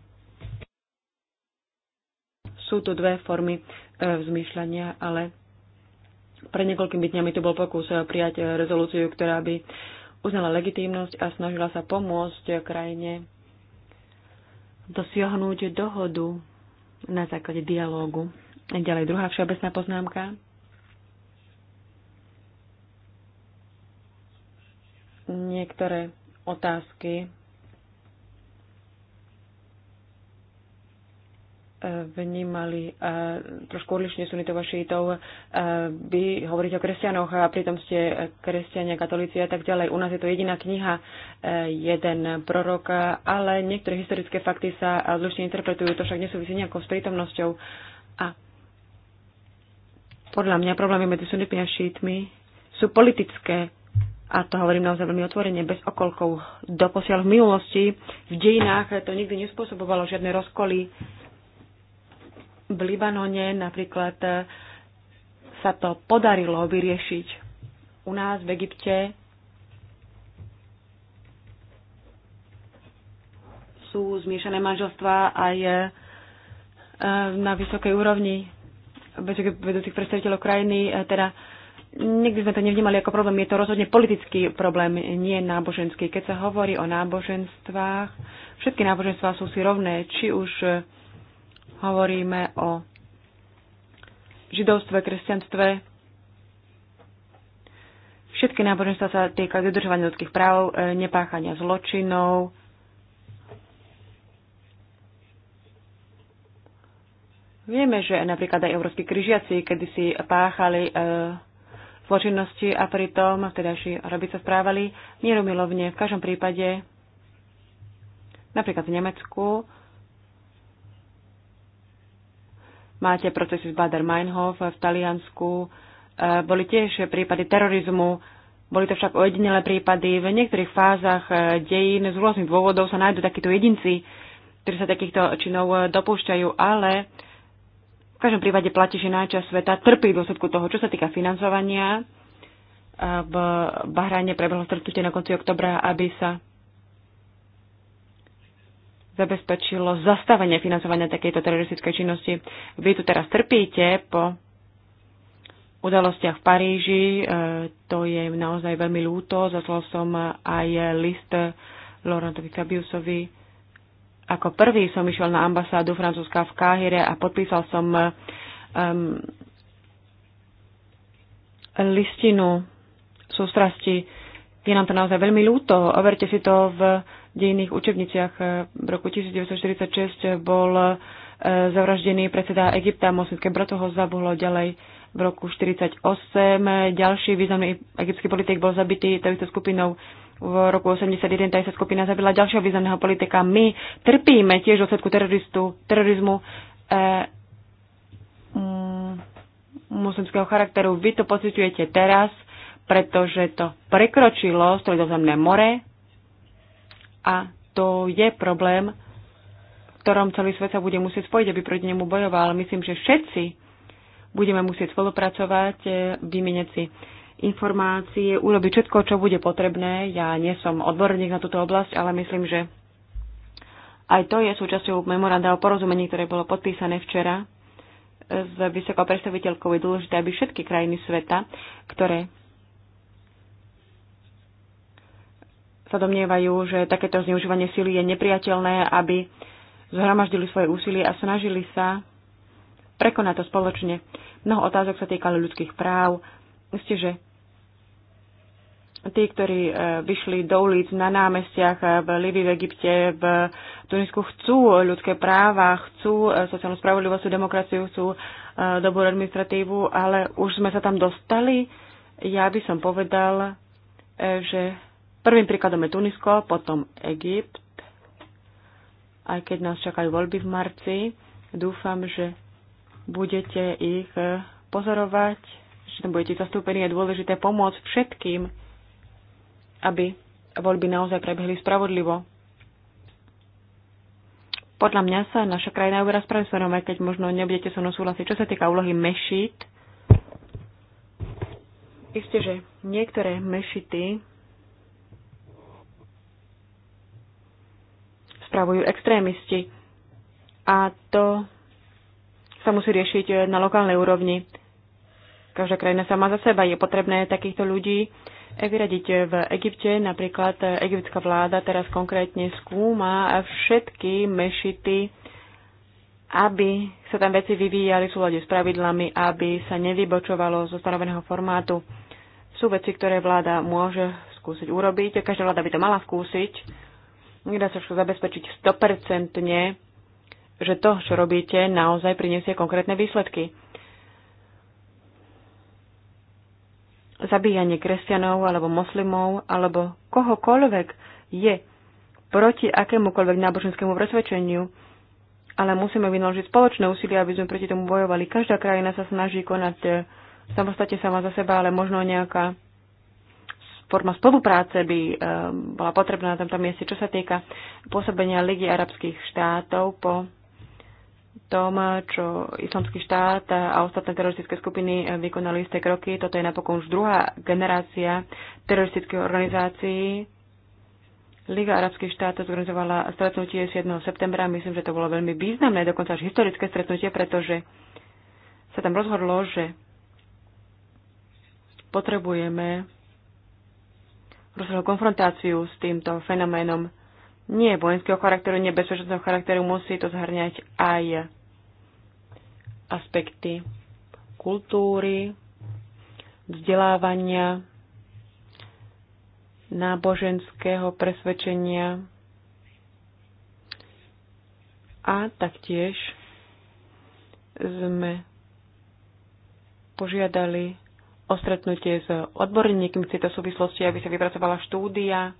Sú tu dve formy e, vzmýšľania, ale pred niekoľkými dňami tu bol pokus e, prijať rezolúciu, ktorá by uznala legitímnosť a snažila sa pomôcť e, krajine dosiahnuť dohodu na základe dialógu. Ďalej druhá všeobecná poznámka. Niektoré otázky vnímali trošku odlišne sunitov a šítov. Vy hovoríte o kresťanoch a pritom ste kresťania, katolíci a tak ďalej. U nás je to jediná kniha, e, jeden prorok, ale niektoré historické fakty sa odlišne interpretujú. To však nesúvisí nejakou s prítomnosťou. A podľa mňa problémy medzi sunitmi a šítmi sú politické. A to hovorím naozaj veľmi otvorene, bez okolkov. Doposiaľ v minulosti, v dejinách to nikdy nespôsobovalo žiadne rozkoly v Libanone napríklad e, sa to podarilo vyriešiť. U nás v Egypte sú zmiešané manželstvá aj e, e, na vysokej úrovni vedúcich predstaviteľov krajiny. Teda nikdy sme to nevnímali ako problém. Je to rozhodne politický problém, nie náboženský. Keď sa hovorí o náboženstvách, všetky náboženstvá sú si rovné, či už hovoríme o židovstve, kresťanstve. Všetky náboženstva sa týkajú dodržovania ľudských práv, e, nepáchania zločinov, Vieme, že napríklad aj európsky kryžiaci kedysi páchali e, zločinnosti a pritom vtedajší robiť sa správali mieromilovne. V každom prípade, napríklad v Nemecku, Máte procesy z Bader-Meinhof v Taliansku. E, boli tiež prípady terorizmu, boli to však ojedinelé prípady. V niektorých fázach e, dejín z rôznych dôvodov sa nájdú takíto jedinci, ktorí sa takýchto činov e, dopúšťajú, ale v každom prípade platí, že najčasť sveta trpí v dôsledku toho, čo sa týka financovania. V Bahrajne prebehlo stretnutie na konci oktobra, aby sa zabezpečilo zastavenie financovania takejto teroristickej činnosti. Vy tu teraz trpíte po udalostiach v Paríži. E, to je naozaj veľmi ľúto. Zaslal som aj list Laurentovi Fabiusovi. Ako prvý som išiel na ambasádu Francúzska v Káhire a podpísal som um, listinu sústrasti. Je nám to naozaj veľmi ľúto. Overte si to v dejných učebniciach. E, v roku 1946 bol e, zavraždený predseda Egypta, Mosinské brato ho zabuhlo ďalej v roku 1948. Ďalší významný egyptský politik bol zabitý touto skupinou v roku 81 tá sa skupina zabila ďalšieho významného politika. My trpíme tiež dôsledku teroristu, terorizmu e, mm, muslimského charakteru. Vy to pocitujete teraz, pretože to prekročilo Stredozemné more, a to je problém, v ktorom celý svet sa bude musieť spojiť, aby proti nemu bojoval. Ale myslím, že všetci budeme musieť spolupracovať, e, vymeniť si informácie, urobiť všetko, čo bude potrebné. Ja nie som odborník na túto oblasť, ale myslím, že aj to je súčasťou memoranda o porozumení, ktoré bolo podpísané včera s vysokou predstaviteľkou. Je dôležité, aby všetky krajiny sveta, ktoré sa domnievajú, že takéto zneužívanie síly je nepriateľné, aby zhromaždili svoje úsilie a snažili sa prekonať to spoločne. Mnoho otázok sa týkalo ľudských práv. Ste, že tí, ktorí e, vyšli do ulic na námestiach e, v Libii, v Egypte, v Tunisku, chcú ľudské práva, chcú e, sociálnu spravodlivosť, demokraciu, chcú dobrú administratívu, ale už sme sa tam dostali. Ja by som povedal, že Prvým príkladom je Tunisko, potom Egypt. Aj keď nás čakajú voľby v marci, dúfam, že budete ich e, pozorovať, že tam budete zastúpení. Je dôležité pomôcť všetkým, aby voľby naozaj prebehli spravodlivo. Podľa mňa sa naša krajina uberá spravodlivo, aj keď možno nebudete so mnou súhlasiť. Čo sa týka úlohy mešit, isté, že niektoré mešity spravujú extrémisti. A to sa musí riešiť na lokálnej úrovni. Každá krajina sama za seba. Je potrebné takýchto ľudí vyradiť v Egypte. Napríklad egyptská vláda teraz konkrétne skúma všetky mešity, aby sa tam veci vyvíjali v súlade s pravidlami, aby sa nevybočovalo zo stanoveného formátu. Sú veci, ktoré vláda môže skúsiť urobiť. Každá vláda by to mala skúsiť nedá sa všetko zabezpečiť 100%, že to, čo robíte, naozaj priniesie konkrétne výsledky. Zabíjanie kresťanov alebo moslimov alebo kohokoľvek je proti akémukoľvek náboženskému presvedčeniu, ale musíme vynaložiť spoločné úsilie, aby sme proti tomu bojovali. Každá krajina sa snaží konať e, samostatne sama za seba, ale možno nejaká forma spolupráce by eh, bola potrebná na tomto mieste. Čo sa týka pôsobenia Ligy arabských štátov po tom, čo islamský štát a ostatné teroristické skupiny eh, vykonali isté kroky. Toto je napokon už druhá generácia teroristických organizácií. Liga arabských štátov zorganizovala stretnutie 7. septembra. Myslím, že to bolo veľmi významné, dokonca až historické stretnutie, pretože sa tam rozhodlo, že potrebujeme rozsiahlu konfrontáciu s týmto fenoménom. Nie vojenského charakteru, nie bezpečnostného charakteru, musí to zhrňať aj aspekty kultúry, vzdelávania, náboženského presvedčenia a taktiež sme požiadali o stretnutie s odborníkmi v tejto súvislosti, aby sa vypracovala štúdia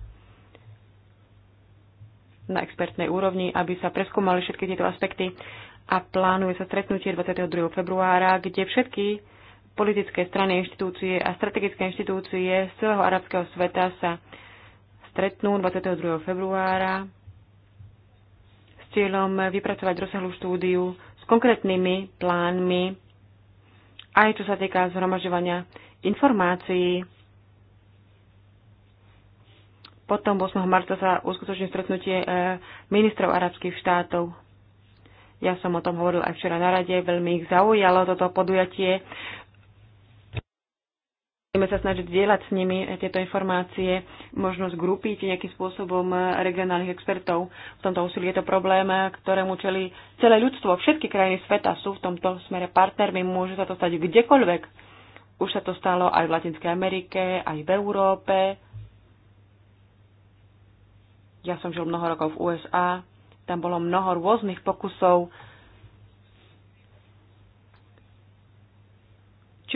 na expertnej úrovni, aby sa preskúmali všetky tieto aspekty a plánuje sa stretnutie 22. februára, kde všetky politické strany, inštitúcie a strategické inštitúcie z celého arabského sveta sa stretnú 22. februára s cieľom vypracovať rozsahlú štúdiu s konkrétnymi plánmi aj čo sa týka zhromažďovania informácií. Potom 8. marca sa uskutoční stretnutie e, ministrov arabských štátov. Ja som o tom hovoril aj včera na rade, veľmi ich zaujalo toto podujatie. Budeme sa snažiť zdieľať s nimi e, tieto informácie, možno zgrupiť nejakým spôsobom e, regionálnych expertov. V tomto úsilí je to problém, e, ktorému čeli celé ľudstvo. Všetky krajiny sveta sú v tomto smere partnermi. Môže sa to stať kdekoľvek. Už sa to stalo aj v Latinskej Amerike, aj v Európe. Ja som žil mnoho rokov v USA. Tam bolo mnoho rôznych pokusov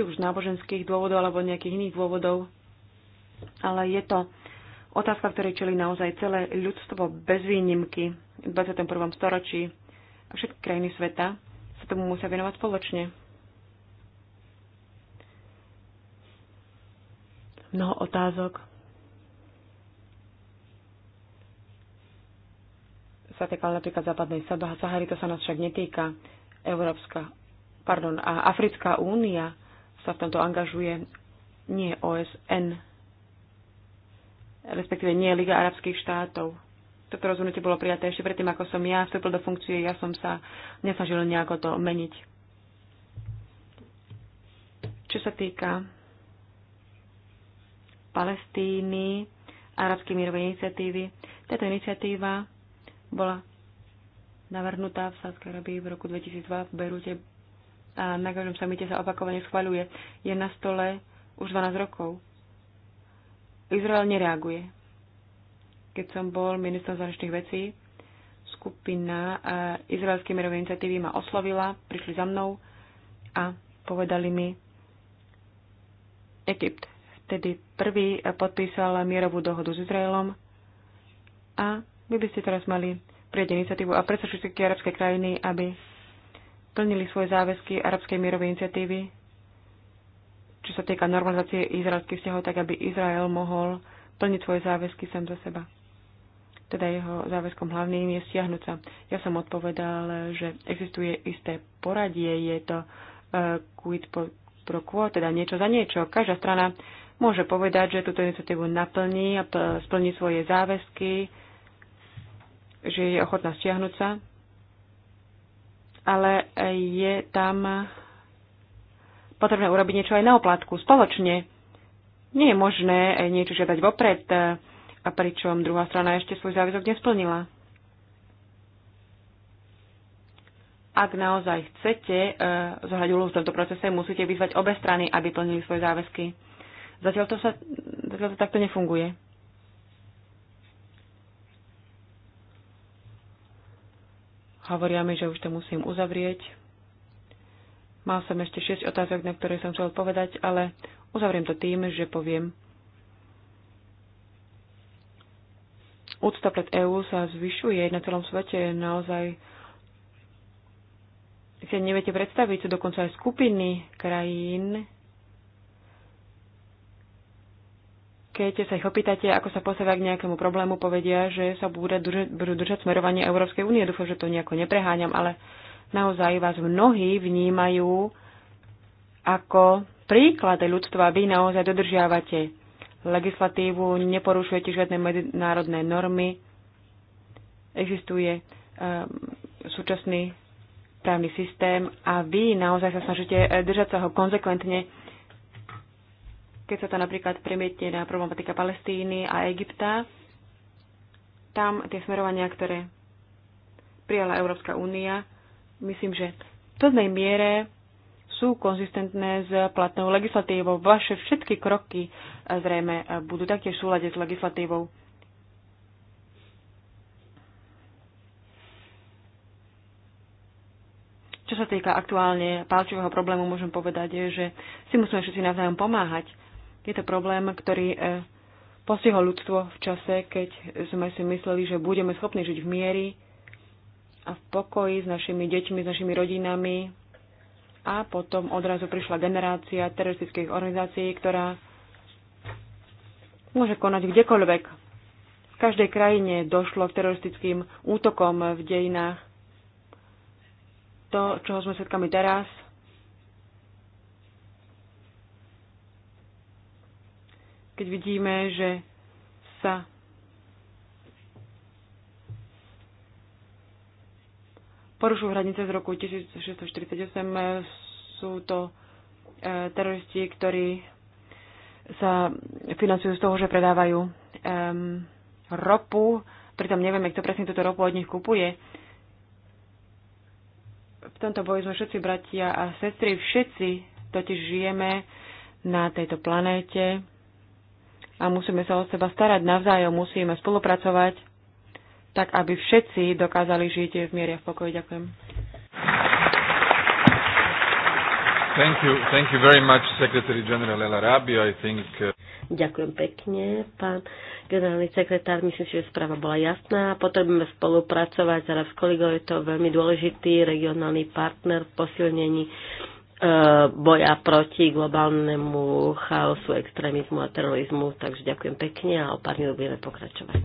či už náboženských dôvodov alebo nejakých iných dôvodov. Ale je to otázka, ktorej čeli naozaj celé ľudstvo bez výnimky v 21. storočí a všetky krajiny sveta sa tomu musia venovať spoločne. Mnoho otázok sa týkala napríklad západnej Sahary, to sa nás však netýka. Európska, pardon, a Africká únia sa v tomto angažuje, nie OSN, respektíve nie Liga arabských štátov. Toto rozhodnutie bolo prijaté ešte predtým, ako som ja vstúpil do funkcie, ja som sa nesnažil nejako to meniť. Čo sa týka Palestíny, Arabskej mírovej iniciatívy. Táto iniciatíva bola navrhnutá v Sádskej Arabii v roku 2002 v Berúte a na každom samite sa opakovane schvaľuje. Je na stole už 12 rokov. Izrael nereaguje. Keď som bol ministrom zahraničných vecí, skupina e, izraelskej mierovej iniciatívy ma oslovila, prišli za mnou a povedali mi Egypt. Vtedy prvý podpísal mierovú dohodu s Izraelom a vy by ste teraz mali prijať iniciatívu a predsa všetky arabské krajiny, aby plnili svoje záväzky arabskej mierovej iniciatívy, čo sa týka normalizácie izraelských vzťahov, tak aby Izrael mohol plniť svoje záväzky sám za seba. Teda jeho záväzkom hlavným je stiahnuť sa. Ja som odpovedal, že existuje isté poradie, je to uh, quid pro quo, teda niečo za niečo. Každá strana môže povedať, že túto iniciatívu naplní a splní svoje záväzky, že je ochotná stiahnuť sa ale je tam potrebné urobiť niečo aj na oplatku, spoločne. Nie je možné niečo žiadať vopred, a pričom druhá strana ešte svoj záväzok nesplnila. Ak naozaj chcete e, zohľať úlohu v tomto procese, musíte vyzvať obe strany, aby plnili svoje záväzky. Zatiaľ to, sa, zatiaľ to takto nefunguje. Hovoria mi, že už to musím uzavrieť. Mal som ešte 6 otázok, na ktoré som chcel odpovedať, ale uzavriem to tým, že poviem. Úcta pred EÚ sa zvyšuje na celom svete naozaj si neviete predstaviť, sú dokonca aj skupiny krajín, keď sa ich opýtate, ako sa postavia k nejakému problému, povedia, že sa bude držať, budú držať smerovanie Európskej únie. Dúfam, že to nejako nepreháňam, ale naozaj vás mnohí vnímajú ako príklad ľudstva. Vy naozaj dodržiavate legislatívu, neporušujete žiadne medzinárodné normy. Existuje um, súčasný právny systém a vy naozaj sa snažíte eh, držať sa ho konzekventne keď sa to napríklad premietne na problematika Palestíny a Egypta, tam tie smerovania, ktoré prijala Európska únia, myslím, že v plnej miere sú konzistentné s platnou legislatívou. Vaše všetky kroky e, zrejme e, budú taktiež súľade s legislatívou. Čo sa týka aktuálne palčivého problému, môžem povedať, že si musíme všetci navzájom pomáhať. Je to problém, ktorý e, postihol ľudstvo v čase, keď sme si mysleli, že budeme schopní žiť v miery a v pokoji s našimi deťmi, s našimi rodinami. A potom odrazu prišla generácia teroristických organizácií, ktorá môže konať kdekoľvek. V každej krajine došlo k teroristickým útokom v dejinách. To, čoho sme svedkami teraz, keď vidíme, že sa porušujú hranice z roku 1648. Sú to e, teroristi, ktorí sa financujú z toho, že predávajú um, ropu, pritom nevieme, kto presne túto ropu od nich kupuje. V tomto boji sme všetci bratia a sestry, všetci totiž žijeme na tejto planéte a musíme sa o seba starať navzájom, musíme spolupracovať, tak aby všetci dokázali žiť v miere v pokoji. Ďakujem. Thank you, thank you very much, Secretary General El Arabi. I think, uh... Ďakujem pekne, pán generálny sekretár. Myslím si, že správa bola jasná. Potrebujeme spolupracovať s kolegov. Je to veľmi dôležitý regionálny partner v posilnení boja proti globálnemu chaosu, extrémizmu a terorizmu. Takže ďakujem pekne a o pár minút budeme pokračovať.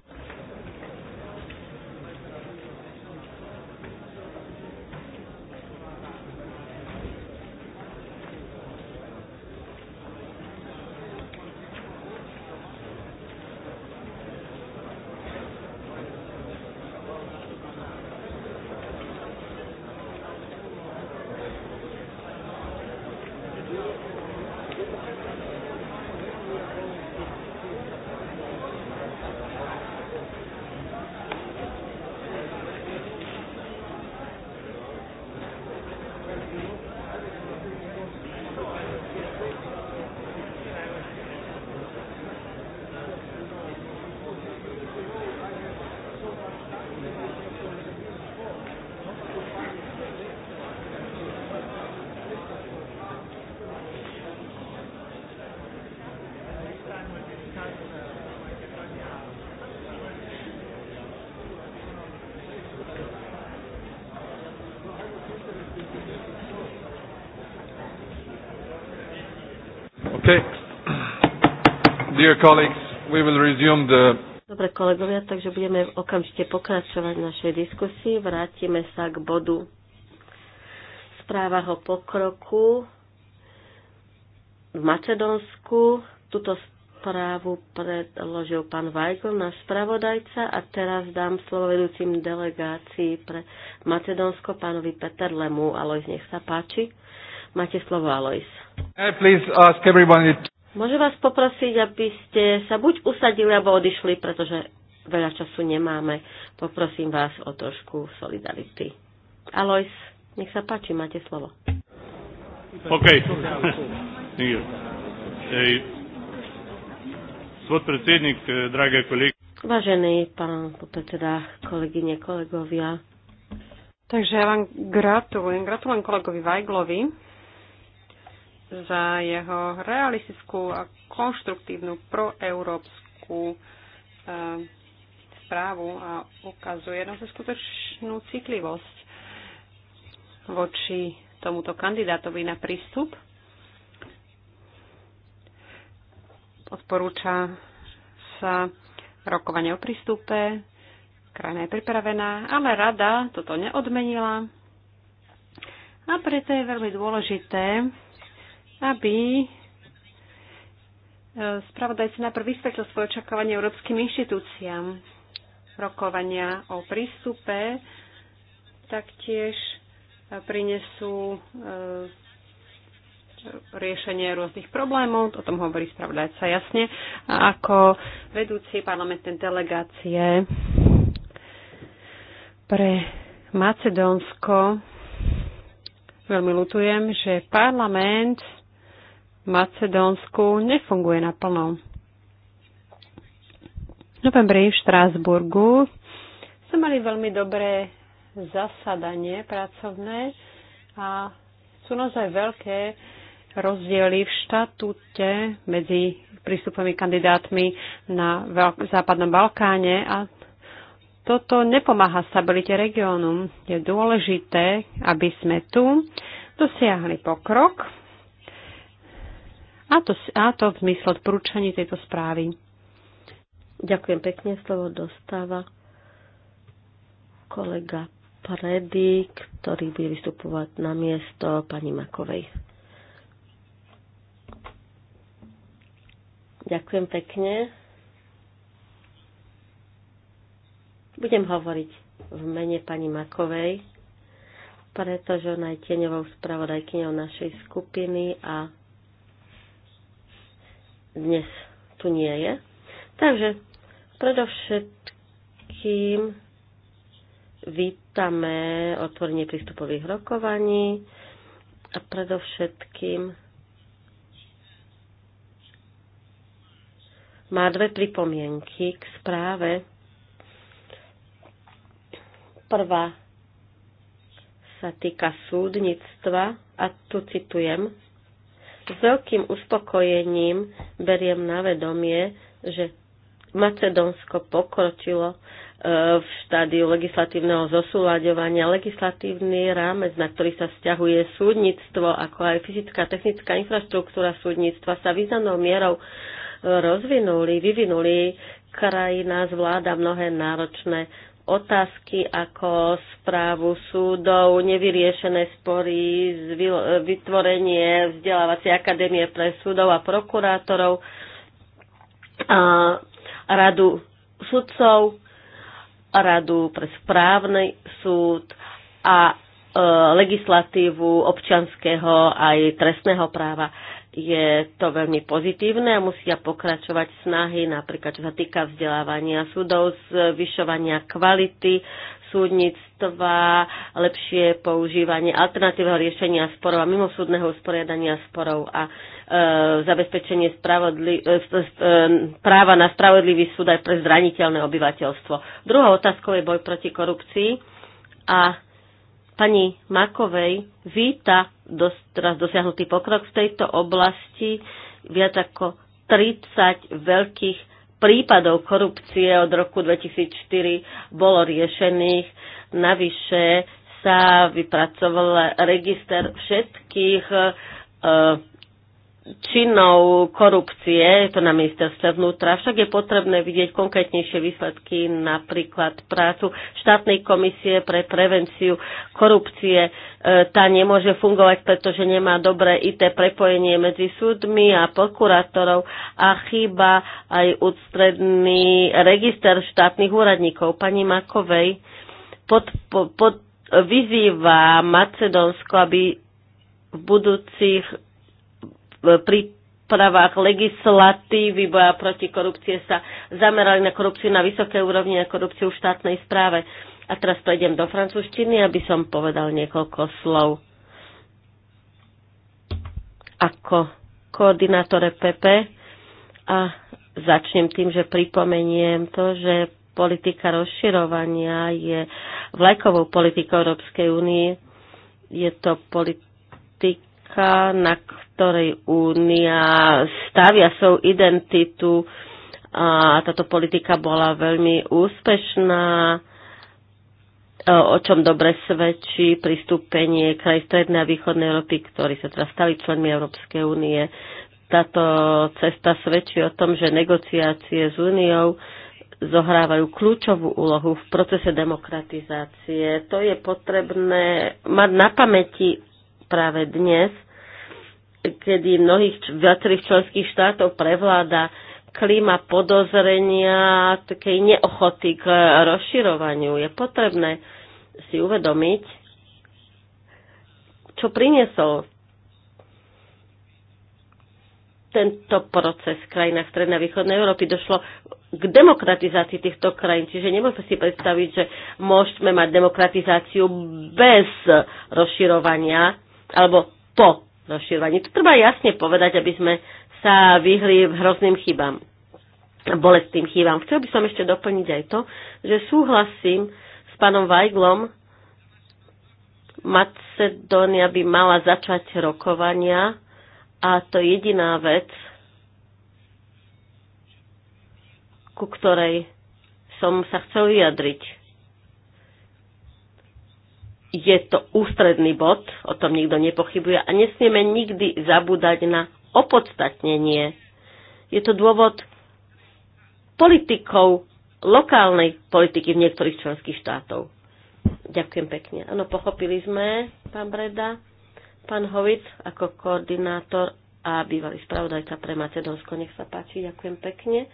Dear colleagues, we will resume the... Dobre kolegovia, takže budeme okamžite pokračovať v našej diskusii. Vrátime sa k bodu správa o pokroku v Macedónsku. Tuto správu predložil pán Vajgl, náš spravodajca, a teraz dám slovo vedúcim delegácii pre Macedónsko pánovi Peter Lemu. Alois, nech sa páči. Máte slovo, Alois. Hey, please ask everybody Môžem vás poprosiť, aby ste sa buď usadili, alebo odišli, pretože veľa času nemáme. Poprosím vás o trošku solidarity. Alois, nech sa páči, máte slovo. OK. Podpredsednik, eh, drahé kolegy. Vážený pán podpredseda, kolegyne, kolegovia. Takže ja vám gratulujem. Gratulujem kolegovi Vajglovi za jeho realistickú a konštruktívnu proeurópsku e, správu a ukazuje sa skutočnú citlivosť voči tomuto kandidátovi na prístup. Odporúča sa rokovanie o prístupe, krajina je pripravená, ale rada toto neodmenila a preto je veľmi dôležité, aby e, spravodajca najprv vysvetlil svoje očakávanie európskym inštitúciám rokovania o prístupe, taktiež e, prinesú e, riešenie rôznych problémov, o tom hovorí spravodajca jasne, a ako vedúci parlamentnej delegácie pre Macedónsko veľmi lutujem, že parlament Macedónsku nefunguje naplno. V novembri v Štrásburgu sme mali veľmi dobré zasadanie pracovné a sú naozaj veľké rozdiely v štatúte medzi prístupami kandidátmi na Západnom Balkáne a toto nepomáha stabilite regiónu. Je dôležité, aby sme tu dosiahli pokrok a to, a to v zmysle odporúčaní tejto správy. Ďakujem pekne. Slovo dostáva kolega Predy, ktorý bude vystupovať na miesto pani Makovej. Ďakujem pekne. Budem hovoriť v mene pani Makovej, pretože ona je tieňovou spravodajkyňou našej skupiny a dnes tu nie je. Takže predovšetkým vítame otvorenie prístupových rokovaní a predovšetkým má dve pripomienky k správe. Prvá sa týka súdnictva a tu citujem s veľkým uspokojením beriem na vedomie, že Macedónsko pokročilo e, v štádiu legislatívneho zosúľaďovania legislatívny rámec, na ktorý sa vzťahuje súdnictvo, ako aj fyzická a technická infraštruktúra súdnictva sa významnou mierou e, rozvinuli, vyvinuli. Krajina zvláda mnohé náročné otázky ako správu súdov, nevyriešené spory, vytvorenie vzdelávacej akadémie pre súdov a prokurátorov, a radu sudcov, radu pre správny súd a e, legislatívu občanského aj trestného práva je to veľmi pozitívne a musia pokračovať snahy, napríklad čo sa týka vzdelávania súdov, zvyšovania kvality súdnictva, lepšie používanie alternatívneho riešenia sporov a mimosúdneho usporiadania sporov a e, zabezpečenie spravodli, e, e, e, práva na spravodlivý súd aj pre zraniteľné obyvateľstvo. Druhou otázkou je boj proti korupcii a pani Makovej víta dos, teraz dosiahnutý pokrok v tejto oblasti. Viac ako 30 veľkých prípadov korupcie od roku 2004 bolo riešených. Navyše sa vypracoval register všetkých e, činov korupcie, je to na ministerstve vnútra, však je potrebné vidieť konkrétnejšie výsledky, napríklad prácu štátnej komisie pre prevenciu korupcie. E, tá nemôže fungovať, pretože nemá dobré IT prepojenie medzi súdmi a prokurátorov a chýba aj ústredný register štátnych úradníkov. Pani Makovej pod, pod, vyzýva Macedónsko, aby v budúcich v prípravách legislatívy boja proti korupcie sa zamerali na korupciu na vysokej úrovni, a korupciu v štátnej správe. A teraz prejdem do francúzštiny, aby som povedal niekoľko slov. Ako koordinátore PP a začnem tým, že pripomeniem to, že politika rozširovania je vlajkovou politikou Európskej únie. Je to politika otázka, na ktorej Únia stavia svoju identitu a táto politika bola veľmi úspešná, e, o čom dobre svedčí pristúpenie kraj Strednej a Východnej Európy, ktorí sa teraz stali členmi Európskej únie. Táto cesta svedčí o tom, že negociácie s úniou zohrávajú kľúčovú úlohu v procese demokratizácie. To je potrebné mať na pamäti práve dnes, kedy mnohých viacerých členských štátov prevláda klíma podozrenia, takej neochoty k rozširovaniu. Je potrebné si uvedomiť, čo priniesol tento proces v krajinách Strednej a Východnej Európy. Došlo k demokratizácii týchto krajín. Čiže nemôžeme si predstaviť, že môžeme mať demokratizáciu bez rozširovania alebo po rozširovaní. To treba jasne povedať, aby sme sa vyhli hrozným chybám, bolestným chybám. Chcel by som ešte doplniť aj to, že súhlasím s pánom Vajglom, Macedónia by mala začať rokovania a to je jediná vec, ku ktorej som sa chcel vyjadriť je to ústredný bod, o tom nikto nepochybuje a nesmieme nikdy zabúdať na opodstatnenie. Je to dôvod politikov lokálnej politiky v niektorých členských štátov. Ďakujem pekne. Áno, pochopili sme, pán Breda, pán Hovic ako koordinátor a bývalý spravodajca pre Macedónsko. Nech sa páči, ďakujem pekne.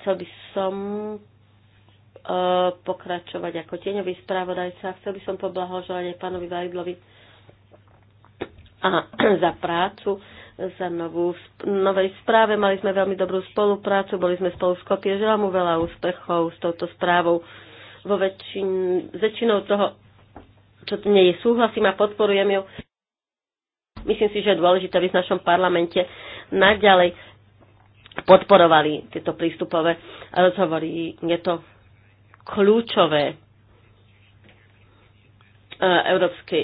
Chcel by som Eh, pokračovať ako tieňový správodajca. Chcel by som poblahoželať aj pánovi Vajdlovi a za prácu, za novú, novej správe. Mali sme veľmi dobrú spoluprácu, boli sme spolu v Skopie. Želám mu veľa úspechov s touto správou. Vo väčšin, väčšinou toho, čo nie je, súhlasím a podporujem ju. Myslím si, že je dôležité, aby v našom parlamente naďalej podporovali tieto prístupové rozhovory. Je to kľúčové e, európskej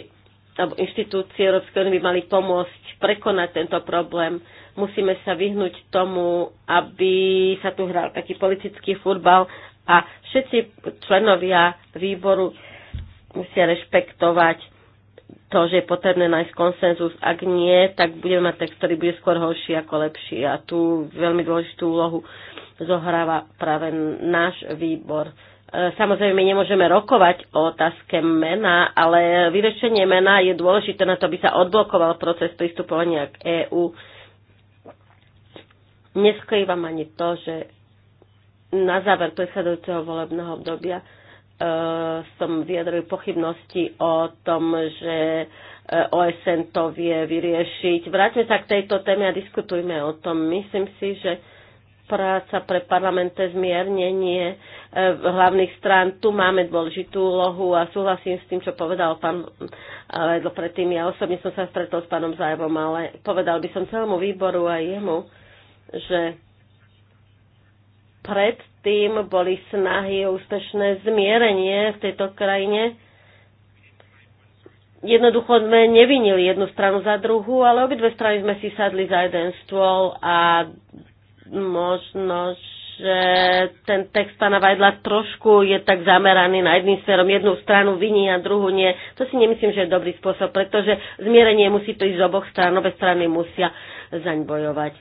alebo inštitúcie Európskej únie by mali pomôcť prekonať tento problém. Musíme sa vyhnúť tomu, aby sa tu hral taký politický futbal a všetci členovia výboru musia rešpektovať to, že je potrebné nájsť konsenzus. Ak nie, tak budeme mať text, ktorý bude skôr horší ako lepší. A tu veľmi dôležitú úlohu zohráva práve náš výbor Samozrejme, nemôžeme rokovať o otázke mena, ale vyriešenie mena je dôležité na to, aby sa odblokoval proces pristupovania k EÚ. Neskrývam ani to, že na záver predchádzajúceho volebného obdobia uh, som vyjadril pochybnosti o tom, že e, OSN to vie vyriešiť. Vráťme sa k tejto téme a diskutujme o tom. Myslím si, že práca pre parlamentné zmiernenie e, hlavných strán. Tu máme dôležitú úlohu a súhlasím s tým, čo povedal pán Ledl predtým. Ja osobne som sa stretol s pánom Zajevom, ale povedal by som celému výboru a jemu, že predtým boli snahy o úspešné zmierenie v tejto krajine. Jednoducho sme nevinili jednu stranu za druhú, ale obidve strany sme si sadli za jeden stôl a možno, že ten text pána Vajdla trošku je tak zameraný na jedným smerom, jednu stranu viní a druhú nie. To si nemyslím, že je dobrý spôsob, pretože zmierenie musí prísť z oboch strán, obe strany musia zaň bojovať. E,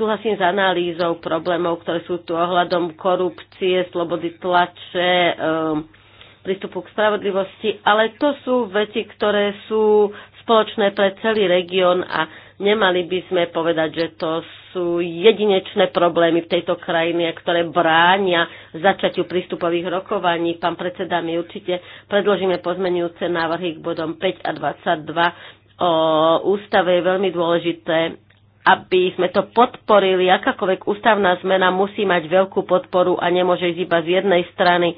súhlasím s analýzou problémov, ktoré sú tu ohľadom korupcie, slobody tlače, e, prístupu k spravodlivosti, ale to sú veci, ktoré sú spoločné pre celý región a nemali by sme povedať, že to sú jedinečné problémy v tejto krajine, ktoré bránia začatiu prístupových rokovaní. Pán predseda, my určite predložíme pozmenujúce návrhy k bodom 5 a 22 o ústave je veľmi dôležité, aby sme to podporili. Akákoľvek ústavná zmena musí mať veľkú podporu a nemôže ísť iba z jednej strany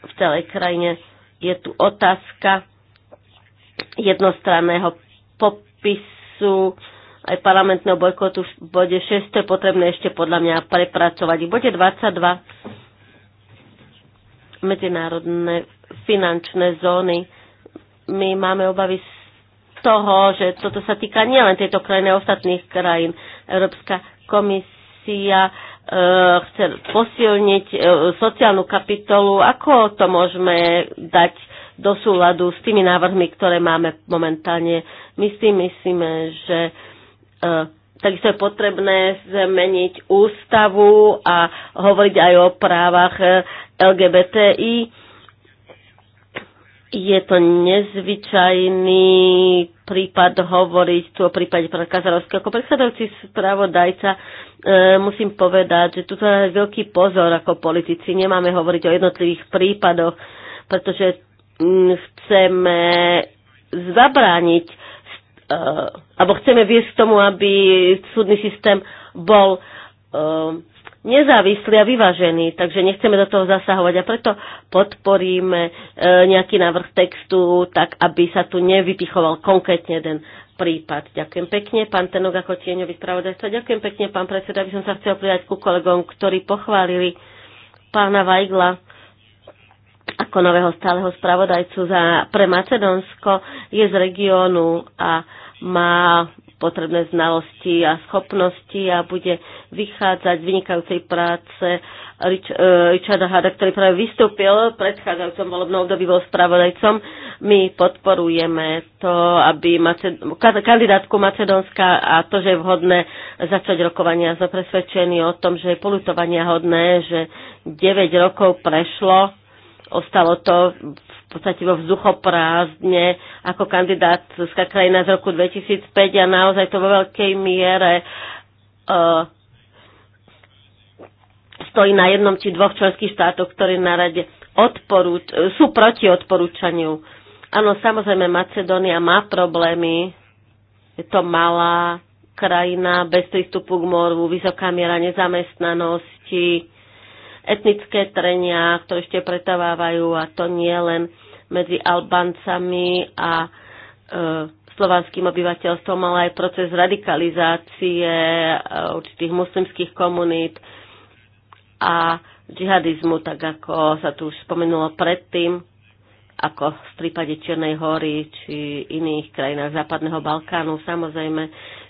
v celej krajine. Je tu otázka jednostranného popisu aj parlamentného bojkotu v bode 6 je potrebné ešte podľa mňa prepracovať. V bode 22 medzinárodné finančné zóny. My máme obavy z toho, že toto sa týka nielen tejto krajiny, ostatných krajín. Európska komisia e, chce posilniť e, sociálnu kapitolu. Ako to môžeme dať do súladu s tými návrhmi, ktoré máme momentálne. My si myslíme, že e, Takisto je potrebné zmeniť ústavu a hovoriť aj o právach e, LGBTI. Je to nezvyčajný prípad hovoriť tu o prípade pána Kazarovského. Ako predsedajúci spravodajca e, musím povedať, že tu je veľký pozor ako politici. Nemáme hovoriť o jednotlivých prípadoch, pretože Mm, chceme zabrániť eh, alebo chceme viesť k tomu, aby súdny systém bol eh, nezávislý a vyvážený, takže nechceme do toho zasahovať a preto podporíme eh, nejaký návrh textu tak, aby sa tu nevypichoval konkrétne jeden prípad. Ďakujem pekne, pán Tenok ako tieňový spravodajstva. Ďakujem pekne, pán predseda, by som sa chcel prijať ku kolegom, ktorí pochválili pána Vajgla ako nového stáleho spravodajcu za, pre Macedónsko je z regiónu a má potrebné znalosti a schopnosti a bude vychádzať z vynikajúcej práce Rich, uh, Richarda Hada, ktorý práve vystúpil v predchádzajúcom volebnom období bol spravodajcom. My podporujeme to, aby Maced- kandidátku Macedónska a to, že je vhodné začať rokovania, sme presvedčení o tom, že je polutovania hodné, že 9 rokov prešlo ostalo to v podstate vo vzduchoprázdne ako kandidátska krajina z roku 2005 a naozaj to vo veľkej miere uh, stojí na jednom či dvoch členských štátoch, ktorí na rade odporúč- sú proti odporúčaniu. Áno, samozrejme, Macedónia má problémy. Je to malá krajina bez prístupu k moru, vysoká miera nezamestnanosti, etnické trenia, to ešte pretavávajú a to nie len medzi Albancami a e, slovanským obyvateľstvom, ale aj proces radikalizácie e, určitých muslimských komunít a džihadizmu, tak ako sa tu už spomenulo predtým, ako v prípade Čiernej hory či iných krajinách Západného Balkánu. Samozrejme,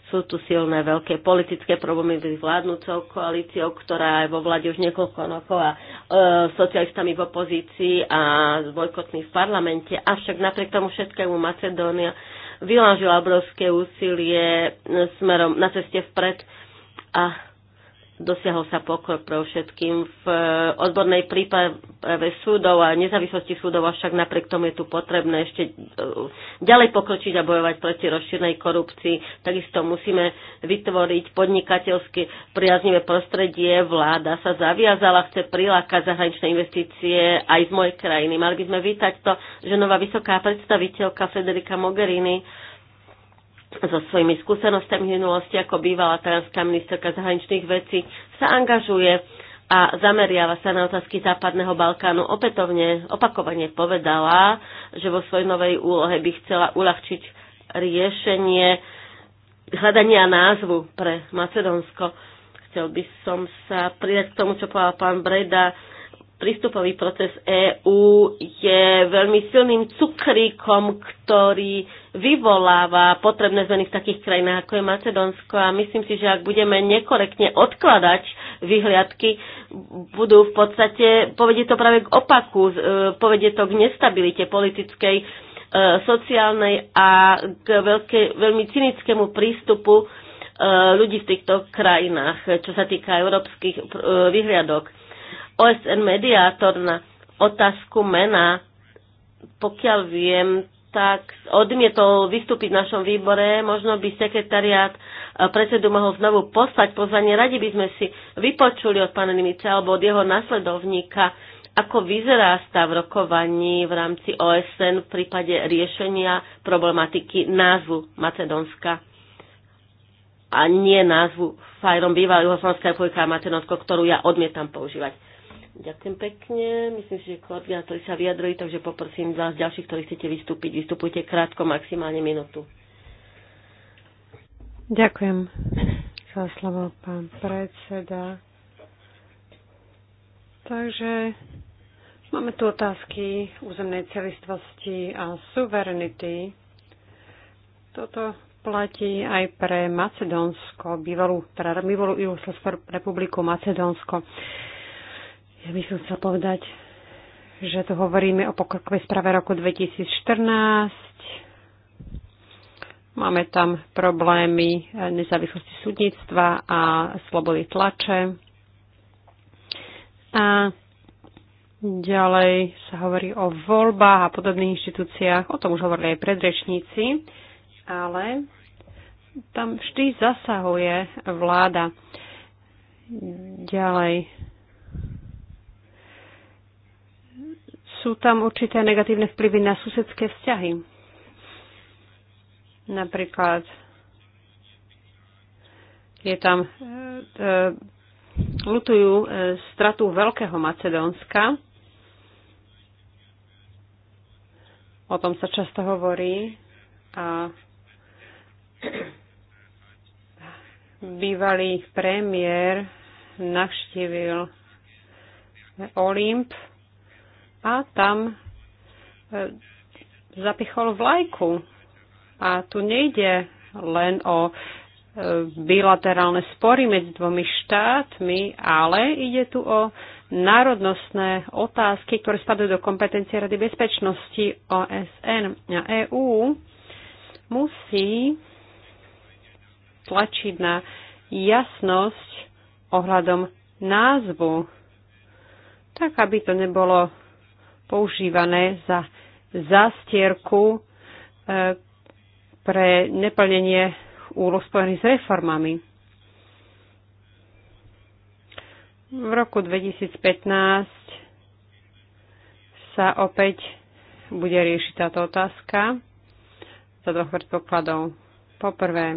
sú tu silné veľké politické problémy s vládnúcou koalíciou, ktorá je vo vláde už niekoľko rokov a e, socialistami v opozícii a s bojkotmi v parlamente. Avšak napriek tomu všetkému Macedónia vylážila obrovské úsilie e, smerom na ceste vpred a Dosiahol sa pokor pre všetkým v eh, odbornej príprave súdov a nezávislosti súdov, avšak napriek tomu je tu potrebné ešte eh, ďalej pokročiť a bojovať proti rozšírnej korupcii. Takisto musíme vytvoriť podnikateľské priaznivé prostredie. Vláda sa zaviazala, chce prilákať zahraničné investície aj z mojej krajiny. Mali by sme vítať to, že nová vysoká predstaviteľka Federika Mogherini so svojimi skúsenostami v minulosti ako bývalá talianská ministerka zahraničných vecí sa angažuje a zameriava sa na otázky Západného Balkánu. Opätovne, opakovane povedala, že vo svojej novej úlohe by chcela uľahčiť riešenie hľadania názvu pre Macedónsko. Chcel by som sa pridať k tomu, čo povedal pán Breda. Prístupový proces EÚ je veľmi silným cukríkom, ktorý vyvoláva potrebné zmeny v takých krajinách, ako je Macedónsko a myslím si, že ak budeme nekorektne odkladať vyhliadky, budú v podstate, povedie to práve k opaku, e, povedie to k nestabilite politickej, e, sociálnej a k veľké, veľmi cynickému prístupu e, ľudí v týchto krajinách, čo sa týka európskych vyhliadok. OSN mediátor na otázku mena, pokiaľ viem, tak odmietol vystúpiť v našom výbore, možno by sekretariát e, predsedu mohol znovu poslať pozvanie. Radi by sme si vypočuli od pána Nimica alebo od jeho nasledovníka, ako vyzerá stav rokovaní v rámci OSN v prípade riešenia problematiky názvu Macedónska a nie názvu Fajrom bývalého Slovenská republika Macedónsko, ktorú ja odmietam používať. Ďakujem pekne. Myslím si, že koordinátori sa vyjadrili, takže poprosím vás ďalších, ktorí chcete vystúpiť. Vystupujte krátko, maximálne minútu. Ďakujem za slovo, pán predseda. Takže máme tu otázky územnej celistvosti a suverenity. Toto platí aj pre Macedónsko, bývalú, teda bývalú Jugoslávskú republiku Macedónsko. Ja by som chcela povedať, že tu hovoríme o pokrokovej správe roku 2014. Máme tam problémy eh, nezávislosti súdnictva a slobody tlače. A Ďalej sa hovorí o voľbách a podobných inštitúciách, o tom už hovorili aj predrečníci, ale tam vždy zasahuje vláda. Ďalej sú tam určité negatívne vplyvy na susedské vzťahy. Napríklad je tam, e, e, lutujú e, stratu Veľkého Macedónska. O tom sa často hovorí a bývalý premiér navštívil Olymp a tam e, zapichol vlajku. A tu nejde len o e, bilaterálne spory medzi dvomi štátmi, ale ide tu o národnostné otázky, ktoré spadajú do kompetencie Rady bezpečnosti OSN a EÚ musí tlačiť na jasnosť ohľadom názvu, tak aby to nebolo používané za zástierku e, pre neplnenie úloh spojených s reformami. V roku 2015 sa opäť bude riešiť táto otázka za dvoch predpokladov. Poprvé,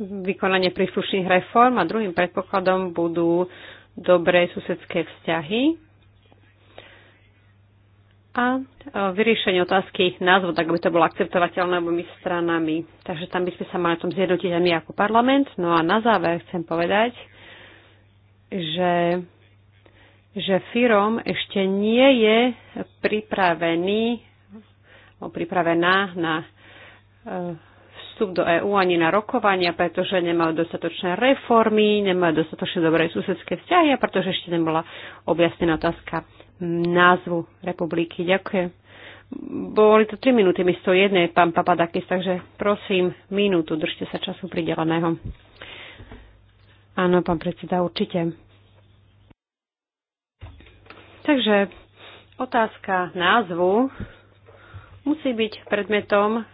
vykonanie príslušných reform a druhým predpokladom budú dobré susedské vzťahy a e, vyriešenie otázky názvu, tak aby to bolo akceptovateľné obomi stranami. Takže tam by sme sa mali tom zjednotiť aj my ako parlament. No a na záver chcem povedať, že, že FIROM ešte nie je pripravený pripravená na e, vstup do EÚ ani na rokovania, pretože nemajú dostatočné reformy, nemajú dostatočne dobré susedské vzťahy a pretože ešte nebola objasnená otázka názvu republiky. Ďakujem. Boli to 3 minúty miesto jednej, pán Papadakis, takže prosím, minútu, držte sa času prideleného. Áno, pán predseda, určite. Takže otázka názvu musí byť predmetom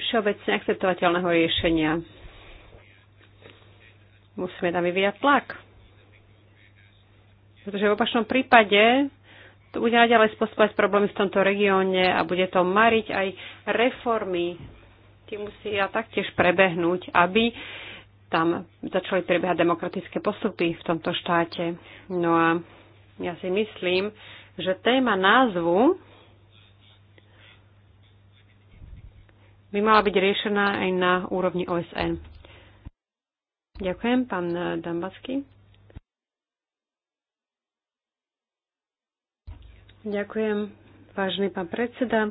všeobecne akceptovateľného riešenia. Musíme tam vyvíjať tlak. Pretože v opačnom prípade to bude naďalej spôsobovať problémy v tomto regióne a bude to mariť aj reformy. Tie musia taktiež prebehnúť, aby tam začali prebiehať demokratické postupy v tomto štáte. No a ja si myslím, že téma názvu by mala byť riešená aj na úrovni OSN. Ďakujem, pán Dambacký. Ďakujem, vážny pán predseda.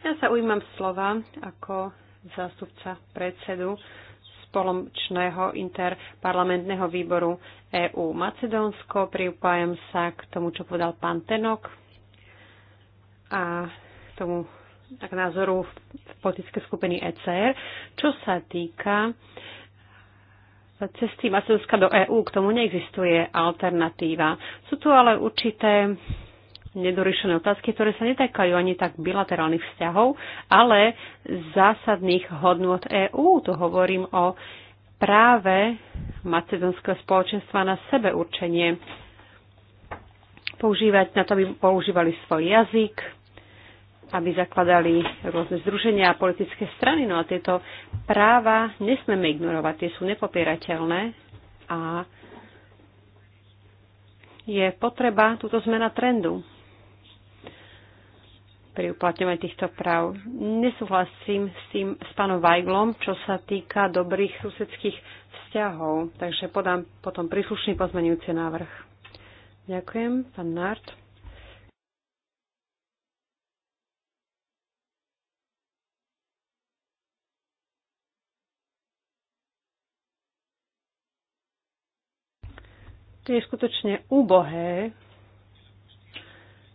Ja sa ujímam slova ako zástupca predsedu spoločného interparlamentného výboru EÚ Macedónsko. Priupájam sa k tomu, čo povedal pán Tenok a k tomu, tak názoru v politické skupiny ECR. Čo sa týka e, cesty Macedónska do EÚ, k tomu neexistuje alternatíva. Sú tu ale určité nedorišené otázky, ktoré sa netýkajú ani tak bilaterálnych vzťahov, ale zásadných hodnot EÚ. Tu hovorím o práve macedonského spoločenstva na sebe určenie používať, na to, aby používali svoj jazyk, aby zakladali rôzne združenia a politické strany. No a tieto práva nesmeme ignorovať, tie sú nepopierateľné a je potreba túto zmena trendu pri uplatňovaní týchto práv. Nesúhlasím s tým s pánom Weiglom, čo sa týka dobrých susedských vzťahov, takže podám potom príslušný pozmenujúci návrh. Ďakujem, pán Nart. je skutočne úbohé,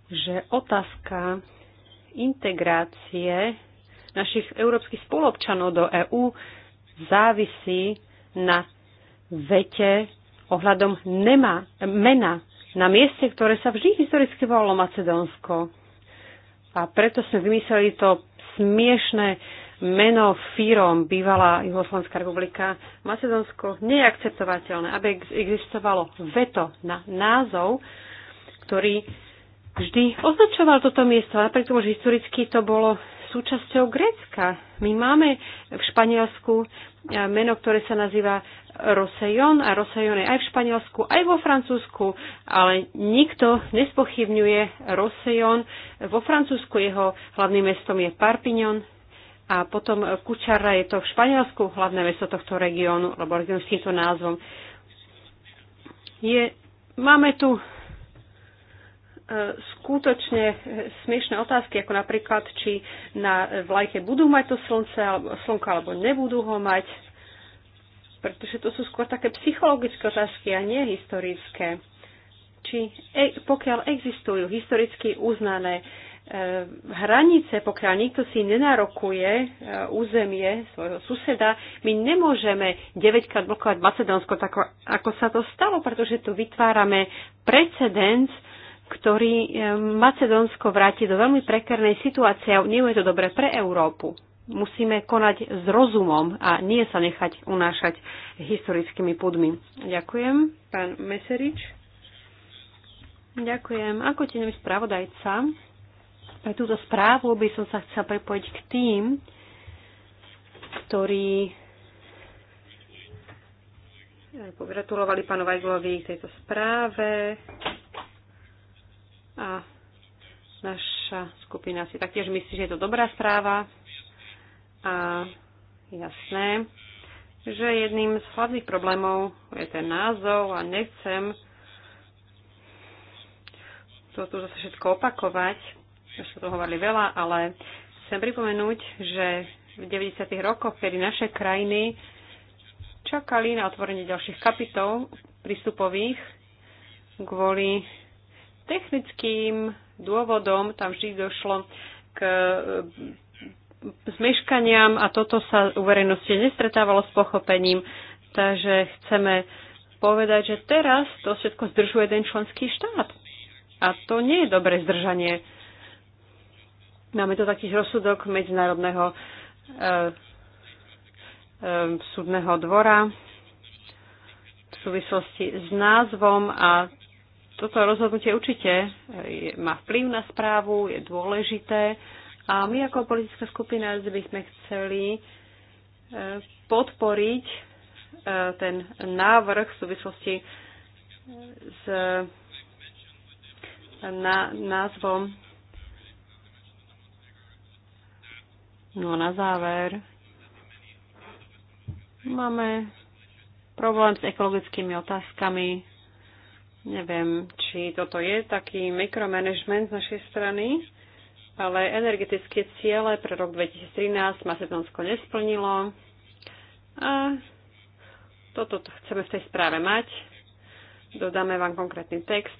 že otázka integrácie našich európskych spolobčanov do EÚ závisí na vete ohľadom nema, mena na mieste, ktoré sa vždy historicky volalo Macedónsko. A preto sme vymysleli to smiešné meno Fírom, bývalá Juhoslovanská republika, Macedónsko, nie je akceptovateľné, aby existovalo veto na názov, ktorý vždy označoval toto miesto. Napriek tomu, že historicky to bolo súčasťou Grécka. My máme v Španielsku eh, meno, ktoré sa nazýva Rosejon a Rosejon je aj v Španielsku, aj vo Francúzsku, ale nikto nespochybňuje Rosejon. Vo Francúzsku jeho hlavným mestom je Parpignon, a potom Kučara je to v Španielsku hlavné mesto tohto regiónu, alebo region s týmto názvom. Je, máme tu e, skutočne smiešné otázky, ako napríklad, či na vlajke budú mať to slnce, alebo, slnko, alebo nebudú ho mať, pretože to sú skôr také psychologické otázky a nie historické. Či e, pokiaľ existujú historicky uznané Eh, hranice, pokiaľ nikto si nenarokuje eh, územie svojho suseda, my nemôžeme 9 krát blokovať Macedónsko, tak ako sa to stalo, pretože tu vytvárame precedens, ktorý eh, Macedónsko vráti do veľmi prekernej situácie a nie je to dobre pre Európu. Musíme konať s rozumom a nie sa nechať unášať historickými pudmi. Ďakujem. Pán Meserič. Ďakujem. Ako ti spravodajca? Pre túto správu by som sa chcela prepojiť k tým, ktorí eh, pogratulovali pánu Vajglovi k tejto správe a naša skupina si taktiež myslí, že je to dobrá správa a jasné, že jedným z hlavných problémov je ten názov a nechcem to tu zase všetko opakovať, že sa to hovorili veľa, ale chcem pripomenúť, že v 90. rokoch, kedy naše krajiny čakali na otvorenie ďalších kapitol prístupových kvôli technickým dôvodom, tam vždy došlo k e, zmeškaniam a toto sa u verejnosti nestretávalo s pochopením. Takže chceme povedať, že teraz to všetko zdržuje jeden členský štát. A to nie je dobré zdržanie. Máme to taktiež rozsudok Medzinárodného e, e, súdneho dvora v súvislosti s názvom a toto rozhodnutie určite je, eh, má vplyv na správu, je dôležité a my ako politická skupina by sme chceli e, podporiť e, ten návrh v súvislosti s na, názvom No a na záver máme problém s ekologickými otázkami. Neviem, či toto je taký mikromanagement z našej strany, ale energetické ciele pre rok 2013 Macedónsko nesplnilo. A toto chceme v tej správe mať. Dodáme vám konkrétny text.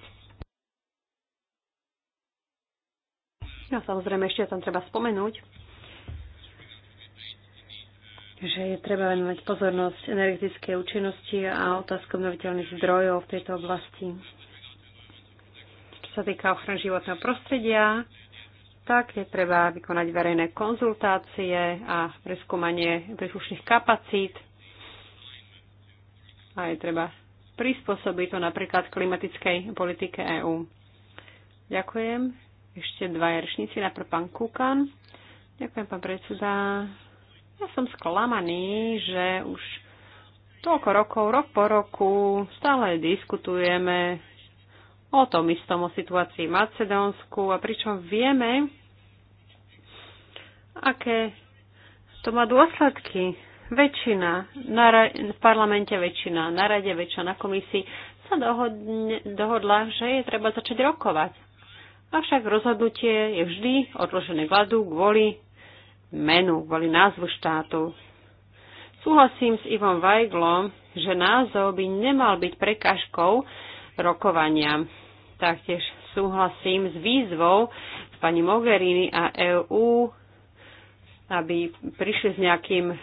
A samozrejme ešte tam treba spomenúť, Takže je treba venovať pozornosť energetickej účinnosti a otázku obnoviteľných zdrojov v tejto oblasti. Čo sa týka ochrany životného prostredia, tak je treba vykonať verejné konzultácie a preskúmanie príslušných kapacít. A je treba prispôsobiť to napríklad klimatickej politike EÚ. Ďakujem. Ešte dva rečníci, najprv pán Kukan. Ďakujem, pán predseda. Ja som sklamaný, že už toľko rokov, rok po roku stále diskutujeme o tom istom, o situácii v Macedónsku a pričom vieme, aké to má dôsledky. Väčšina, na v parlamente väčšina, na rade väčšina, na komisii sa dohodne, dohodla, že je treba začať rokovať. Avšak rozhodnutie je vždy odložené vladu kvôli menu, boli názvu štátu. Súhlasím s Ivom Weiglom, že názov by nemal byť prekažkou rokovania. Taktiež súhlasím s výzvou s pani Mogherini a EÚ, aby prišli s nejakým ehm,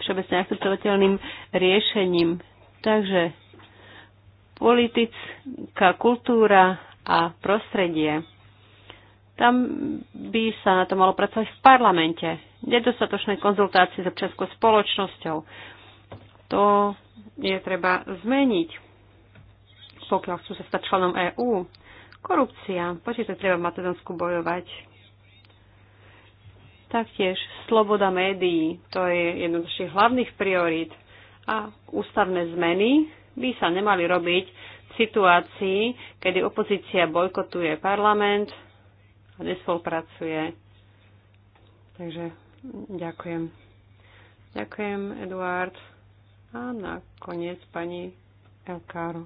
všeobecne akceptovateľným riešením. Takže politická kultúra a prostredie. Tam by sa na to malo pracovať v parlamente. Nedostatočné konzultácie s občianskou spoločnosťou. To je treba zmeniť, pokiaľ chcú sa stať členom EÚ. Korupcia. Počítaj, treba v Matedonsku bojovať. Taktiež sloboda médií. To je jedno z našich hlavných priorít. A ústavné zmeny by sa nemali robiť v situácii, kedy opozícia bojkotuje parlament, nespolupracuje. Takže ďakujem. Ďakujem, Eduard. A nakoniec pani Elkáro.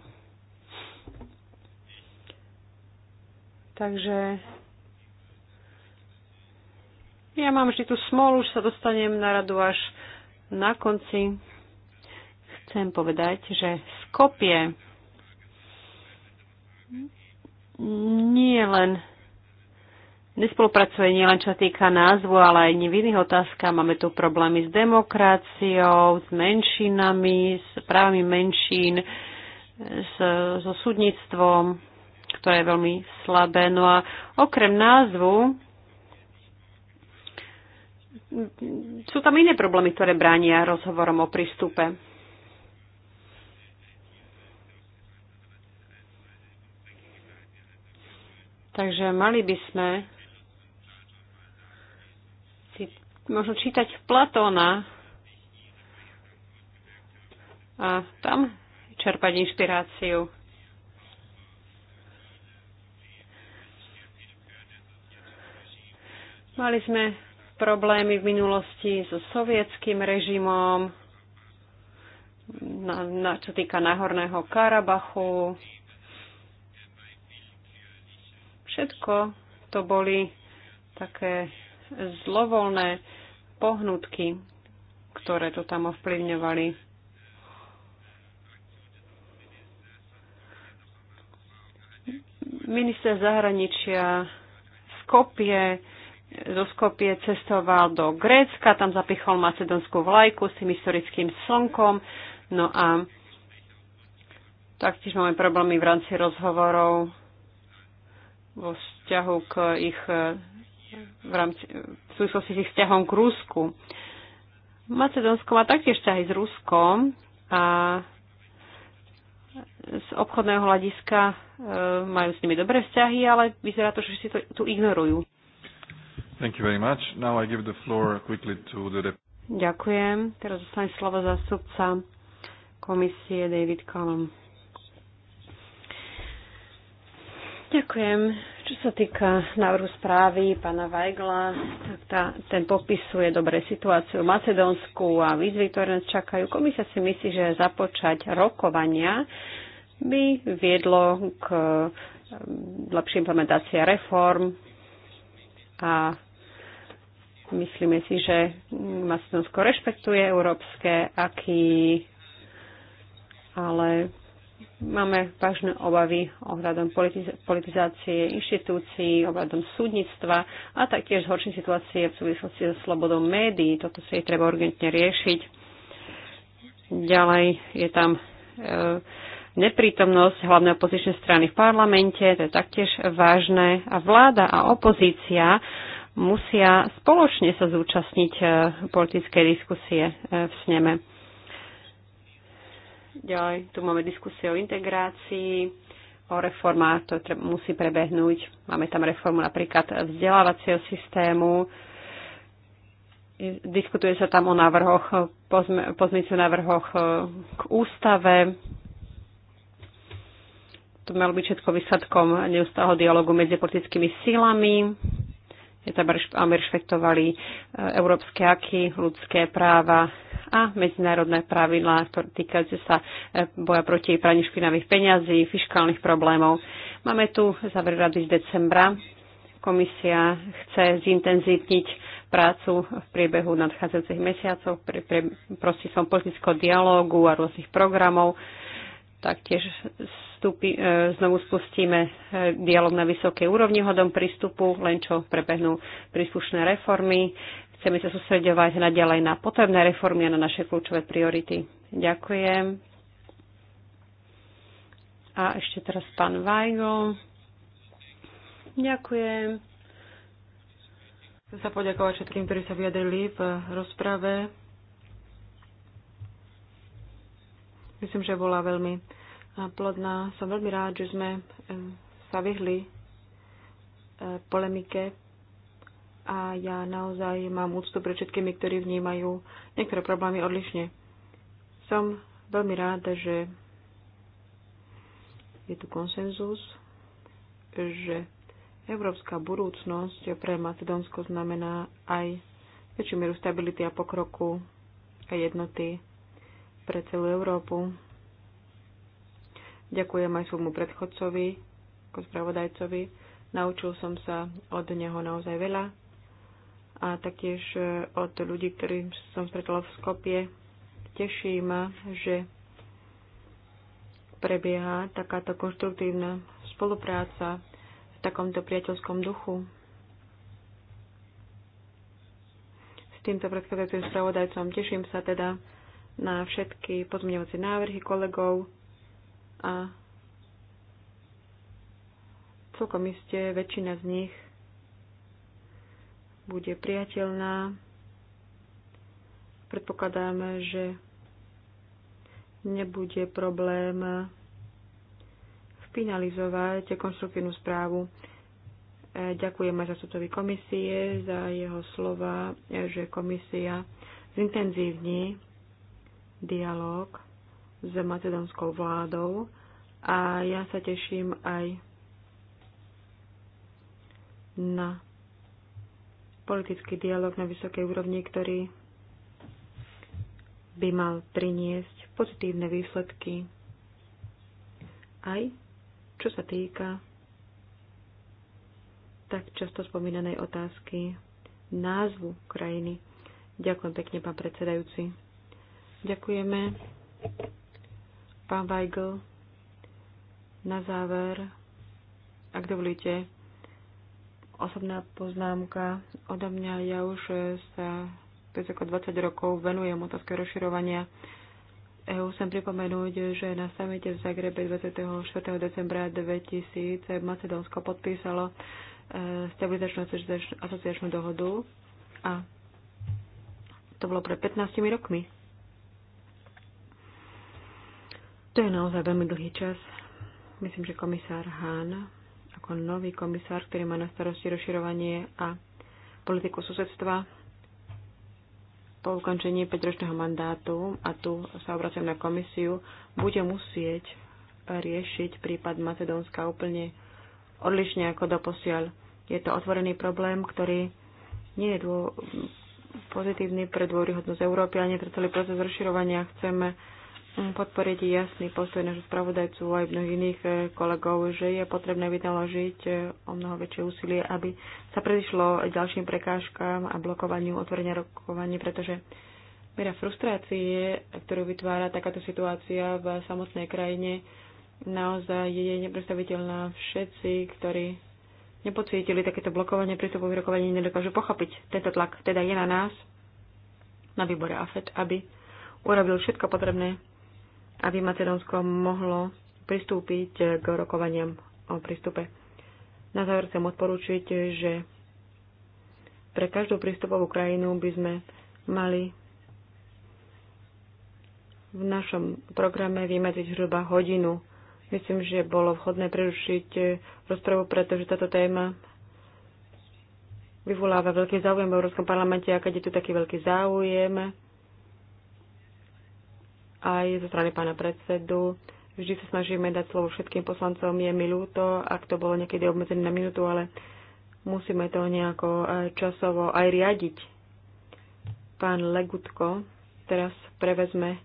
Takže ja mám vždy tú smolu, už sa dostanem na radu až na konci. Chcem povedať, že Skopie nie len nespolupracuje nielen čo týka názvu, ale aj v iných otázkach. Máme tu problémy s demokraciou, s menšinami, s právami menšín, s, so súdnictvom, ktoré je veľmi slabé. No a okrem názvu sú tam iné problémy, ktoré bránia rozhovorom o prístupe. Takže mali by sme možno čítať Platóna a tam čerpať inšpiráciu. Mali sme problémy v minulosti so sovietským režimom, na, na, čo týka Nahorného Karabachu. Všetko to boli také zlovoľné pohnutky, ktoré to tam ovplyvňovali. Minister zahraničia Skopie, zo Skopie cestoval do Grécka, tam zapichol macedonskú vlajku s tým historickým slnkom. No a taktiež máme problémy v rámci rozhovorov vo vzťahu k ich v, rámci, v súvislosti s ich vzťahom k Rusku. Macedónsko má taktiež vzťahy s Ruskom a z obchodného hľadiska e, majú s nimi dobré vzťahy, ale vyzerá to, že si to tu ignorujú. Thank you very much. Now I give the floor quickly to the... Ďakujem. Teraz zostane slovo zástupca komisie David Callum. Ďakujem. Čo sa týka návrhu správy pána Weigla, tak tá, ten popisuje dobre situáciu v Macedónsku a výzvy, ktoré nás čakajú. Komisia si myslí, že započať rokovania by viedlo k um, lepšej implementácii reform a myslíme si, že Macedónsko rešpektuje európske aký ale máme vážne obavy ohľadom politizácie inštitúcií, ohľadom súdnictva a taktiež horšie situácie v súvislosti so slobodou médií. Toto sa jej treba urgentne riešiť. Ďalej je tam e, neprítomnosť hlavnej opozičnej strany v parlamente, to je taktiež vážne. A vláda a opozícia musia spoločne sa zúčastniť e, politickej diskusie e, v sneme. Ďalej, tu máme diskusie o integrácii, o reformách, to treba, musí prebehnúť. Máme tam reformu napríklad vzdelávacieho systému, diskutuje sa tam o návrhoch, pozmeňujúcich návrhoch e, k ústave. To malo byť všetko výsledkom neustáleho dialogu medzi politickými silami tam rešpektovali e, európske aky, ľudské práva a medzinárodné pravidlá týkajúce sa e, boja proti praní špinavých peňazí, fiskálnych problémov. Máme tu záver rady z decembra. Komisia chce zintenzívniť prácu v priebehu nadchádzajúcich mesiacov pri, pri prostredstvom politického dialógu a rôznych programov. Taktiež vstúpi, e, znovu spustíme e, dialog na vysokej úrovni hodom prístupu, len čo prebehnú príslušné reformy. Chceme sa sústredovať naďalej na potrebné reformy a na naše kľúčové priority. Ďakujem. A ešte teraz pán Vajgo. Ďakujem. Chcem sa poďakovať všetkým, ktorí sa vyjadrili v rozprave. Myslím, že bola veľmi plodná. Som veľmi rád, že sme sa vyhli e, polemike a ja naozaj mám úctu pre všetkými, ktorí vnímajú niektoré problémy odlišne. Som veľmi rád, že je tu konsenzus, že európska budúcnosť pre Macedónsko znamená aj väčšiu mieru stability a pokroku a jednoty pre celú Európu. Ďakujem aj svojmu predchodcovi, ako spravodajcovi. Naučil som sa od neho naozaj veľa a taktiež e, od ľudí, ktorým som stretol v Skopie. Teší ma, že prebieha takáto konštruktívna spolupráca v takomto priateľskom duchu. S týmto predchádzajúcim spravodajcom teším sa teda na všetky pozmeňovacie návrhy kolegov a celkom iste väčšina z nich bude priateľná. Predpokladáme, že nebude problém finalizovať konštruktívnu správu. E, Ďakujem aj zastupcovi komisie za jeho slova, e, že komisia zintenzívni dialog s macedónskou vládou a ja sa teším aj na politický dialog na vysokej úrovni, ktorý by mal priniesť pozitívne výsledky aj čo sa týka tak často spomínanej otázky názvu krajiny. Ďakujem pekne, pán predsedajúci. Ďakujeme. Pán Weigl. Na záver, ak dovolíte, osobná poznámka odo mňa. Ja už sa viac ako 20 rokov venujem otázke rozširovania EU. Chcem pripomenúť, že na samite v Zagrebe 24. decembra 2000 Macedónsko podpísalo e, stabilizačnú asociačnú dohodu a to bolo pred 15 rokmi. To je naozaj veľmi dlhý čas. Myslím, že komisár Hahn ako nový komisár, ktorý má na starosti rozširovanie a politiku susedstva po ukončení 5-ročného mandátu, a tu sa obracujem na komisiu, bude musieť riešiť prípad Macedónska úplne odlišne ako doposiaľ. Je to otvorený problém, ktorý nie je dô... pozitívny pre dôryhodnosť Európy ani pre celý proces rozširovania. Chceme Mm, podporiť jasný postoj nášho spravodajcu aj mnohých iných eh, kolegov, že je potrebné vynaložiť eh, o mnoho väčšie úsilie, aby sa predišlo ďalším prekážkam a blokovaniu otvorenia rokovaní, pretože miera frustrácie, ktorú vytvára takáto situácia v samotnej krajine, naozaj je nepredstaviteľná. Všetci, ktorí nepocítili takéto blokovanie prístupov rokovaní, nedokážu pochopiť tento tlak. Teda je na nás, na výbore AFED, aby urobil všetko potrebné aby Macedónsko mohlo pristúpiť k rokovaniam o prístupe. Na záver chcem odporúčiť, že pre každú prístupovú krajinu by sme mali v našom programe vymedziť hruba hodinu. Myslím, že bolo vhodné prerušiť rozpravu, pretože táto téma vyvoláva veľký záujem v Európskom parlamente a keď je tu taký veľký záujem, aj zo strany pána predsedu. Vždy sa snažíme dať slovo všetkým poslancom. Je mi ľúto, ak to bolo niekedy obmedzené na minútu, ale musíme to nejako e, časovo aj riadiť. Pán Legutko teraz prevezme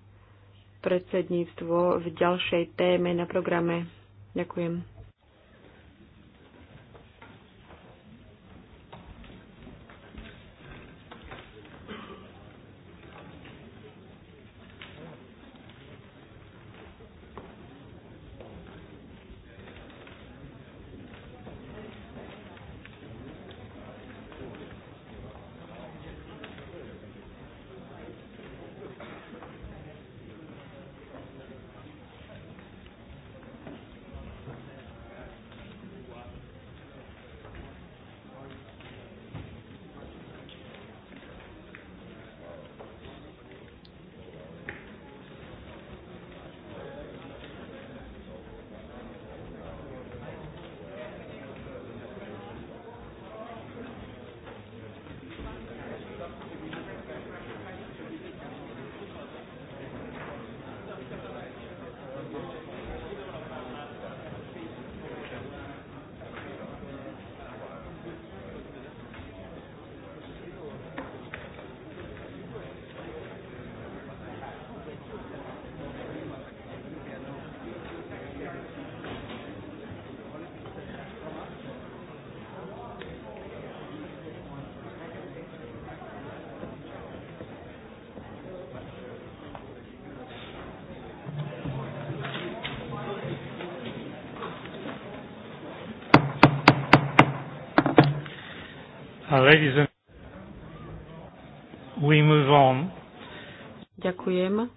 predsedníctvo v ďalšej téme na programe. Ďakujem. Ladies and we move on. Ďakujem.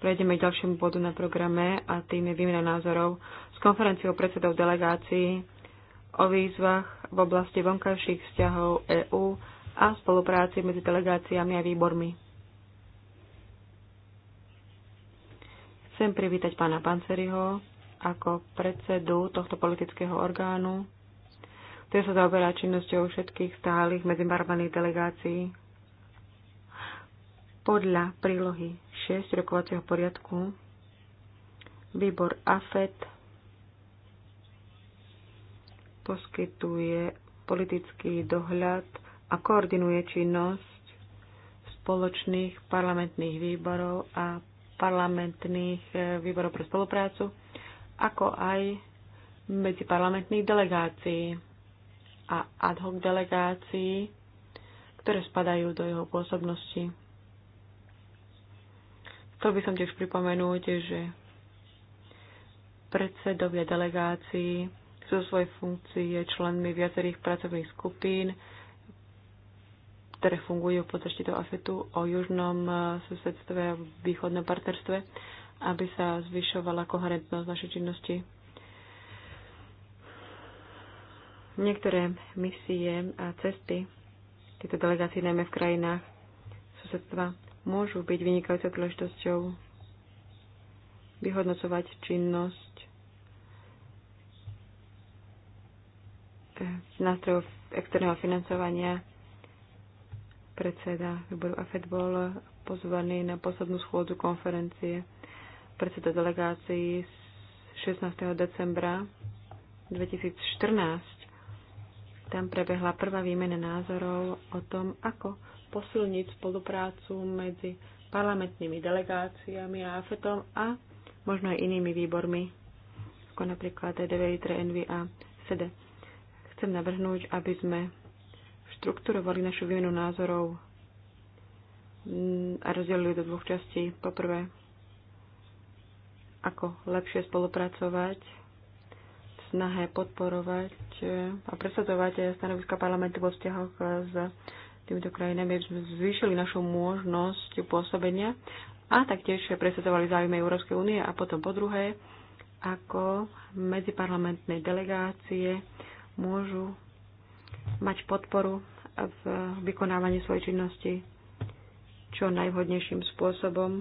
Prejdeme k ďalšiemu bodu na programe a tým je výmena názorov s konferenciou predsedov delegácií o výzvach v oblasti vonkajších vzťahov EÚ a spolupráci medzi delegáciami a výbormi. Chcem privítať pána Panceriho ako predsedu tohto politického orgánu ten sa zaoberá činnosťou všetkých stálych medzinárodných delegácií. Podľa prílohy 6 rokovacieho poriadku výbor AFET poskytuje politický dohľad a koordinuje činnosť spoločných parlamentných výborov a parlamentných eh, výborov pre spoluprácu, ako aj medziparlamentných delegácií a ad hoc delegácií, ktoré spadajú do jeho pôsobnosti. Chcel by som tiež pripomenúť, že predsedovia delegácií sú svoje funkcie členmi viacerých pracovných skupín, ktoré fungujú pod zaštitou AFETu o južnom susedstve a východnom partnerstve, aby sa zvyšovala koherentnosť našej činnosti. Niektoré misie a cesty tieto delegácie, najmä v krajinách susedstva, môžu byť vynikajúcou príležitosťou vyhodnocovať činnosť eh, nástrojov externého financovania. Predseda výboru AFED bol pozvaný na poslednú schôdzu konferencie predseda delegácií z 16. decembra 2014 tam prebehla prvá výmena názorov o tom, ako posilniť spoluprácu medzi parlamentnými delegáciami a AFETom a možno aj inými výbormi, ako napríklad EDV, 3 NV a SEDE. Chcem navrhnúť, aby sme štrukturovali našu výmenu názorov mm, a rozdelili do dvoch častí. Poprvé, ako lepšie spolupracovať snahe podporovať e, a presadzovať e, stanoviska parlamentu vo vzťahoch e, s týmito krajinami, aby sme zvýšili našu možnosť pôsobenia a taktiež presadzovali záujmy Európskej únie a potom po druhé, ako medziparlamentné delegácie môžu mať podporu v vykonávaní svojej činnosti čo najvhodnejším spôsobom.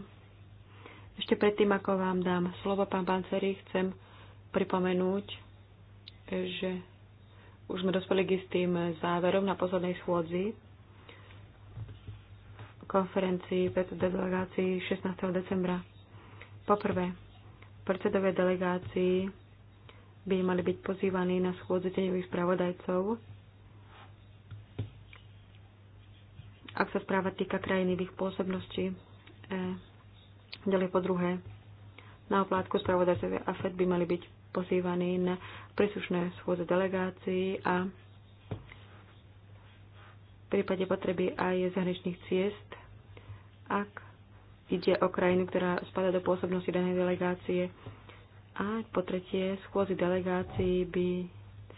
Ešte predtým, ako vám dám slovo, pán Panceri, chcem pripomenúť, že už sme dospeli k istým záverom na poslednej schôdzi konferencii predseda delegácií 16. decembra. Poprvé, predsedové delegácii by mali byť pozývaní na schôdzu tenových spravodajcov, ak sa správa týka krajiny v ich pôsobnosti. E, ďalej po druhé, na oplátku spravodajcovia AFED by mali byť pozývaní na príslušné schôdze delegácií a v prípade potreby aj zahraničných ciest, ak ide o krajinu, ktorá spada do pôsobnosti danej delegácie. A po tretie, schôdzi delegácií by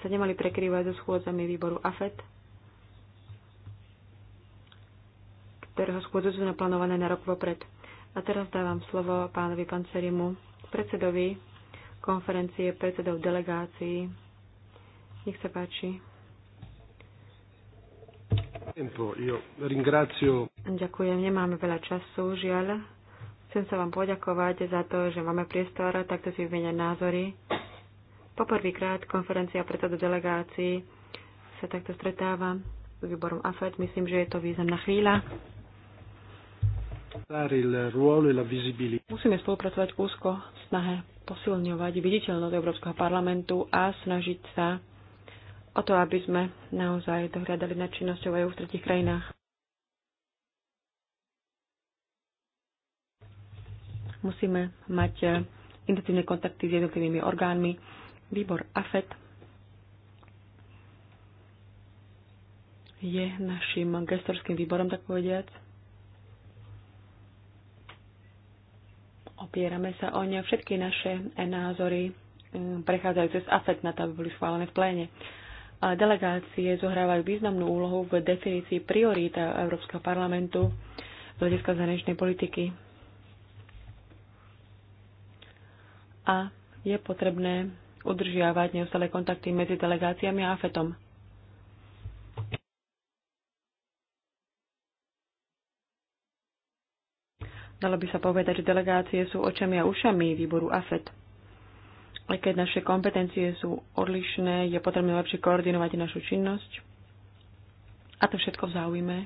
sa nemali prekrývať so schôdzami výboru AFET, ktorého schôdze sú naplánované na rok vopred. A teraz dávam slovo pánovi panceriemu, predsedovi konferencie predsedov delegácií. Nech sa páči. Ďakujem, nemáme veľa času, žiaľ. Chcem sa vám poďakovať za to, že máme priestor takto si vymeniať názory. Poprvýkrát konferencia predsedov delegácií sa takto stretáva s výborom AFED. Myslím, že je to významná chvíľa. E Musíme spolupracovať úzko v snahe posilňovať viditeľnosť Európskeho parlamentu a snažiť sa o to, aby sme naozaj dohľadali na činnosťou aj v tretich krajinách. Musíme mať eh, intenzívne kontakty s jednotlivými orgánmi. Výbor AFET je našim gestorským výborom, tak povediať. Opierame sa o ne všetky naše názory e, prechádzajú cez AFET na to, aby boli schválené v pléne. A delegácie zohrávajú významnú úlohu v definícii priorít Európskeho parlamentu z hľadiska zahraničnej politiky. A je potrebné udržiavať neustále kontakty medzi delegáciami a AFETom. Dalo by sa povedať, že delegácie sú očami a ušami výboru AFET. Aj keď naše kompetencie sú odlišné, je potrebné lepšie koordinovať našu činnosť. A to všetko v záujme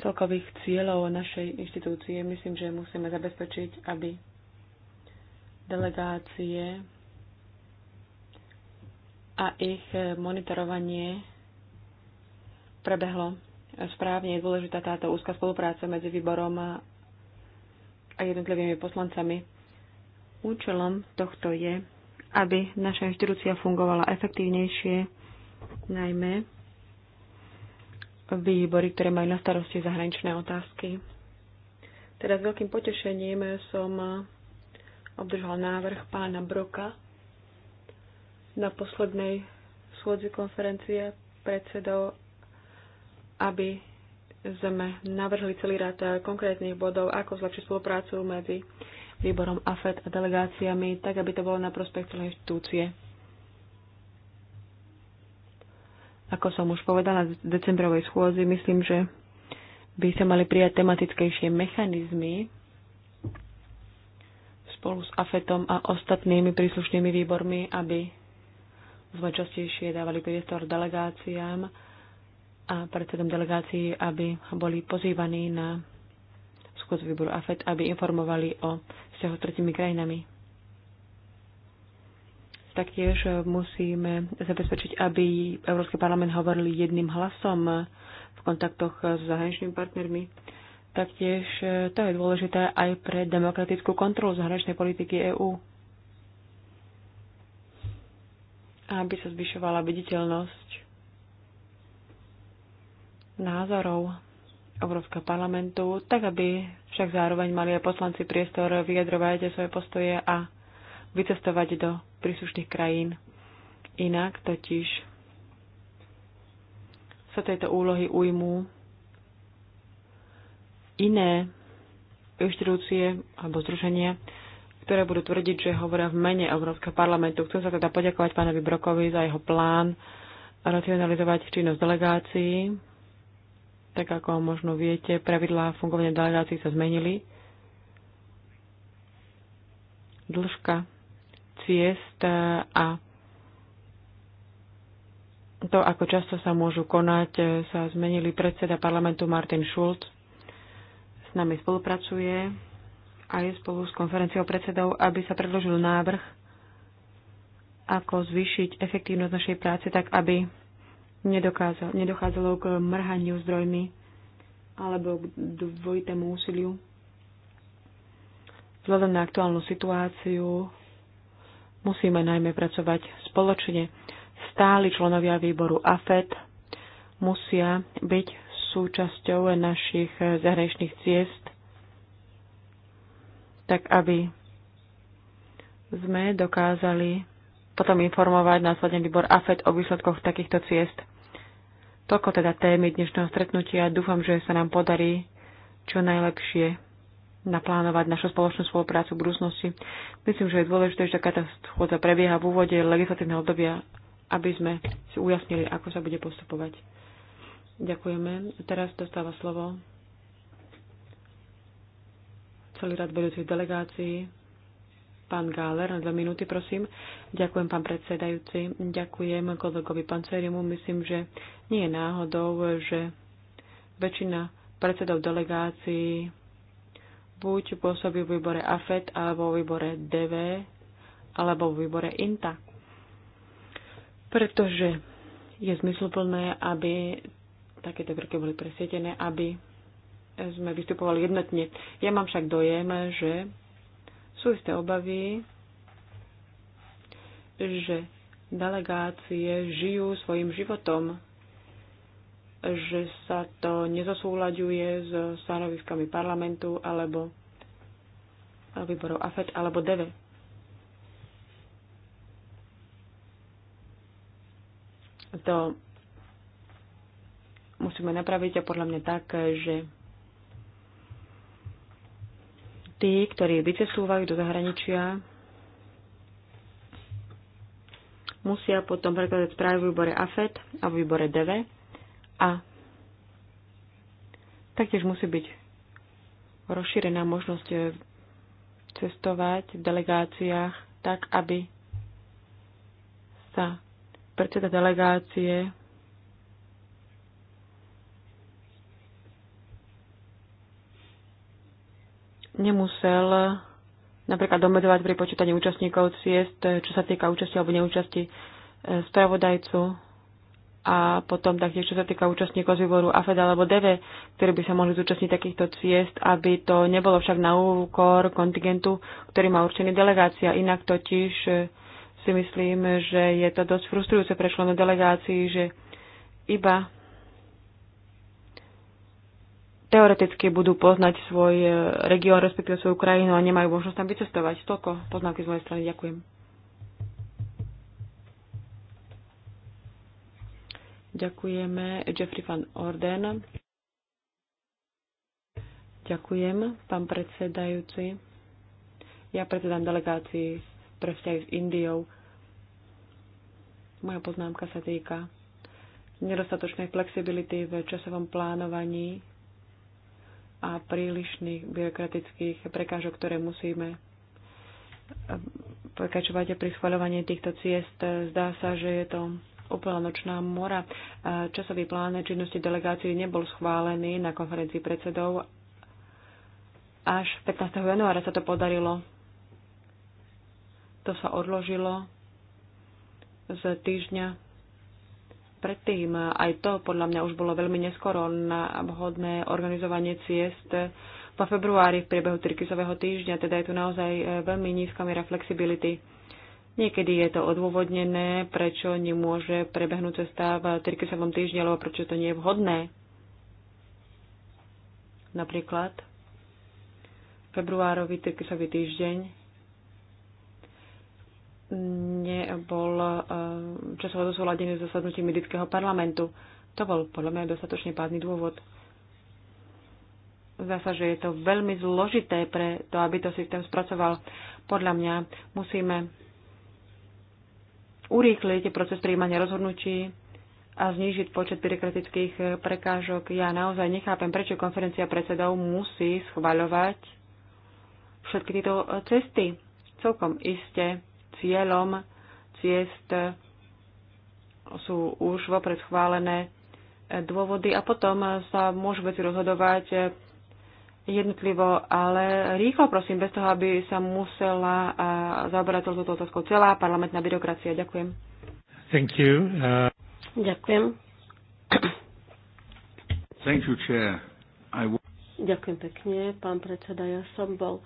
celkových cieľov našej inštitúcie. Myslím, že musíme zabezpečiť, aby delegácie a ich monitorovanie prebehlo správne je dôležitá táto úzka spolupráca medzi výborom a jednotlivými poslancami. Účelom tohto je, aby naša inštitúcia fungovala efektívnejšie, najmä výbory, ktoré majú na starosti zahraničné otázky. Teraz veľkým potešením som obdržal návrh pána Broka na poslednej schôdzi konferencie predsedov aby sme navrhli celý rád eh, konkrétnych bodov, ako zlepšiť spoluprácu medzi výborom AFED a delegáciami, tak aby to bolo na prospech celej inštitúcie. Ako som už povedala na decembrovej schôzi, myslím, že by sa mali prijať tematickejšie mechanizmy spolu s AFETom a ostatnými príslušnými výbormi, aby sme častejšie dávali priestor delegáciám, a predsedom delegácií, aby boli pozývaní na schôdzu výboru AFED, aby informovali o vzťahu s tretimi krajinami. Taktiež musíme zabezpečiť, aby Európsky parlament hovoril jedným hlasom v kontaktoch s zahraničnými partnermi. Taktiež to je dôležité aj pre demokratickú kontrolu zahraničnej politiky EÚ. Aby sa zvyšovala viditeľnosť názorov Európskeho parlamentu, tak aby však zároveň mali aj poslanci priestor vyjadrovať svoje postoje a vycestovať do príslušných krajín. Inak totiž sa tejto úlohy ujmú iné inštitúcie alebo združenia, ktoré budú tvrdiť, že hovoria v mene Európskeho parlamentu. Chcem sa teda poďakovať pánovi Brokovi za jeho plán racionalizovať činnosť delegácií tak ako možno viete, pravidlá fungovania delegácií sa zmenili. Dĺžka ciest a to, ako často sa môžu konať, sa zmenili predseda parlamentu Martin Schulz. S nami spolupracuje a je spolu s konferenciou predsedov, aby sa predložil návrh, ako zvýšiť efektívnosť našej práce tak, aby nedochádzalo k mrhaniu zdrojmi alebo k dvojitému úsiliu. Vzhľadom na aktuálnu situáciu musíme najmä pracovať spoločne. Stáli členovia výboru AFET musia byť súčasťou našich zahraničných ciest, tak aby sme dokázali potom informovať následne výbor AFED o výsledkoch takýchto ciest. Toľko teda témy dnešného stretnutia. Dúfam, že sa nám podarí čo najlepšie naplánovať našu spoločnú spoluprácu v budúcnosti. Myslím, že je dôležité, že takáto schôdza prebieha v úvode legislatívneho obdobia, aby sme si ujasnili, ako sa bude postupovať. Ďakujeme. Teraz dostáva slovo celý rad vedúcich delegácií. Pán Gáler, na dve minúty, prosím. Ďakujem, pán predsedajúci. Ďakujem kolegovi Pancerimu. Myslím, že nie je náhodou, že väčšina predsedov delegácií buď pôsobí v výbore AFET, alebo v výbore DV, alebo v výbore INTA. Pretože je zmysluplné, aby takéto kroky boli presietené, aby sme vystupovali jednotne. Ja mám však dojem, že sú isté obavy, že delegácie žijú svojim životom, že sa to nezosúľaďuje s stanoviskami parlamentu alebo výborov AFET alebo DEVE. To musíme napraviť a podľa mňa tak, že tí, ktorí vycestúvajú do zahraničia, musia potom prekladať správy v výbore AFET a v výbore DV a taktiež musí byť rozšírená možnosť cestovať v delegáciách tak, aby sa predseda delegácie nemusel napríklad domedovať pri počítaní účastníkov ciest, čo sa týka účasti alebo neúčasti e, spravodajcu a potom taktiež, čo sa týka účastníkov z výboru AFED alebo DV, ktorí by sa mohli zúčastniť takýchto ciest, aby to nebolo však na úkor kontingentu, ktorý má určený delegácia. Inak totiž e, si myslím, že je to dosť frustrujúce pre členov delegácií, že iba teoreticky budú poznať svoj e, región, respektíve svoju krajinu a nemajú možnosť tam vycestovať. Toľko poznámky z mojej strany. Ďakujem. Ďakujeme Jeffrey van Orden. Ďakujem, pán predsedajúci. Ja predsedám delegácii pre vzťahy s Indiou. Moja poznámka sa týka nedostatočnej flexibility v časovom plánovaní a prílišných byrokratických prekážok, ktoré musíme eh, prekačovať pri schvaľovaní týchto ciest. Zdá sa, že je to úplná nočná mora. Eh, časový plán činnosti delegácií nebol schválený na konferencii predsedov. Až 15. januára sa to podarilo. To sa odložilo z týždňa predtým. Aj to podľa mňa už bolo veľmi neskoro na vhodné organizovanie ciest po februári v priebehu trikizového týždňa, teda je tu naozaj e, veľmi nízka miera flexibility. Niekedy je to odôvodnené, prečo nemôže prebehnúť cesta v trikizovom týždni, alebo prečo to nie je vhodné. Napríklad februárový trikizový týždeň nebol e, časovo zosúladený s zasadnutím indického parlamentu. To bol podľa mňa dostatočne pádny dôvod. Zdá sa, že je to veľmi zložité pre to, aby to systém spracoval. Podľa mňa musíme urýchliť proces príjmania rozhodnutí a znížiť počet byrokratických prekážok. Ja naozaj nechápem, prečo konferencia predsedov musí schvaľovať všetky tieto cesty. Celkom iste cieľom ciest sú už vopred schválené dôvody a potom sa môžu veci rozhodovať jednotlivo, ale rýchlo prosím, bez toho, aby sa musela zaoberať toto otázkou celá parlamentná byrokracia. Ďakujem. Thank you. Uh... Ďakujem. Thank you, chair. I... Ďakujem pekne, pán predseda. Ja som bol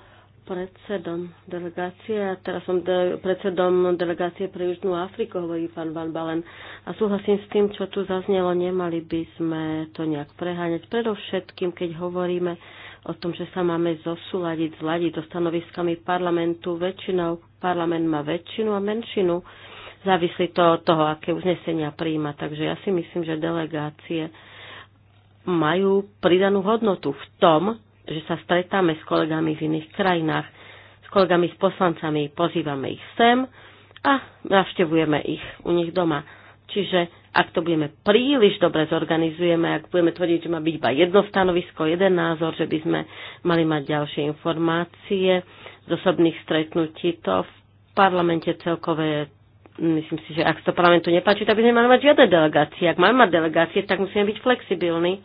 predsedom delegácie a teraz som de- predsedom delegácie pre Južnú Afriku, hovorí pán Van Balen. A súhlasím s tým, čo tu zaznelo, nemali by sme to nejak preháňať. Predovšetkým, keď hovoríme o tom, že sa máme zosúľadiť, zladiť so stanoviskami parlamentu, väčšinou parlament má väčšinu a menšinu. Závislí to od toho, aké uznesenia príjma. Takže ja si myslím, že delegácie majú pridanú hodnotu v tom, že sa stretáme s kolegami v iných krajinách, s kolegami, s poslancami, pozývame ich sem a navštevujeme ich u nich doma. Čiže ak to budeme príliš dobre zorganizujeme, ak budeme tvrdiť, že má byť iba jedno stanovisko, jeden názor, že by sme mali mať ďalšie informácie z osobných stretnutí, to v parlamente celkové myslím si, že ak to parlamentu nepáči, tak by sme mali mať žiadne delegácie. Ak máme mať delegácie, tak musíme byť flexibilní.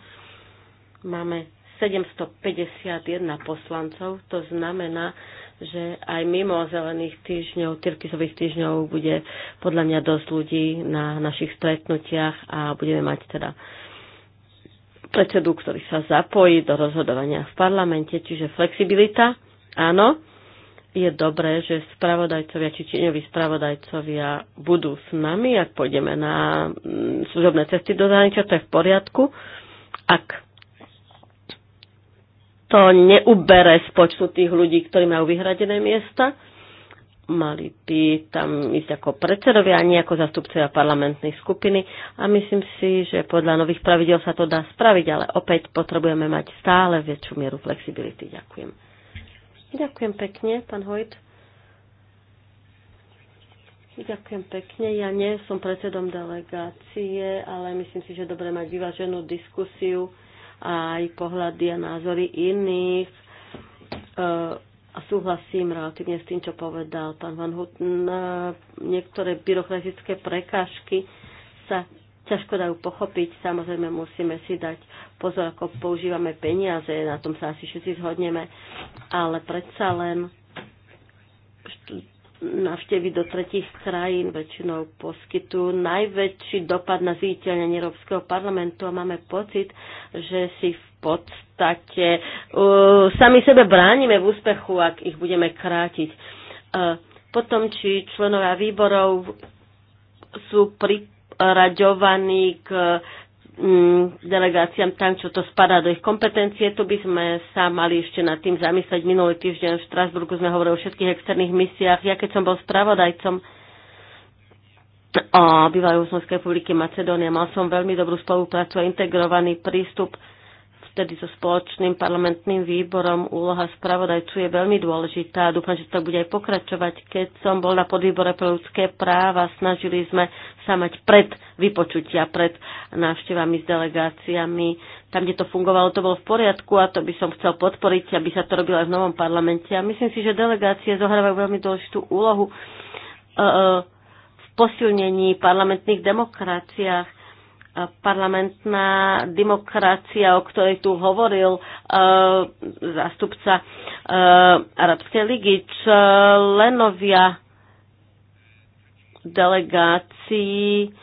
Máme 751 poslancov. To znamená, že aj mimo zelených týždňov, tyrkizových týždňov bude podľa mňa dosť ľudí na našich stretnutiach a budeme mať teda predsedu, ktorý sa zapojí do rozhodovania v parlamente, čiže flexibilita, áno, je dobré, že spravodajcovia či čieňoví spravodajcovia budú s nami, ak pôjdeme na mm, služobné cesty do zahraničia, to je v poriadku. Ak to neubere z počtu tých ľudí, ktorí majú vyhradené miesta. Mali by tam ísť ako predsedovia, nie ako zastupcovia parlamentnej skupiny. A myslím si, že podľa nových pravidel sa to dá spraviť, ale opäť potrebujeme mať stále väčšiu mieru flexibility. Ďakujem. Ďakujem pekne, pán Hojt. Ďakujem pekne. Ja nie som predsedom delegácie, ale myslím si, že dobre mať vyváženú diskusiu aj pohľady a názory iných. E, a súhlasím relatívne s tým, čo povedal pán Van Houten. E, niektoré byrokratické prekážky sa ťažko dajú pochopiť. Samozrejme musíme si dať pozor, ako používame peniaze, na tom sa asi všetci zhodneme, ale predsa len navštevy do tretich krajín väčšinou poskytujú najväčší dopad na zviditeľnenie Európskeho parlamentu a máme pocit, že si v podstate uh, sami sebe bránime v úspechu, ak ich budeme krátiť. Uh, potom, či členovia výborov sú priraďovaní k uh, Mm, delegáciám tam, čo to spadá do ich kompetencie. Tu by sme sa mali ešte nad tým zamyslieť. Minulý týždeň v Štrasburgu sme hovorili o všetkých externých misiách. Ja keď som bol spravodajcom o bývalej republiky Macedónia, mal som veľmi dobrú spoluprácu a integrovaný prístup Vtedy so spoločným parlamentným výborom. Úloha spravodajcu je veľmi dôležitá. Dúfam, že to bude aj pokračovať. Keď som bol na podvýbore pre ľudské práva, snažili sme sa mať pred vypočutia, pred návštevami s delegáciami. Tam, kde to fungovalo, to bolo v poriadku a to by som chcel podporiť, aby sa to robilo aj v novom parlamente. A myslím si, že delegácie zohrávajú veľmi dôležitú úlohu e, e, v posilnení parlamentných demokraciách parlamentná demokracia, o ktorej tu hovoril e, zástupca e, Arabskej ligy, členovia delegácií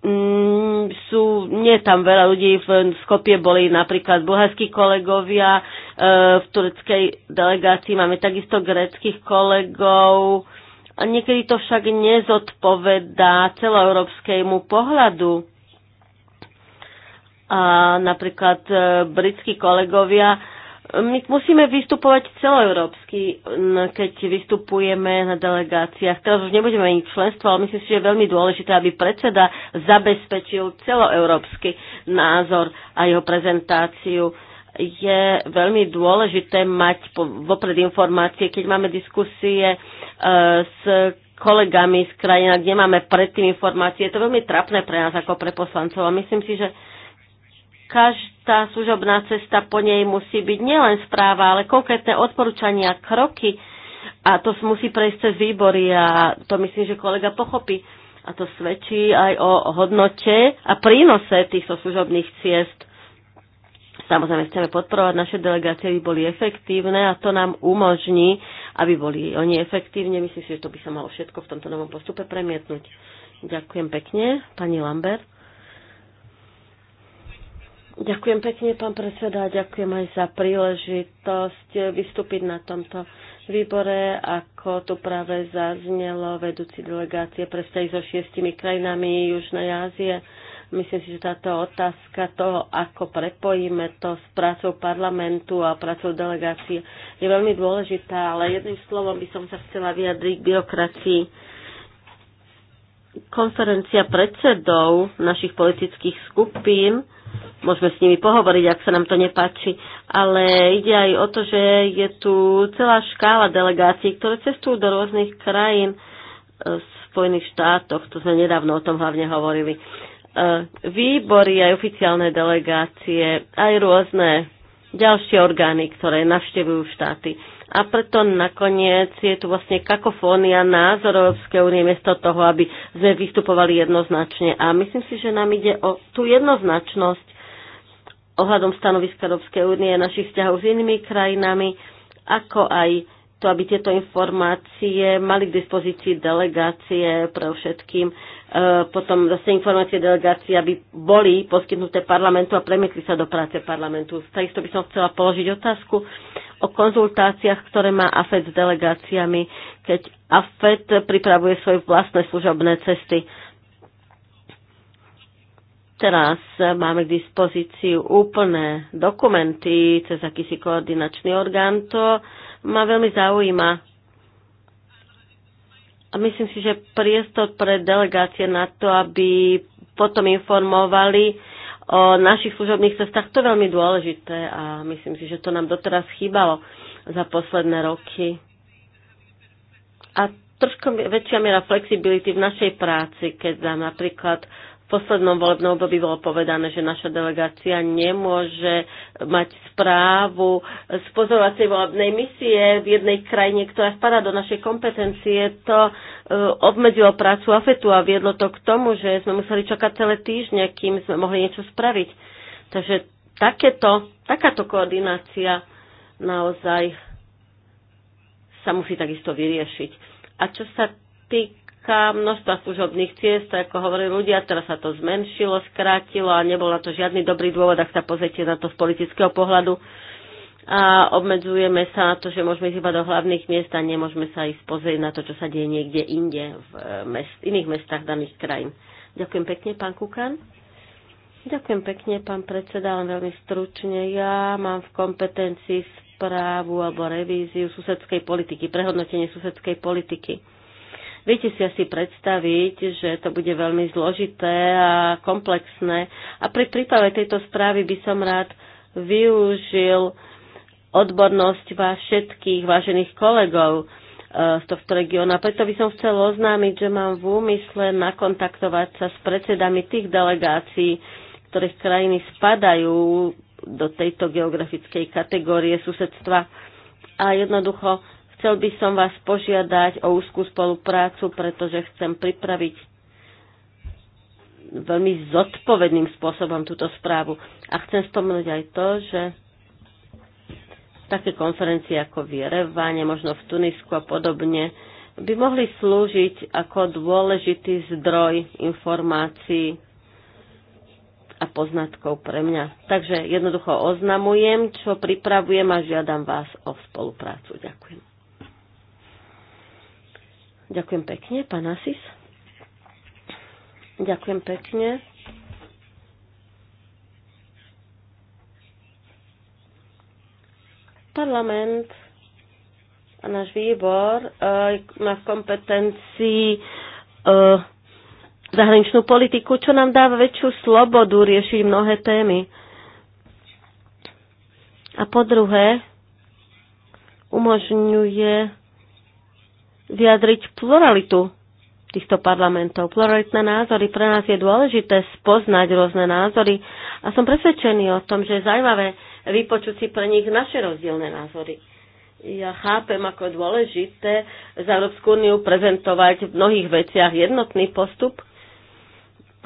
mm, sú, nie je tam veľa ľudí, v Skopie boli napríklad bulharskí kolegovia, e, v tureckej delegácii máme takisto greckých kolegov, a niekedy to však nezodpovedá celoeurópskejmu pohľadu a napríklad e, britskí kolegovia my musíme vystupovať celoeurópsky, keď vystupujeme na delegáciách. Teraz už nebudeme ani členstvo, ale myslím si, že je veľmi dôležité, aby predseda zabezpečil celoeurópsky názor a jeho prezentáciu. Je veľmi dôležité mať vopred informácie, keď máme diskusie e, s kolegami z krajina, kde máme predtým informácie. Je to veľmi trapné pre nás ako pre poslancov a myslím si, že každá služobná cesta po nej musí byť nielen správa, ale konkrétne odporúčania, kroky a to musí prejsť cez výbory a to myslím, že kolega pochopí. A to svedčí aj o hodnote a prínose týchto služobných ciest. Samozrejme, chceme podporovať naše delegácie, aby boli efektívne a to nám umožní, aby boli oni efektívne. Myslím si, že to by sa malo všetko v tomto novom postupe premietnúť. Ďakujem pekne, pani Lambert. Ďakujem pekne, pán predseda, ďakujem aj za príležitosť vystúpiť na tomto výbore, ako tu práve zaznelo vedúci delegácie pre so šiestimi krajinami Južnej Ázie. Myslím si, že táto otázka toho, ako prepojíme to s prácou parlamentu a prácou delegácie, je veľmi dôležitá, ale jedným slovom by som sa chcela vyjadriť k byrokracii. Konferencia predsedov našich politických skupín môžeme s nimi pohovoriť, ak sa nám to nepáči. Ale ide aj o to, že je tu celá škála delegácií, ktoré cestujú do rôznych krajín e, v Spojených štátoch. Tu sme nedávno o tom hlavne hovorili. E, výbory, aj oficiálne delegácie, aj rôzne ďalšie orgány, ktoré navštevujú štáty a preto nakoniec je tu vlastne kakofónia názor Európskej únie miesto toho, aby sme vystupovali jednoznačne. A myslím si, že nám ide o tú jednoznačnosť ohľadom stanoviska Európskej únie a našich vzťahov s inými krajinami, ako aj to, aby tieto informácie mali k dispozícii delegácie pre všetkým, e, potom zase informácie delegácie, aby boli poskytnuté parlamentu a premietli sa do práce parlamentu. Takisto by som chcela položiť otázku, o konzultáciách, ktoré má AFED s delegáciami, keď AFED pripravuje svoje vlastné služobné cesty. Teraz máme k dispozíciu úplné dokumenty cez akýsi koordinačný orgán. To ma veľmi zaujíma. A myslím si, že priestor pre delegácie na to, aby potom informovali o našich služobných cestách, to je veľmi dôležité a myslím si, že to nám doteraz chýbalo za posledné roky. A trošku väčšia miera flexibility v našej práci, keď nám napríklad poslednom volebnom období bolo povedané, že naša delegácia nemôže mať správu z pozorovacej volebnej misie v jednej krajine, ktorá spadá do našej kompetencie. To e, obmedzilo prácu AFETu a viedlo to k tomu, že sme museli čakať celé týždne, kým sme mohli niečo spraviť. Takže takéto, takáto koordinácia naozaj sa musí takisto vyriešiť. A čo sa týka otázka množstva služobných ciest, ako hovorili ľudia, teraz sa to zmenšilo, skrátilo a nebol na to žiadny dobrý dôvod, ak sa pozrite na to z politického pohľadu. A obmedzujeme sa na to, že môžeme ísť iba do hlavných miest a nemôžeme sa ísť pozrieť na to, čo sa deje niekde inde, v eh, mest, iných mestách daných krajín. Ďakujem pekne, pán Kukan. Ďakujem pekne, pán predseda, len veľmi stručne. Ja mám v kompetencii správu alebo revíziu susedskej politiky, prehodnotenie susedskej politiky. Viete si asi predstaviť, že to bude veľmi zložité a komplexné. A pri príprave tejto správy by som rád využil odbornosť vás všetkých vážených kolegov eh, z tohto regióna. Preto by som chcel oznámiť, že mám v úmysle nakontaktovať sa s predsedami tých delegácií, ktorých krajiny spadajú do tejto geografickej kategórie susedstva a jednoducho Chcel by som vás požiadať o úzkú spoluprácu, pretože chcem pripraviť veľmi zodpovedným spôsobom túto správu. A chcem spomenúť aj to, že také konferencie ako v Jereváne, možno v Tunisku a podobne, by mohli slúžiť ako dôležitý zdroj informácií a poznatkov pre mňa. Takže jednoducho oznamujem, čo pripravujem a žiadam vás o spoluprácu. Ďakujem. Ďakujem pekne, pán Asis. Ďakujem pekne. Parlament a náš výbor e, má v kompetencii e, zahraničnú politiku, čo nám dáva väčšiu slobodu riešiť mnohé témy. A po druhé, umožňuje vyjadriť pluralitu týchto parlamentov. Pluralitné názory pre nás je dôležité spoznať rôzne názory a som presvedčený o tom, že je zaujímavé vypočuť si pre nich naše rozdielne názory. Ja chápem, ako je dôležité za Európsku úniu prezentovať v mnohých veciach jednotný postup.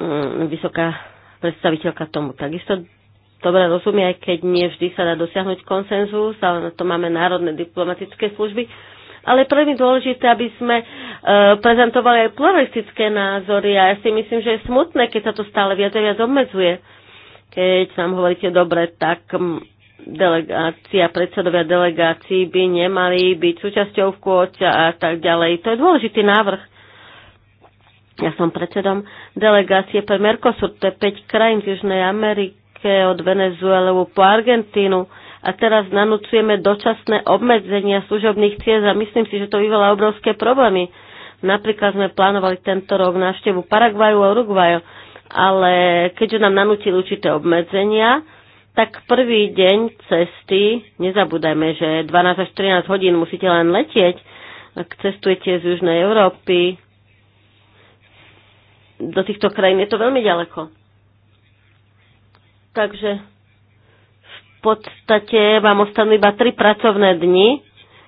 Mm, vysoká predstaviteľka tomu takisto dobre rozumie, aj keď nie vždy sa dá dosiahnuť konsenzus, ale na to máme národné diplomatické služby ale veľmi dôležité, aby sme e, prezentovali aj pluralistické názory a ja si myslím, že je smutné, keď sa to stále viac a viac obmedzuje. Keď nám hovoríte dobre, tak delegácia, predsedovia delegácií by nemali byť súčasťou v kôťa a tak ďalej. To je dôležitý návrh. Ja som predsedom delegácie pre Mercosur, to je 5 krajín z Južnej Amerike, od Venezuelu po Argentínu a teraz nanúcujeme dočasné obmedzenia služobných ciest a myslím si, že to vyvolá obrovské problémy. Napríklad sme plánovali tento rok návštevu Paraguaju a Uruguaju, ale keďže nám nanútili určité obmedzenia, tak prvý deň cesty, nezabúdajme, že 12 až 13 hodín musíte len letieť, ak cestujete z Južnej Európy, do týchto krajín je to veľmi ďaleko. Takže podstate vám ostanú iba tri pracovné dni,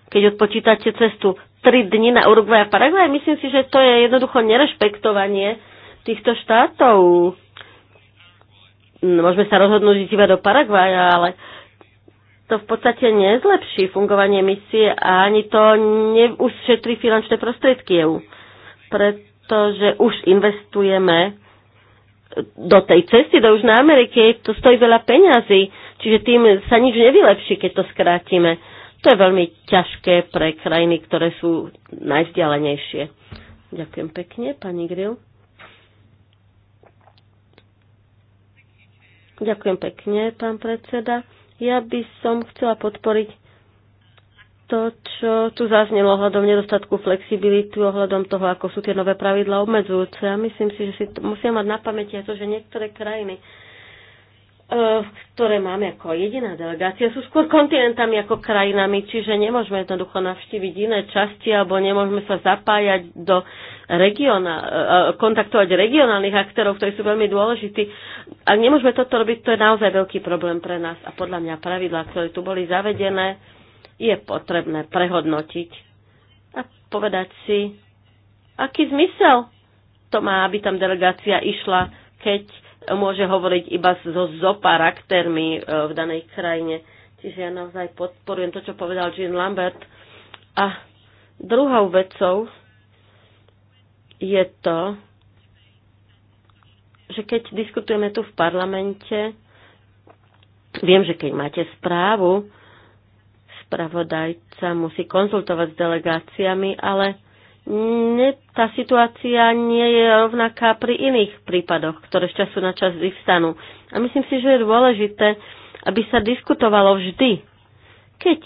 keď odpočítate cestu tri dni na Uruguay a Paraguay. Myslím si, že to je jednoducho nerešpektovanie týchto štátov. Hm, môžeme sa rozhodnúť iba do Paraguaja, ale to v podstate nezlepší fungovanie misie a ani to neušetrí finančné prostriedky EU, pretože už investujeme do tej cesty do Južnej Ameriky, to stojí veľa peňazí Čiže tým sa nič nevylepší, keď to skrátime. To je veľmi ťažké pre krajiny, ktoré sú najvzdialenejšie. Ďakujem pekne, pani Gril. Ďakujem pekne, pán predseda. Ja by som chcela podporiť to, čo tu zaznelo ohľadom nedostatku flexibility, ohľadom toho, ako sú tie nové pravidla obmedzujúce. A myslím si, že si musíme mať na pamäti aj to, že niektoré krajiny E, ktoré máme ako jediná delegácia, sú skôr kontinentami ako krajinami, čiže nemôžeme jednoducho navštíviť iné časti alebo nemôžeme sa zapájať do regiona, e, e, kontaktovať regionálnych aktérov, ktorí sú veľmi dôležití. Ak nemôžeme toto robiť, to je naozaj veľký problém pre nás a podľa mňa pravidlá, ktoré tu boli zavedené, je potrebné prehodnotiť a povedať si, aký zmysel to má, aby tam delegácia išla, keď môže hovoriť iba so zoparaktermi e, v danej krajine. Čiže ja naozaj podporujem to, čo povedal Jean Lambert. A druhou vecou je to, že keď diskutujeme tu v parlamente, viem, že keď máte správu, spravodajca musí konzultovať s delegáciami, ale Ne, tá situácia nie je rovnaká pri iných prípadoch, ktoré z času na čas vyvstanú. A myslím si, že je dôležité, aby sa diskutovalo vždy. Keď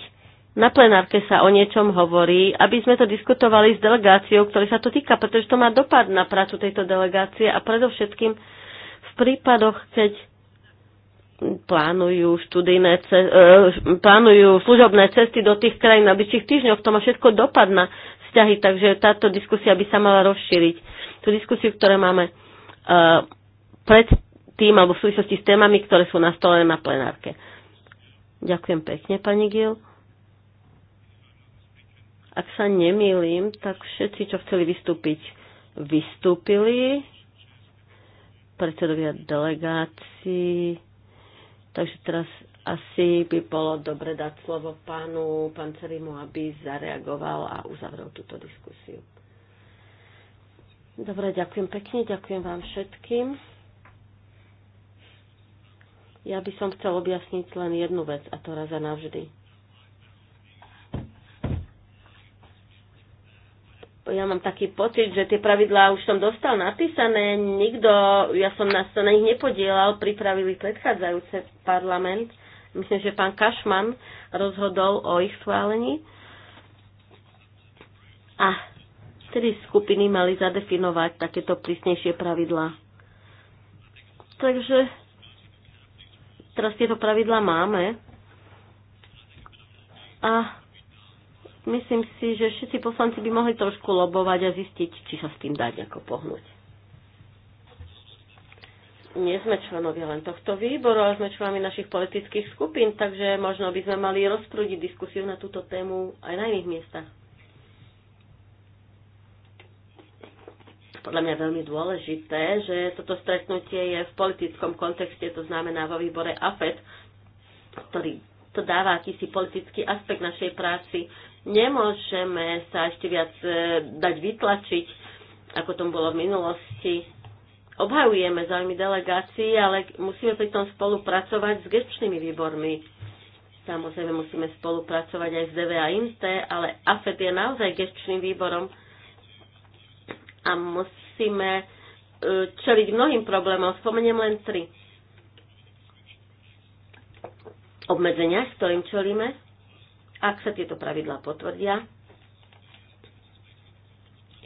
na plenárke sa o niečom hovorí, aby sme to diskutovali s delegáciou, ktorá sa to týka, pretože to má dopad na prácu tejto delegácie a predovšetkým v prípadoch, keď plánujú, študijné, e, plánujú služobné cesty do tých krajín na bližších týždňoch. To má všetko dopad na vzťahy, takže táto diskusia by sa mala rozšíriť. Tú diskusiu, ktoré máme uh, pred tým alebo v súvislosti s témami, ktoré sú stole na plenárke. Ďakujem pekne, pani Gil. Ak sa nemýlim, tak všetci, čo chceli vystúpiť, vystúpili. Predsedovia delegácií. Takže teraz asi by bolo dobre dať slovo pánu Pancerimu, aby zareagoval a uzavrel túto diskusiu. Dobre, ďakujem pekne, ďakujem vám všetkým. Ja by som chcel objasniť len jednu vec, a to raz a navždy. ja mám taký pocit, že tie pravidlá už som dostal napísané, nikto, ja som na, to na nich nepodielal, pripravili predchádzajúce parlament Myslím, že pán Kašman rozhodol o ich schválení. A tedy skupiny mali zadefinovať takéto prísnejšie pravidlá. Takže teraz tieto pravidlá máme. A myslím si, že všetci poslanci by mohli trošku lobovať a zistiť, či sa s tým dá nejako pohnúť nie sme členovia len tohto výboru, ale sme členmi našich politických skupín, takže možno by sme mali rozprúdiť diskusiu na túto tému aj na iných miestach. Podľa mňa je veľmi dôležité, že toto stretnutie je v politickom kontexte, to znamená vo výbore AFED, ktorý to dáva akýsi politický aspekt našej práci. Nemôžeme sa ešte viac e, dať vytlačiť, ako to bolo v minulosti obhajujeme záujmy delegácií, ale musíme pritom spolupracovať s gestčnými výbormi. Samozrejme musíme spolupracovať aj s DVA INTE, ale AFED je naozaj gestčným výborom a musíme e, čeliť mnohým problémom. Spomeniem len tri. Obmedzenia, s ktorým čelíme, ak sa tieto pravidlá potvrdia,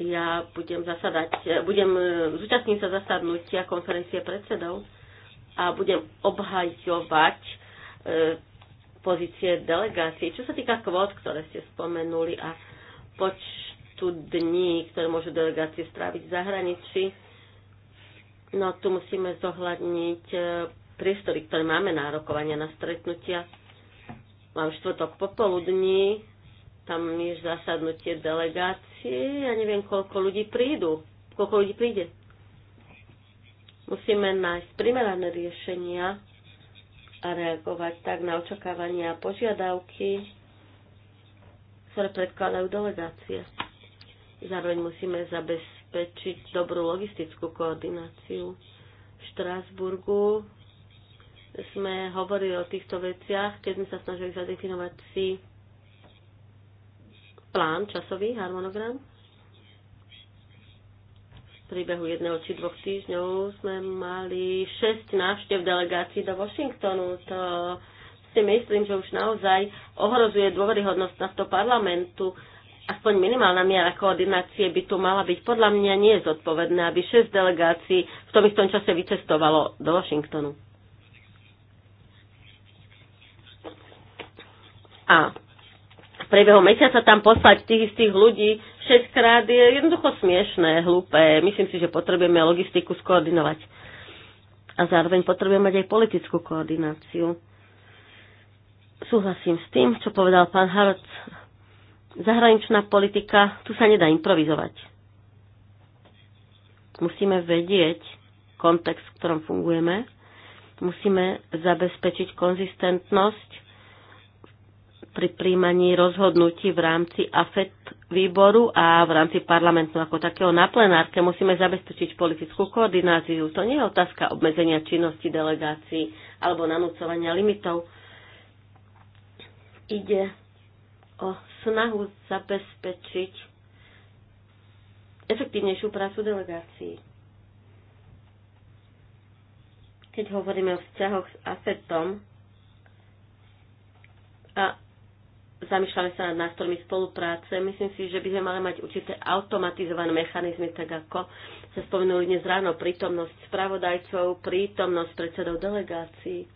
ja budem zasadať, budem, e, zúčastniť sa zasadnutia konferencie predsedov a budem obhajovať e, pozície delegácie. Čo sa týka kvót, ktoré ste spomenuli a počtu dní, ktoré môžu delegácie stráviť v zahraničí, no tu musíme zohľadniť e, priestory, ktoré máme na rokovania, na stretnutia. Mám štvrtok popoludní, tam je zasadnutie delegácie stretnutie, ja neviem, koľko ľudí prídu, koľko ľudí príde. Musíme nájsť primerané riešenia a reagovať tak na očakávania a požiadavky, ktoré predkladajú delegácie. Zároveň musíme zabezpečiť dobrú logistickú koordináciu. V Štrásburgu sme hovorili o týchto veciach, keď sme sa snažili zadefinovať si plán, časový harmonogram? V príbehu jedného či dvoch týždňov sme mali 6 návštev delegácií do Washingtonu. To si myslím, že už naozaj ohrozuje dôveryhodnosť nášho parlamentu. Aspoň minimálna miera koordinácie by tu mala byť. Podľa mňa nie je zodpovedné, aby 6 delegácií v tom istom čase vycestovalo do Washingtonu. A priebehu mesiaca tam poslať tých istých ľudí 6 je jednoducho smiešné, hlúpe. Myslím si, že potrebujeme logistiku skoordinovať. A zároveň potrebujeme mať aj politickú koordináciu. Súhlasím s tým, čo povedal pán Harc. Zahraničná politika, tu sa nedá improvizovať. Musíme vedieť kontext, v ktorom fungujeme. Musíme zabezpečiť konzistentnosť pri príjmaní rozhodnutí v rámci AFET výboru a v rámci parlamentu ako takého na plenárke musíme zabezpečiť politickú koordináciu. To nie je otázka obmedzenia činnosti delegácií alebo nanúcovania limitov. Ide o snahu zabezpečiť efektívnejšiu prácu delegácií. Keď hovoríme o vzťahoch s AFETom, a zamýšľame sa nad nástrojmi spolupráce. Myslím si, že by sme mali mať určité automatizované mechanizmy, tak ako sa spomenuli dnes ráno, prítomnosť spravodajcov, prítomnosť predsedov delegácií,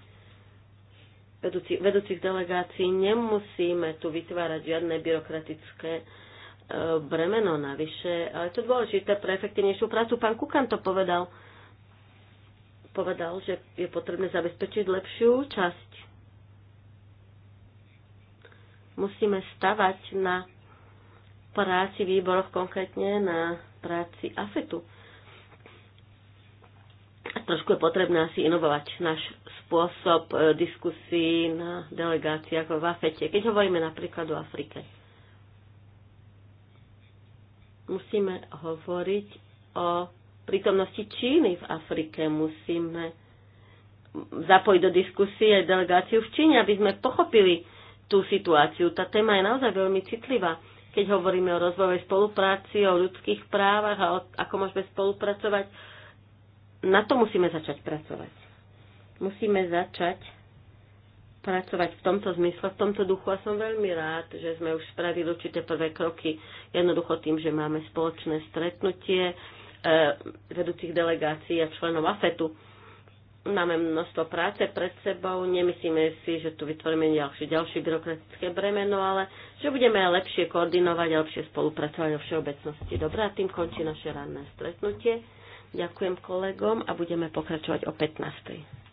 vedúci, vedúcich delegácií. Nemusíme tu vytvárať žiadne byrokratické e, bremeno navyše, ale to je dôležité pre efektívnejšiu prácu. Pán Kukan to povedal povedal, že je potrebné zabezpečiť lepšiu časť. musíme stavať na práci výboroch konkrétne na práci AFETu. A trošku je potrebné asi inovovať náš spôsob e, diskusí na delegáciách v AFETE, keď hovoríme napríklad o Afrike. Musíme hovoriť o prítomnosti Číny v Afrike. Musíme zapojiť do diskusie delegáciu v Číne, aby sme pochopili, tú situáciu. Tá téma je naozaj veľmi citlivá, keď hovoríme o rozvojovej spolupráci, o ľudských právach a o, ako môžeme spolupracovať. Na to musíme začať pracovať. Musíme začať pracovať v tomto zmysle, v tomto duchu a som veľmi rád, že sme už spravili určité prvé kroky jednoducho tým, že máme spoločné stretnutie e, vedúcich delegácií a členov AFETu Máme množstvo práce pred sebou, nemyslíme si, že tu vytvoríme ďalšie, ďalšie byrokratické bremeno, ale že budeme lepšie koordinovať a lepšie spolupracovať vo všeobecnosti. Dobre, a tým končí naše ranné stretnutie. Ďakujem kolegom a budeme pokračovať o 15.